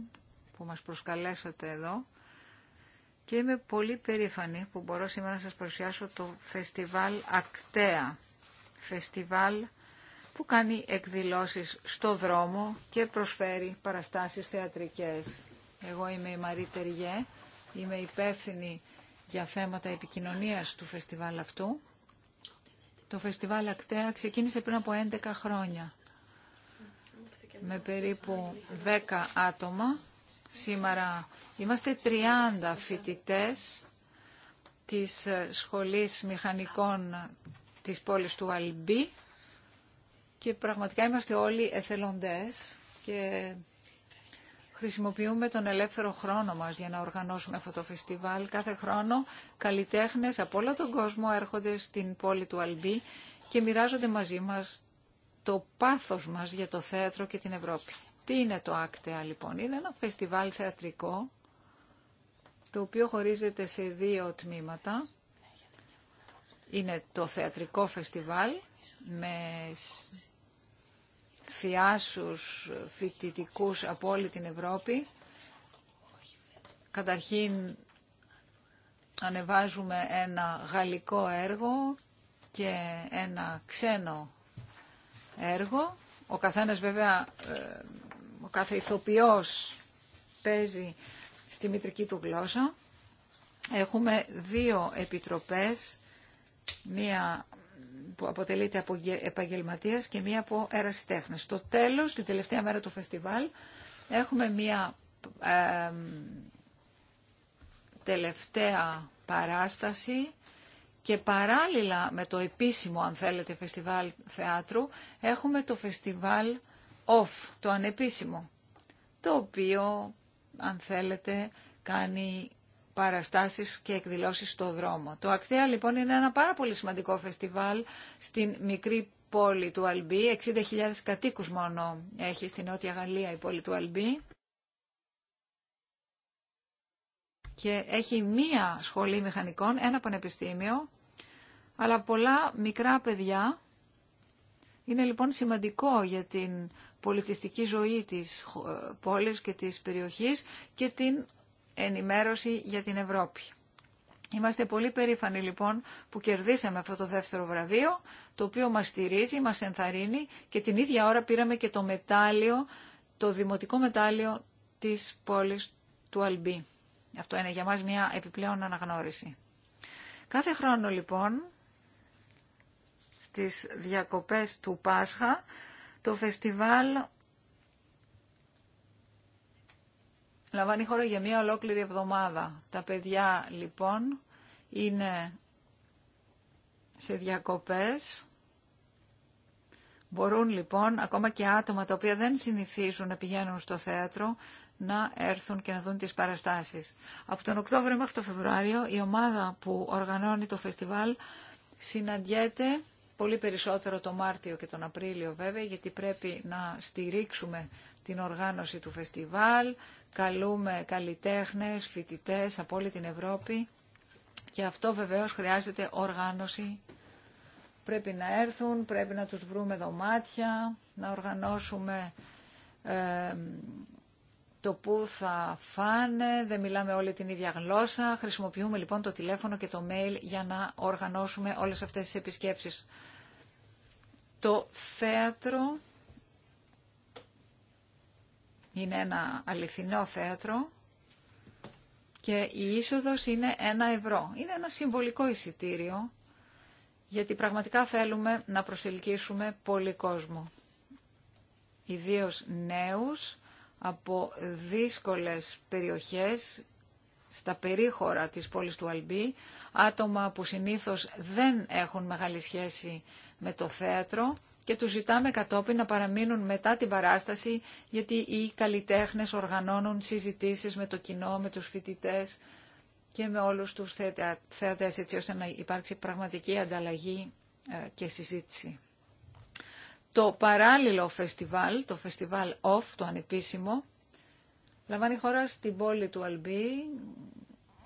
που μας προσκαλέσατε εδώ και είμαι πολύ περήφανη που μπορώ σήμερα να σας παρουσιάσω το φεστιβάλ Ακτέα. Φεστιβάλ που κάνει εκδηλώσεις στο δρόμο και προσφέρει παραστάσεις θεατρικές. Εγώ είμαι η Μαρή Τεριέ, είμαι υπεύθυνη για θέματα επικοινωνίας του φεστιβάλ αυτού. Το φεστιβάλ Ακτέα ξεκίνησε πριν από 11 χρόνια με περίπου 10 άτομα. Σήμερα είμαστε 30 φοιτητές της Σχολής Μηχανικών της πόλης του Αλμπή και πραγματικά είμαστε όλοι εθελοντές και χρησιμοποιούμε τον ελεύθερο χρόνο μας για να οργανώσουμε αυτό το φεστιβάλ. Κάθε χρόνο καλλιτέχνες από όλο τον κόσμο έρχονται στην πόλη του Αλμπή και μοιράζονται μαζί μας το πάθος μας για το θέατρο και την Ευρώπη. Τι είναι το Άκτεα λοιπόν. Είναι ένα φεστιβάλ θεατρικό το οποίο χωρίζεται σε δύο τμήματα. Είναι το θεατρικό φεστιβάλ με θειάσους φοιτητικού από όλη την Ευρώπη. Καταρχήν ανεβάζουμε ένα γαλλικό έργο και ένα ξένο έργο. Ο καθένας βέβαια, ε, ο κάθε ηθοποιός παίζει στη μητρική του γλώσσα. Έχουμε δύο επιτροπές, μία που αποτελείται από επαγγελματίες και μία από ερασιτέχνες. Στο τέλος, την τελευταία μέρα του φεστιβάλ, έχουμε μία τελευταία παράσταση και παράλληλα με το επίσημο, αν θέλετε, φεστιβάλ θεάτρου, έχουμε το φεστιβάλ OFF, το ανεπίσημο, το οποίο, αν θέλετε, κάνει παραστάσεις και εκδηλώσεις στο δρόμο. Το Ακθέα λοιπόν είναι ένα πάρα πολύ σημαντικό φεστιβάλ στην μικρή πόλη του Αλμπί. 60.000 κατοίκους μόνο έχει στην Νότια Γαλλία η πόλη του Αλμπί. Και έχει μία σχολή μηχανικών, ένα πανεπιστήμιο, αλλά πολλά μικρά παιδιά. Είναι λοιπόν σημαντικό για την πολιτιστική ζωή της ε, πόλης και της περιοχής και την ενημέρωση για την Ευρώπη. Είμαστε πολύ περήφανοι λοιπόν που κερδίσαμε αυτό το δεύτερο βραβείο, το οποίο μας στηρίζει, μας ενθαρρύνει και την ίδια ώρα πήραμε και το μετάλλιο, το δημοτικό μετάλλιο της πόλης του Αλμπή. Αυτό είναι για μας μια επιπλέον αναγνώριση. Κάθε χρόνο λοιπόν, στις διακοπές του Πάσχα, το φεστιβάλ λαμβάνει χώρο για μία ολόκληρη εβδομάδα. Τα παιδιά λοιπόν είναι σε διακοπές. Μπορούν λοιπόν ακόμα και άτομα τα οποία δεν συνηθίζουν να πηγαίνουν στο θέατρο να έρθουν και να δουν τις παραστάσεις. Από τον Οκτώβριο μέχρι τον Φεβρουάριο η ομάδα που οργανώνει το φεστιβάλ συναντιέται πολύ περισσότερο το Μάρτιο και τον Απρίλιο βέβαια γιατί πρέπει να στηρίξουμε την οργάνωση του φεστιβάλ, καλούμε καλλιτέχνες, φοιτητές από όλη την Ευρώπη και αυτό βεβαίως χρειάζεται οργάνωση. Πρέπει να έρθουν, πρέπει να τους βρούμε δωμάτια, να οργανώσουμε το που θα φάνε, δεν μιλάμε όλη την ίδια γλώσσα. Χρησιμοποιούμε λοιπόν το τηλέφωνο και το mail για να οργανώσουμε όλες αυτές τις επισκέψεις. Το θέατρο είναι ένα αληθινό θέατρο και η είσοδος είναι ένα ευρώ. Είναι ένα συμβολικό εισιτήριο γιατί πραγματικά θέλουμε να προσελκύσουμε πολύ κόσμο. Ιδίως νέους από δύσκολες περιοχές στα περίχωρα της πόλης του Αλμπή, άτομα που συνήθως δεν έχουν μεγάλη σχέση με το θέατρο και τους ζητάμε κατόπιν να παραμείνουν μετά την παράσταση γιατί οι καλλιτέχνες οργανώνουν συζητήσεις με το κοινό, με τους φοιτητέ και με όλους τους θέατες έτσι ώστε να υπάρξει πραγματική ανταλλαγή ε, και συζήτηση. Το παράλληλο φεστιβάλ, το φεστιβάλ OFF, το ανεπίσημο, λαμβάνει χώρα στην πόλη του Αλμπί,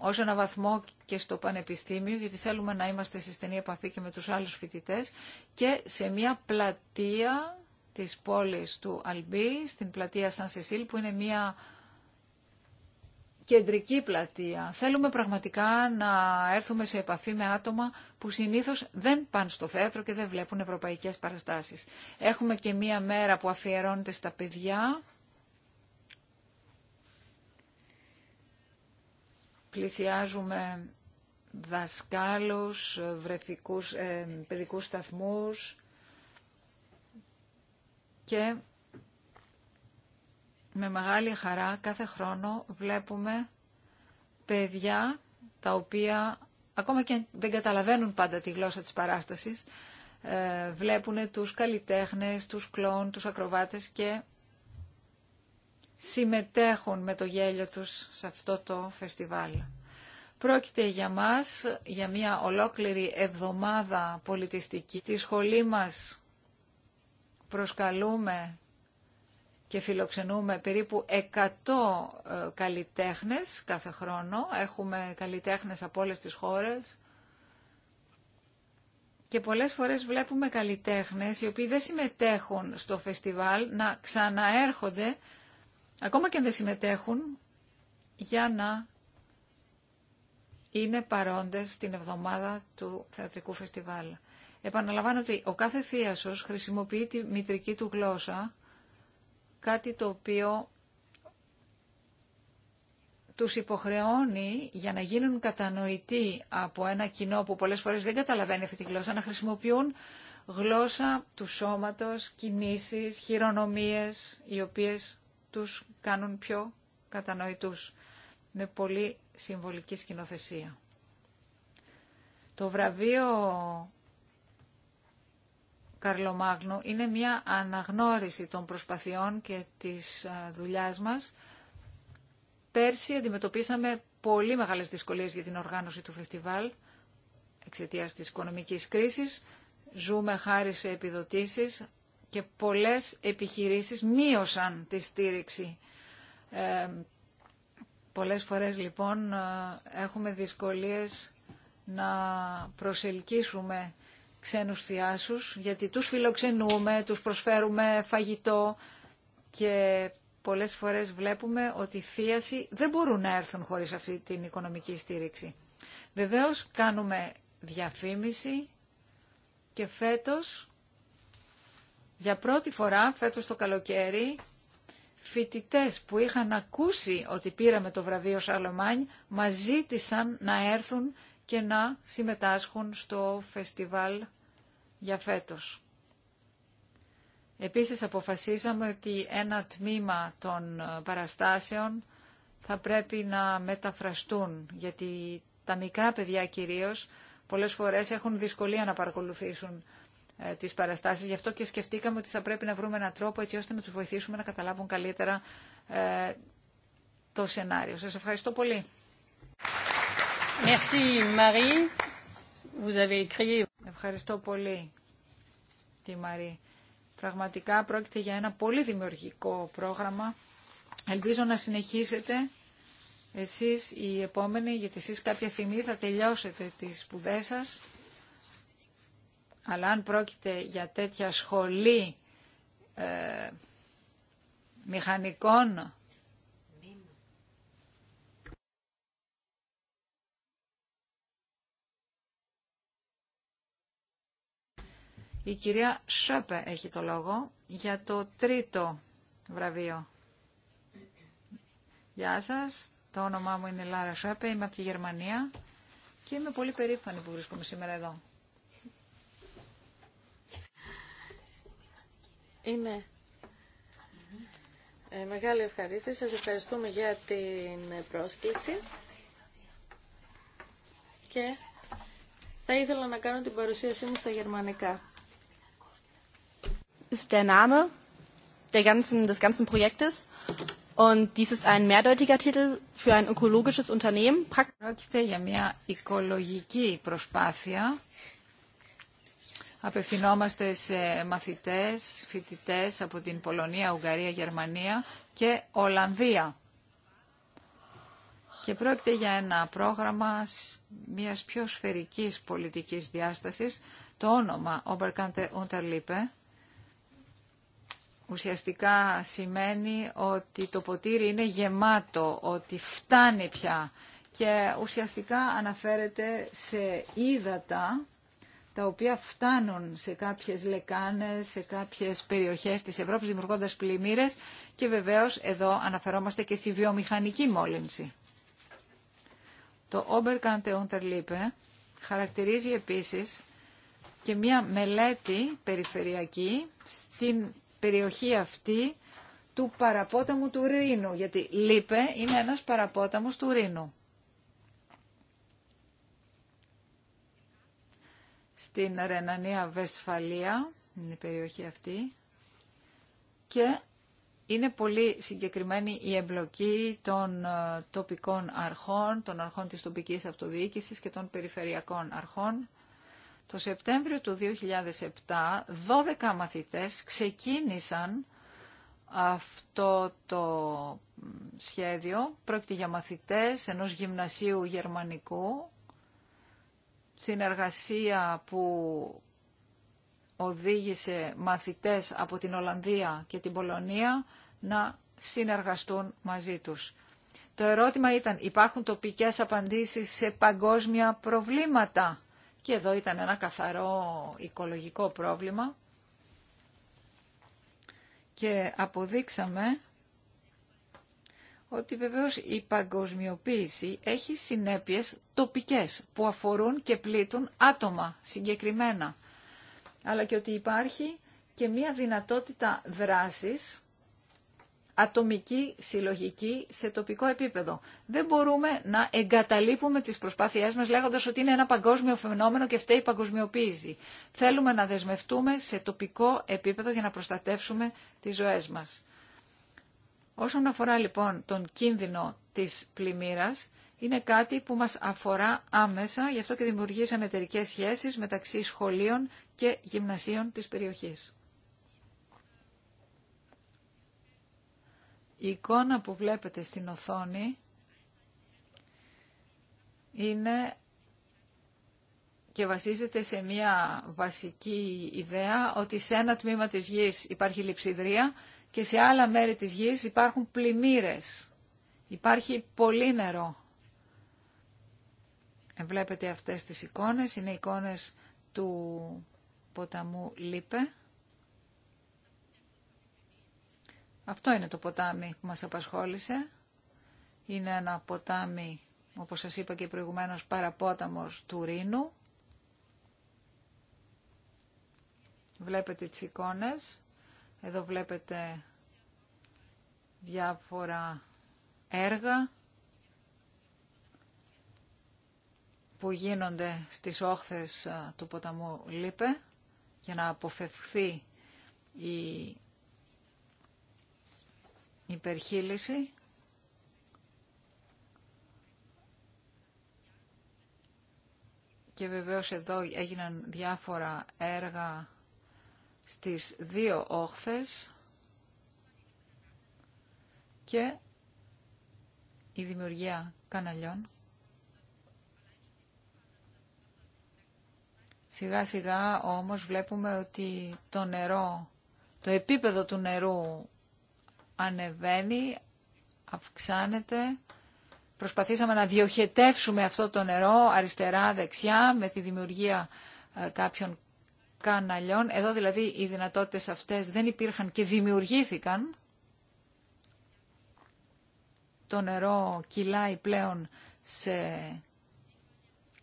ως ένα βαθμό και στο Πανεπιστήμιο, γιατί θέλουμε να είμαστε σε στενή επαφή και με τους άλλους φοιτητές, και σε μια πλατεία της πόλης του Αλμπί, στην πλατεία Σαν Σεσίλ, που είναι μια κεντρική πλατεία. Θέλουμε πραγματικά να έρθουμε σε επαφή με άτομα που συνήθως δεν πάνε στο θέατρο και δεν βλέπουν ευρωπαϊκές παραστάσεις. Έχουμε και μία μέρα που αφιερώνεται στα παιδιά, πλησιάζουμε δασκάλους, βρεφικούς, ε, παιδικούς σταθμούς και με μεγάλη χαρά κάθε χρόνο βλέπουμε παιδιά τα οποία ακόμα και δεν καταλαβαίνουν πάντα τη γλώσσα της παράστασης, ε, βλέπουν τους καλλιτέχνες, τους κλόν, τους ακροβάτες και συμμετέχουν με το γέλιο τους σε αυτό το φεστιβάλ. Πρόκειται για μας, για μια ολόκληρη εβδομάδα πολιτιστική. Στη σχολή μας προσκαλούμε και φιλοξενούμε περίπου 100 ε, καλλιτέχνες κάθε χρόνο. Έχουμε καλλιτέχνες από όλες τις χώρες. Και πολλές φορές βλέπουμε καλλιτέχνες οι οποίοι δεν συμμετέχουν στο φεστιβάλ να ξαναέρχονται ακόμα και αν δεν συμμετέχουν, για να είναι παρόντες την εβδομάδα του θεατρικού φεστιβάλ. Επαναλαμβάνω ότι ο κάθε θείασος χρησιμοποιεί τη μητρική του γλώσσα, κάτι το οποίο τους υποχρεώνει για να γίνουν κατανοητοί από ένα κοινό που πολλές φορές δεν καταλαβαίνει αυτή τη γλώσσα, να χρησιμοποιούν γλώσσα του σώματος, κινήσεις, χειρονομίες, οι οποίες τους κάνουν πιο κατανοητούς με πολύ συμβολική σκηνοθεσία. Το βραβείο Καρλομάγνου είναι μια αναγνώριση των προσπαθειών και της δουλειάς μας. Πέρσι αντιμετωπίσαμε πολύ μεγάλες δυσκολίες για την οργάνωση του φεστιβάλ εξαιτίας της οικονομικής κρίσης. Ζούμε χάρη σε επιδοτήσεις, και πολλές επιχειρήσεις μείωσαν τη στήριξη. Ε, πολλές φορές λοιπόν ε, έχουμε δυσκολίες να προσελκύσουμε ξένους θειάσους γιατί τους φιλοξενούμε, τους προσφέρουμε φαγητό και πολλές φορές βλέπουμε ότι οι θείασοι δεν μπορούν να έρθουν χωρίς αυτή την οικονομική στήριξη. Βεβαίως κάνουμε διαφήμιση και φέτος για πρώτη φορά φέτος το καλοκαίρι φοιτητέ που είχαν ακούσει ότι πήραμε το βραβείο Σαλομάνι μας ζήτησαν να έρθουν και να συμμετάσχουν στο φεστιβάλ για φέτος. Επίσης αποφασίσαμε ότι ένα τμήμα των παραστάσεων θα πρέπει να μεταφραστούν, γιατί τα μικρά παιδιά κυρίως πολλές φορές έχουν δυσκολία να παρακολουθήσουν ε, τις παραστάσεις. Γι' αυτό και σκεφτήκαμε ότι θα πρέπει να βρούμε έναν τρόπο έτσι ώστε να τους βοηθήσουμε να καταλάβουν καλύτερα ε, το σενάριο. Σας ευχαριστώ πολύ. Merci, Marie. Vous avez Ευχαριστώ πολύ τη Μαρή. Πραγματικά πρόκειται για ένα πολύ δημιουργικό πρόγραμμα. Ελπίζω να συνεχίσετε εσείς οι επόμενοι, γιατί εσείς κάποια στιγμή θα τελειώσετε τις σπουδές σας. Αλλά αν πρόκειται για τέτοια σχολή ε, μηχανικών Η κυρία Σόπε έχει το λόγο για το τρίτο βραβείο. Γεια σας, το όνομά μου είναι Λάρα Σόπε, είμαι από τη Γερμανία και είμαι πολύ περήφανη που βρίσκομαι σήμερα εδώ. Είναι Ε, μεγάλη ευχαρίστηση. Σας ευχαριστούμε για την πρόσκληση. Και θα ήθελα να κάνω την παρουσίασή μου στα γερμανικά. Ist der Name der ganzen, des ganzen Projektes. Und dies ist ein mehrdeutiger Titel für ein ökologisches Unternehmen. Πρόκειται για μια οικολογική προσπάθεια Απευθυνόμαστε σε μαθητές, φοιτητές από την Πολωνία, Ουγγαρία, Γερμανία και Ολλανδία. Και πρόκειται για ένα πρόγραμμα μιας πιο σφαιρικής πολιτικής διάστασης. Το όνομα Oberkante Unterlippe ουσιαστικά σημαίνει ότι το ποτήρι είναι γεμάτο, ότι φτάνει πια και ουσιαστικά αναφέρεται σε ύδατα τα οποία φτάνουν σε κάποιες λεκάνες, σε κάποιες περιοχές της Ευρώπης, δημιουργώντας πλημμύρες και βεβαίως εδώ αναφερόμαστε και στη βιομηχανική μόλυνση. Το Oberkante Unterlippe χαρακτηρίζει επίσης και μια μελέτη περιφερειακή στην περιοχή αυτή του παραπόταμου του Ρήνου, γιατί Λίπε είναι ένας παραπόταμος του Ρήνου. στην Ρενανία Βεσφαλία, είναι περιοχή αυτή, και είναι πολύ συγκεκριμένη η εμπλοκή των ε, τοπικών αρχών, των αρχών της τοπικής αυτοδιοίκησης και των περιφερειακών αρχών. Το Σεπτέμβριο του 2007, 12 μαθητές ξεκίνησαν αυτό το σχέδιο. Πρόκειται για μαθητές ενός γυμνασίου γερμανικού συνεργασία που οδήγησε μαθητές από την Ολλανδία και την Πολωνία να συνεργαστούν μαζί τους. Το ερώτημα ήταν υπάρχουν τοπικές απαντήσεις σε παγκόσμια προβλήματα και εδώ ήταν ένα καθαρό οικολογικό πρόβλημα και αποδείξαμε ότι βεβαίως η παγκοσμιοποίηση έχει συνέπειες τοπικές που αφορούν και πλήττουν άτομα συγκεκριμένα. Αλλά και ότι υπάρχει και μία δυνατότητα δράσης ατομική, συλλογική, σε τοπικό επίπεδο. Δεν μπορούμε να εγκαταλείπουμε τις προσπάθειές μας λέγοντας ότι είναι ένα παγκόσμιο φαινόμενο και φταίει η παγκοσμιοποίηση. Θέλουμε να δεσμευτούμε σε τοπικό επίπεδο για να προστατεύσουμε τις ζωές μας. Όσον αφορά λοιπόν τον κίνδυνο της πλημμύρας, είναι κάτι που μας αφορά άμεσα, γι' αυτό και δημιουργήσαμε εταιρικέ σχέσεις μεταξύ σχολείων και γυμνασίων της περιοχής. Η εικόνα που βλέπετε στην οθόνη είναι και βασίζεται σε μια βασική ιδέα ότι σε ένα τμήμα της γης υπάρχει λειψιδρία και σε άλλα μέρη της γης υπάρχουν πλημμύρες. Υπάρχει πολύ νερό. Βλέπετε αυτές τις εικόνες, είναι εικόνες του ποταμού Λίπε. Αυτό είναι το ποτάμι που μας απασχόλησε. Είναι ένα ποτάμι, όπως σας είπα και προηγουμένως, παραπόταμος του Ρήνου. Βλέπετε τις εικόνες. Εδώ βλέπετε διάφορα έργα που γίνονται στις όχθες του ποταμού Λίπε για να αποφευχθεί η υπερχείληση. Και βεβαίως εδώ έγιναν διάφορα έργα στις δύο όχθες και η δημιουργία καναλιών. Σιγά σιγά όμως βλέπουμε ότι το νερό, το επίπεδο του νερού ανεβαίνει, αυξάνεται. Προσπαθήσαμε να διοχετεύσουμε αυτό το νερό αριστερά-δεξιά με τη δημιουργία ε, κάποιων καναλιών. Εδώ δηλαδή οι δυνατότητες αυτές δεν υπήρχαν και δημιουργήθηκαν. Το νερό κυλάει πλέον σε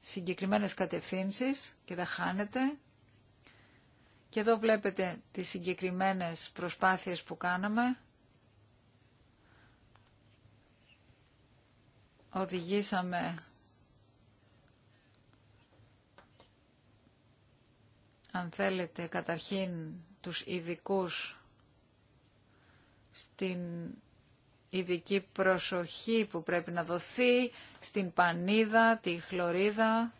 συγκεκριμένες κατευθύνσεις και δεν χάνεται. Και εδώ βλέπετε τις συγκεκριμένες προσπάθειες που κάναμε. Οδηγήσαμε αν θέλετε, καταρχήν τους ειδικού στην ειδική προσοχή που πρέπει να δοθεί στην πανίδα, τη χλωρίδα.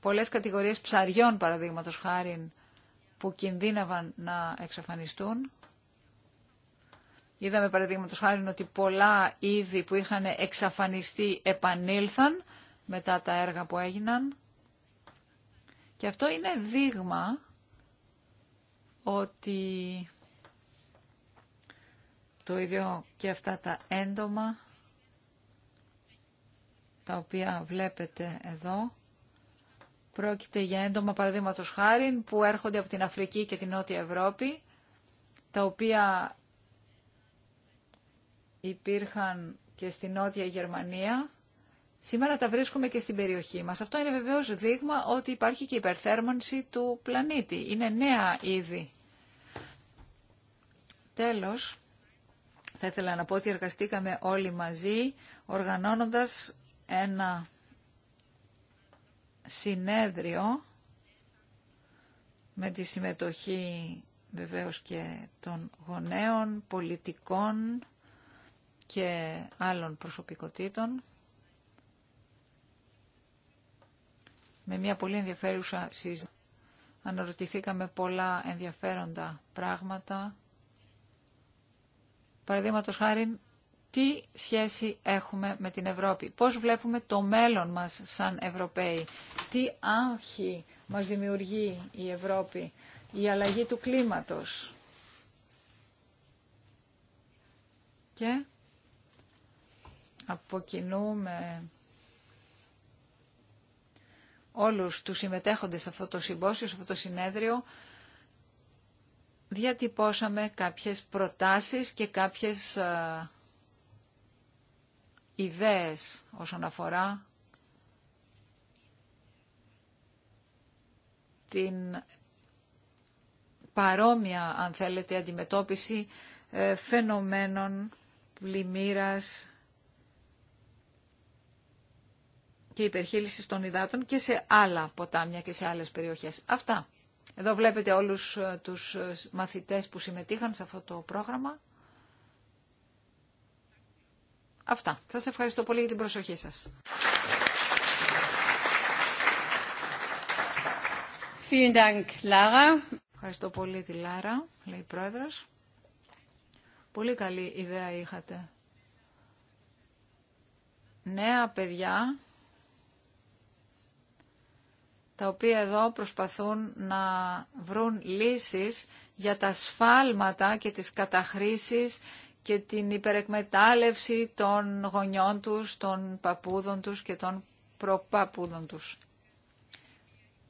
Πολλές κατηγορίες ψαριών, παραδείγματος χάριν, που κινδύναβαν να εξαφανιστούν. Είδαμε παραδείγματος χάρη ότι πολλά είδη που είχαν εξαφανιστεί επανήλθαν μετά τα έργα που έγιναν. Και αυτό είναι δείγμα ότι το ίδιο και αυτά τα έντομα τα οποία βλέπετε εδώ πρόκειται για έντομα παραδείγματο χάρη που έρχονται από την Αφρική και την Νότια Ευρώπη τα οποία υπήρχαν και στην Νότια Γερμανία Σήμερα τα βρίσκουμε και στην περιοχή μας. Αυτό είναι βεβαίως δείγμα ότι υπάρχει και υπερθέρμανση του πλανήτη. Είναι νέα είδη. Τέλος, θα ήθελα να πω ότι εργαστήκαμε όλοι μαζί οργανώνοντας ένα συνέδριο με τη συμμετοχή βεβαίως και των γονέων, πολιτικών και άλλων προσωπικότητων. με μια πολύ ενδιαφέρουσα συζήτηση. Αναρωτηθήκαμε πολλά ενδιαφέροντα πράγματα. Παραδείγματος χάρη, τι σχέση έχουμε με την Ευρώπη, πώς βλέπουμε το μέλλον μας σαν Ευρωπαίοι, τι άγχη μας δημιουργεί η Ευρώπη, η αλλαγή του κλίματος. Και από όλους τους συμμετέχοντες σε αυτό το συμπόσιο, σε αυτό το συνέδριο, διατυπώσαμε κάποιες προτάσεις και κάποιες ιδέες όσον αφορά την παρόμοια, αν θέλετε, αντιμετώπιση ε, φαινομένων πλημμύρας, και υπερχείλησης των υδάτων και σε άλλα ποτάμια και σε άλλες περιοχές. Αυτά. Εδώ βλέπετε όλους ε, τους ε, μαθητές που συμμετείχαν σε αυτό το πρόγραμμα. Αυτά. Σας ευχαριστώ πολύ για την προσοχή σας. Ευχαριστώ πολύ τη Λάρα, λέει η Πρόεδρος. Πολύ καλή ιδέα είχατε. Νέα παιδιά τα οποία εδώ προσπαθούν να βρουν λύσεις για τα σφάλματα και τις καταχρήσεις και την υπερεκμετάλλευση των γονιών τους, των παππούδων τους και των προπαππούδων τους.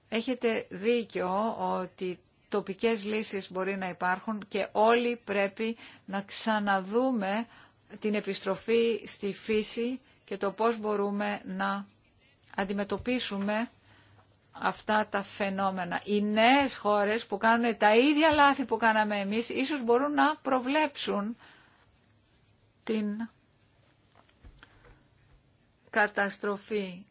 Έχετε δίκιο ότι τοπικές λύσεις μπορεί να υπάρχουν και όλοι πρέπει να ξαναδούμε την επιστροφή στη φύση και το πώς μπορούμε να αντιμετωπίσουμε αυτά τα φαινόμενα. Οι νέες χώρες που κάνουν τα ίδια λάθη που κάναμε εμείς, ίσως μπορούν να προβλέψουν την καταστροφή.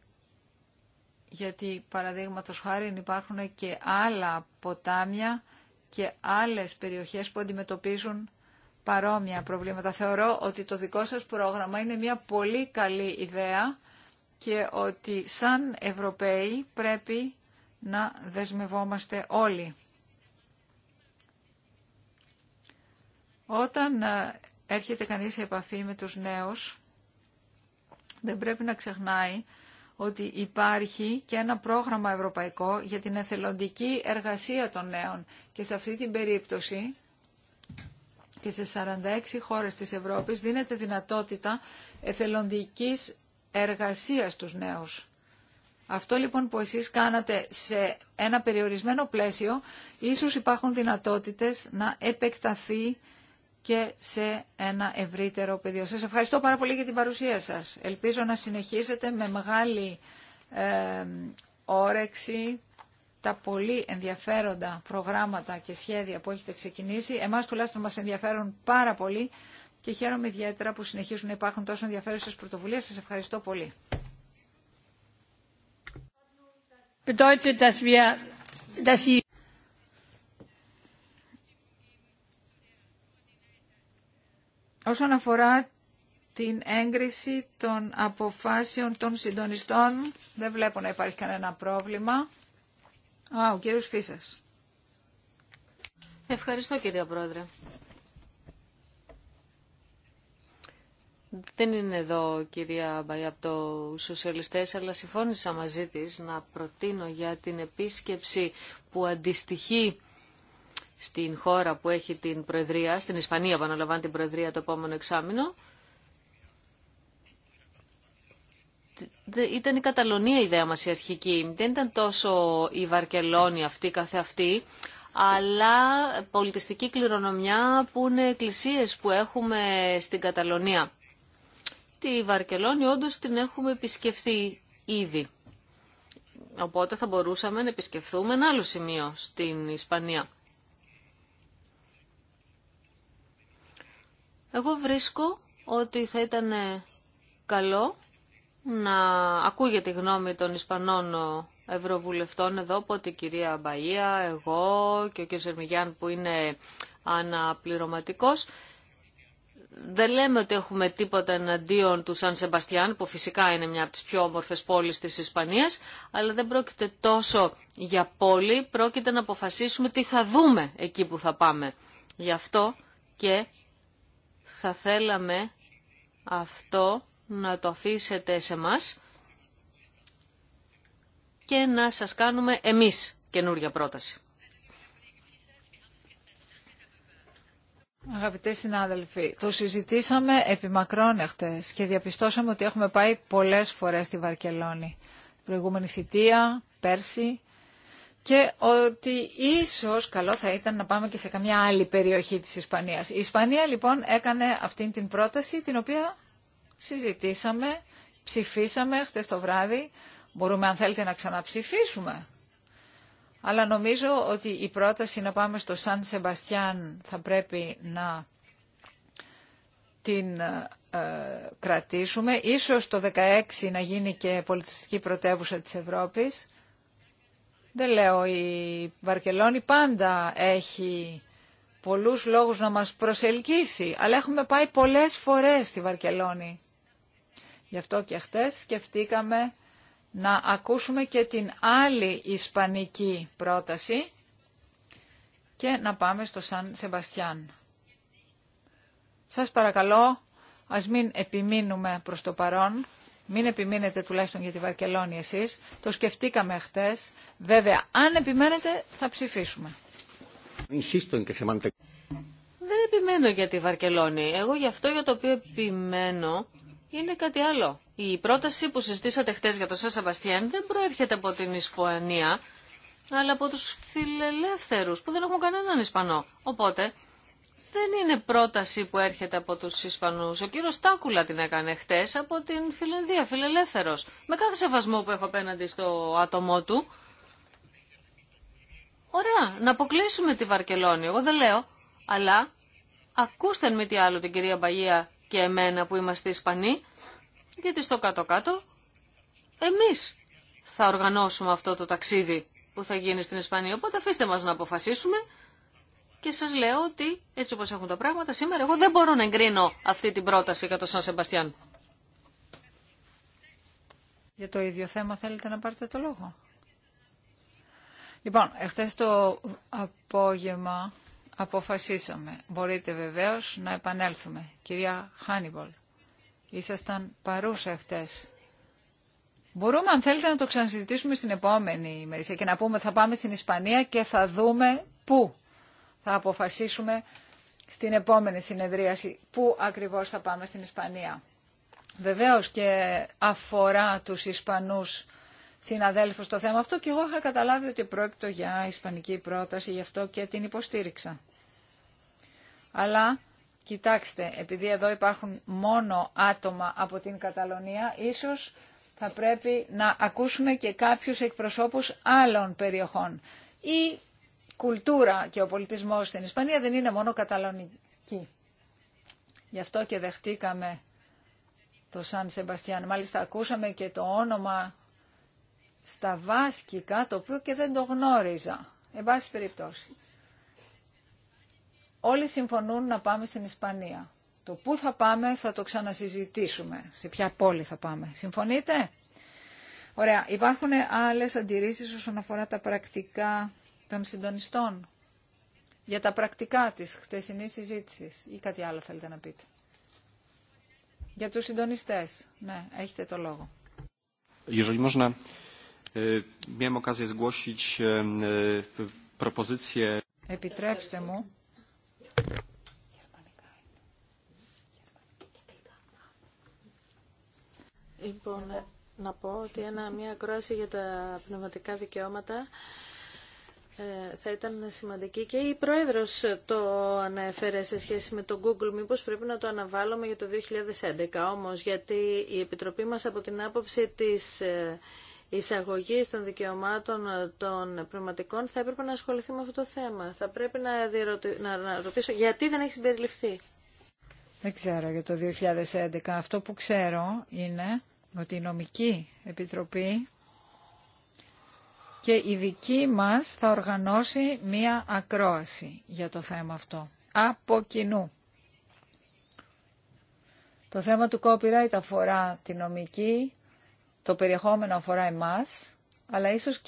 Γιατί παραδείγματο χάρη υπάρχουν και άλλα ποτάμια και άλλες περιοχές που αντιμετωπίζουν παρόμοια προβλήματα. Θεωρώ ότι το δικό σας πρόγραμμα είναι μια πολύ καλή ιδέα και ότι σαν Ευρωπαίοι πρέπει να δεσμευόμαστε όλοι. Όταν ε, έρχεται κανείς σε επαφή με τους νέους, δεν πρέπει να ξεχνάει ότι υπάρχει και ένα πρόγραμμα ευρωπαϊκό για την εθελοντική εργασία των νέων. Και σε αυτή την περίπτωση και σε 46 χώρες της Ευρώπης δίνεται δυνατότητα εθελοντικής εργασίας στους νέους. Αυτό λοιπόν που εσείς κάνατε σε ένα περιορισμένο πλαίσιο, ίσως υπάρχουν δυνατότητες να επεκταθεί και σε ένα ευρύτερο πεδίο. Σας ευχαριστώ πάρα πολύ για την παρουσία σας. Ελπίζω να συνεχίσετε με μεγάλη όρεξη τα πολύ ενδιαφέροντα προγράμματα και σχέδια που έχετε ξεκινήσει. Εμάς τουλάχιστον μας ενδιαφέρουν πάρα πολύ και χαίρομαι ιδιαίτερα που συνεχίζουν να υπάρχουν τόσο ενδιαφέρουσες πρωτοβουλίες. Σας ευχαριστώ πολύ bedeutet, dass wir, dass sie Όσον αφορά την έγκριση των αποφάσεων των συντονιστών, δεν βλέπω να υπάρχει κανένα πρόβλημα. Α, ο κύριος Φίσας. Ευχαριστώ κύριε Πρόεδρε. Δεν είναι εδώ κυρία Μπαϊ από το Σοσιαλιστές, αλλά συμφώνησα μαζί της να προτείνω για την επίσκεψη που αντιστοιχεί στην χώρα που έχει την Προεδρία, στην Ισπανία που αναλαμβάνει την Προεδρία το επόμενο εξάμεινο. Ήταν η Καταλωνία η ιδέα μας η αρχική. Δεν ήταν τόσο η Βαρκελόνη αυτή καθεαυτή, αλλά πολιτιστική κληρονομιά που είναι εκκλησίες που έχουμε στην Καταλωνία. Τη Βαρκελόνη όντως την έχουμε επισκεφθεί ήδη. Οπότε θα μπορούσαμε να επισκεφθούμε ένα άλλο σημείο στην Ισπανία. Εγώ βρίσκω ότι θα ήταν καλό να ακούγεται η γνώμη των Ισπανών Ευρωβουλευτών εδώ, από την κυρία Μπαΐα, εγώ και ο κ. Ζερμιγιάν που είναι αναπληρωματικός δεν λέμε ότι έχουμε τίποτα εναντίον του Σαν Σεμπαστιάν, που φυσικά είναι μια από τις πιο όμορφες πόλεις της Ισπανίας, αλλά δεν πρόκειται τόσο για πόλη, πρόκειται να αποφασίσουμε τι θα δούμε εκεί που θα πάμε. Γι' αυτό και θα θέλαμε αυτό να το αφήσετε σε μας και να σας κάνουμε εμείς καινούργια πρόταση. Αγαπητοί συνάδελφοι, το συζητήσαμε επί μακρόν και διαπιστώσαμε ότι έχουμε πάει πολλές φορές στη Βαρκελόνη. Προηγούμενη θητεία, πέρσι και ότι ίσως καλό θα ήταν να πάμε και σε καμιά άλλη περιοχή της Ισπανίας. Η Ισπανία λοιπόν έκανε αυτή την πρόταση την οποία συζητήσαμε, ψηφίσαμε χτες το βράδυ. Μπορούμε αν θέλετε να ξαναψηφίσουμε αλλά νομίζω ότι η πρόταση να πάμε στο Σαν Σεμπαστιάν θα πρέπει να την ε, ε, κρατήσουμε. Ίσως το 2016 να γίνει και πολιτιστική πρωτεύουσα της Ευρώπης. Δεν λέω, η Βαρκελόνη πάντα έχει πολλούς λόγους να μας προσελκύσει, αλλά έχουμε πάει πολλές φορές στη Βαρκελόνη. Γι' αυτό και χτες σκεφτήκαμε να ακούσουμε και την άλλη ισπανική πρόταση και να πάμε στο Σαν Σεμπαστιάν. Σας παρακαλώ, ας μην επιμείνουμε προς το παρόν, μην επιμείνετε τουλάχιστον για τη Βαρκελόνη εσείς, το σκεφτήκαμε χτες, βέβαια αν επιμένετε θα ψηφίσουμε. Δεν επιμένω για τη Βαρκελόνη, εγώ γι' αυτό για το οποίο επιμένω είναι κάτι άλλο. Η πρόταση που συζητήσατε χτες για το Σα Βαστιέν δεν προέρχεται από την Ισπανία, αλλά από τους φιλελεύθερους που δεν έχουν κανέναν Ισπανό. Οπότε δεν είναι πρόταση που έρχεται από τους Ισπανούς. Ο κύριος Τάκουλα την έκανε χτες από την Φιλενδία, φιλελεύθερος. Με κάθε σεβασμό που έχω απέναντι στο άτομό του. Ωραία, να αποκλείσουμε τη Βαρκελόνη, εγώ δεν λέω. Αλλά ακούστε με τι άλλο την κυρία Μπαγία και εμένα που είμαστε Ισπανοί γιατί στο κάτω-κάτω εμείς θα οργανώσουμε αυτό το ταξίδι που θα γίνει στην Ισπανία. Οπότε αφήστε μας να αποφασίσουμε και σας λέω ότι έτσι όπως έχουν τα πράγματα σήμερα εγώ δεν μπορώ να εγκρίνω αυτή την πρόταση για το Σαν Σεμπαστιάν. Για το ίδιο θέμα θέλετε να πάρετε το λόγο. Λοιπόν, εχθές το απόγευμα αποφασίσαμε. Μπορείτε βεβαίως να επανέλθουμε. Κυρία Χάνιμπολ ήσασταν παρούσα χτε. Μπορούμε αν θέλετε να το ξανασυζητήσουμε στην επόμενη ημερήσια και να πούμε θα πάμε στην Ισπανία και θα δούμε πού θα αποφασίσουμε στην επόμενη συνεδρίαση πού ακριβώς θα πάμε στην Ισπανία. Βεβαίως και αφορά τους Ισπανούς συναδέλφους το θέμα αυτό και εγώ είχα καταλάβει ότι πρόκειται για ισπανική πρόταση, γι' αυτό και την υποστήριξα. Αλλά Κοιτάξτε, επειδή εδώ υπάρχουν μόνο άτομα από την Καταλωνία, ίσως θα πρέπει να ακούσουμε και κάποιους εκπροσώπους άλλων περιοχών. Η κουλτούρα και ο πολιτισμός στην Ισπανία δεν είναι μόνο καταλωνική. Γι' αυτό και δεχτήκαμε το Σαν Σεμπαστιάν. Μάλιστα ακούσαμε και το όνομα στα Βάσκικα, το οποίο και δεν το γνώριζα. Εν πάση περιπτώσει. Όλοι συμφωνούν να πάμε στην Ισπανία. Το πού θα πάμε θα το ξανασυζητήσουμε. Σε ποια πόλη θα πάμε. Συμφωνείτε? Ωραία. Υπάρχουν άλλες αντιρρήσεις όσον αφορά τα πρακτικά των συντονιστών. Για τα πρακτικά της χτεσινής συζήτησης. Ή κάτι άλλο θέλετε να πείτε. Για τους συντονιστές. Ναι, έχετε το λόγο. Ε, ε, e, Επιτρέψτε μου Λοιπόν, να πω ότι ένα, μια ακρόαση για τα πνευματικά δικαιώματα ε, θα ήταν σημαντική και η Πρόεδρος το ανέφερε σε σχέση με το Google μήπως πρέπει να το αναβάλουμε για το 2011 όμως γιατί η Επιτροπή μας από την άποψη της ε, εισαγωγή των δικαιωμάτων ε, των πνευματικών θα έπρεπε να ασχοληθεί με αυτό το θέμα. Θα πρέπει να, διερωτη... να ρωτήσω γιατί δεν έχει συμπεριληφθεί. Δεν ξέρω για το 2011. Αυτό που ξέρω είναι ότι η νομική επιτροπή και η δική μας θα οργανώσει μία ακρόαση για το θέμα αυτό. Από κοινού. Το θέμα του copyright αφορά τη νομική το περιεχόμενο αφορά εμάς, αλλά ίσως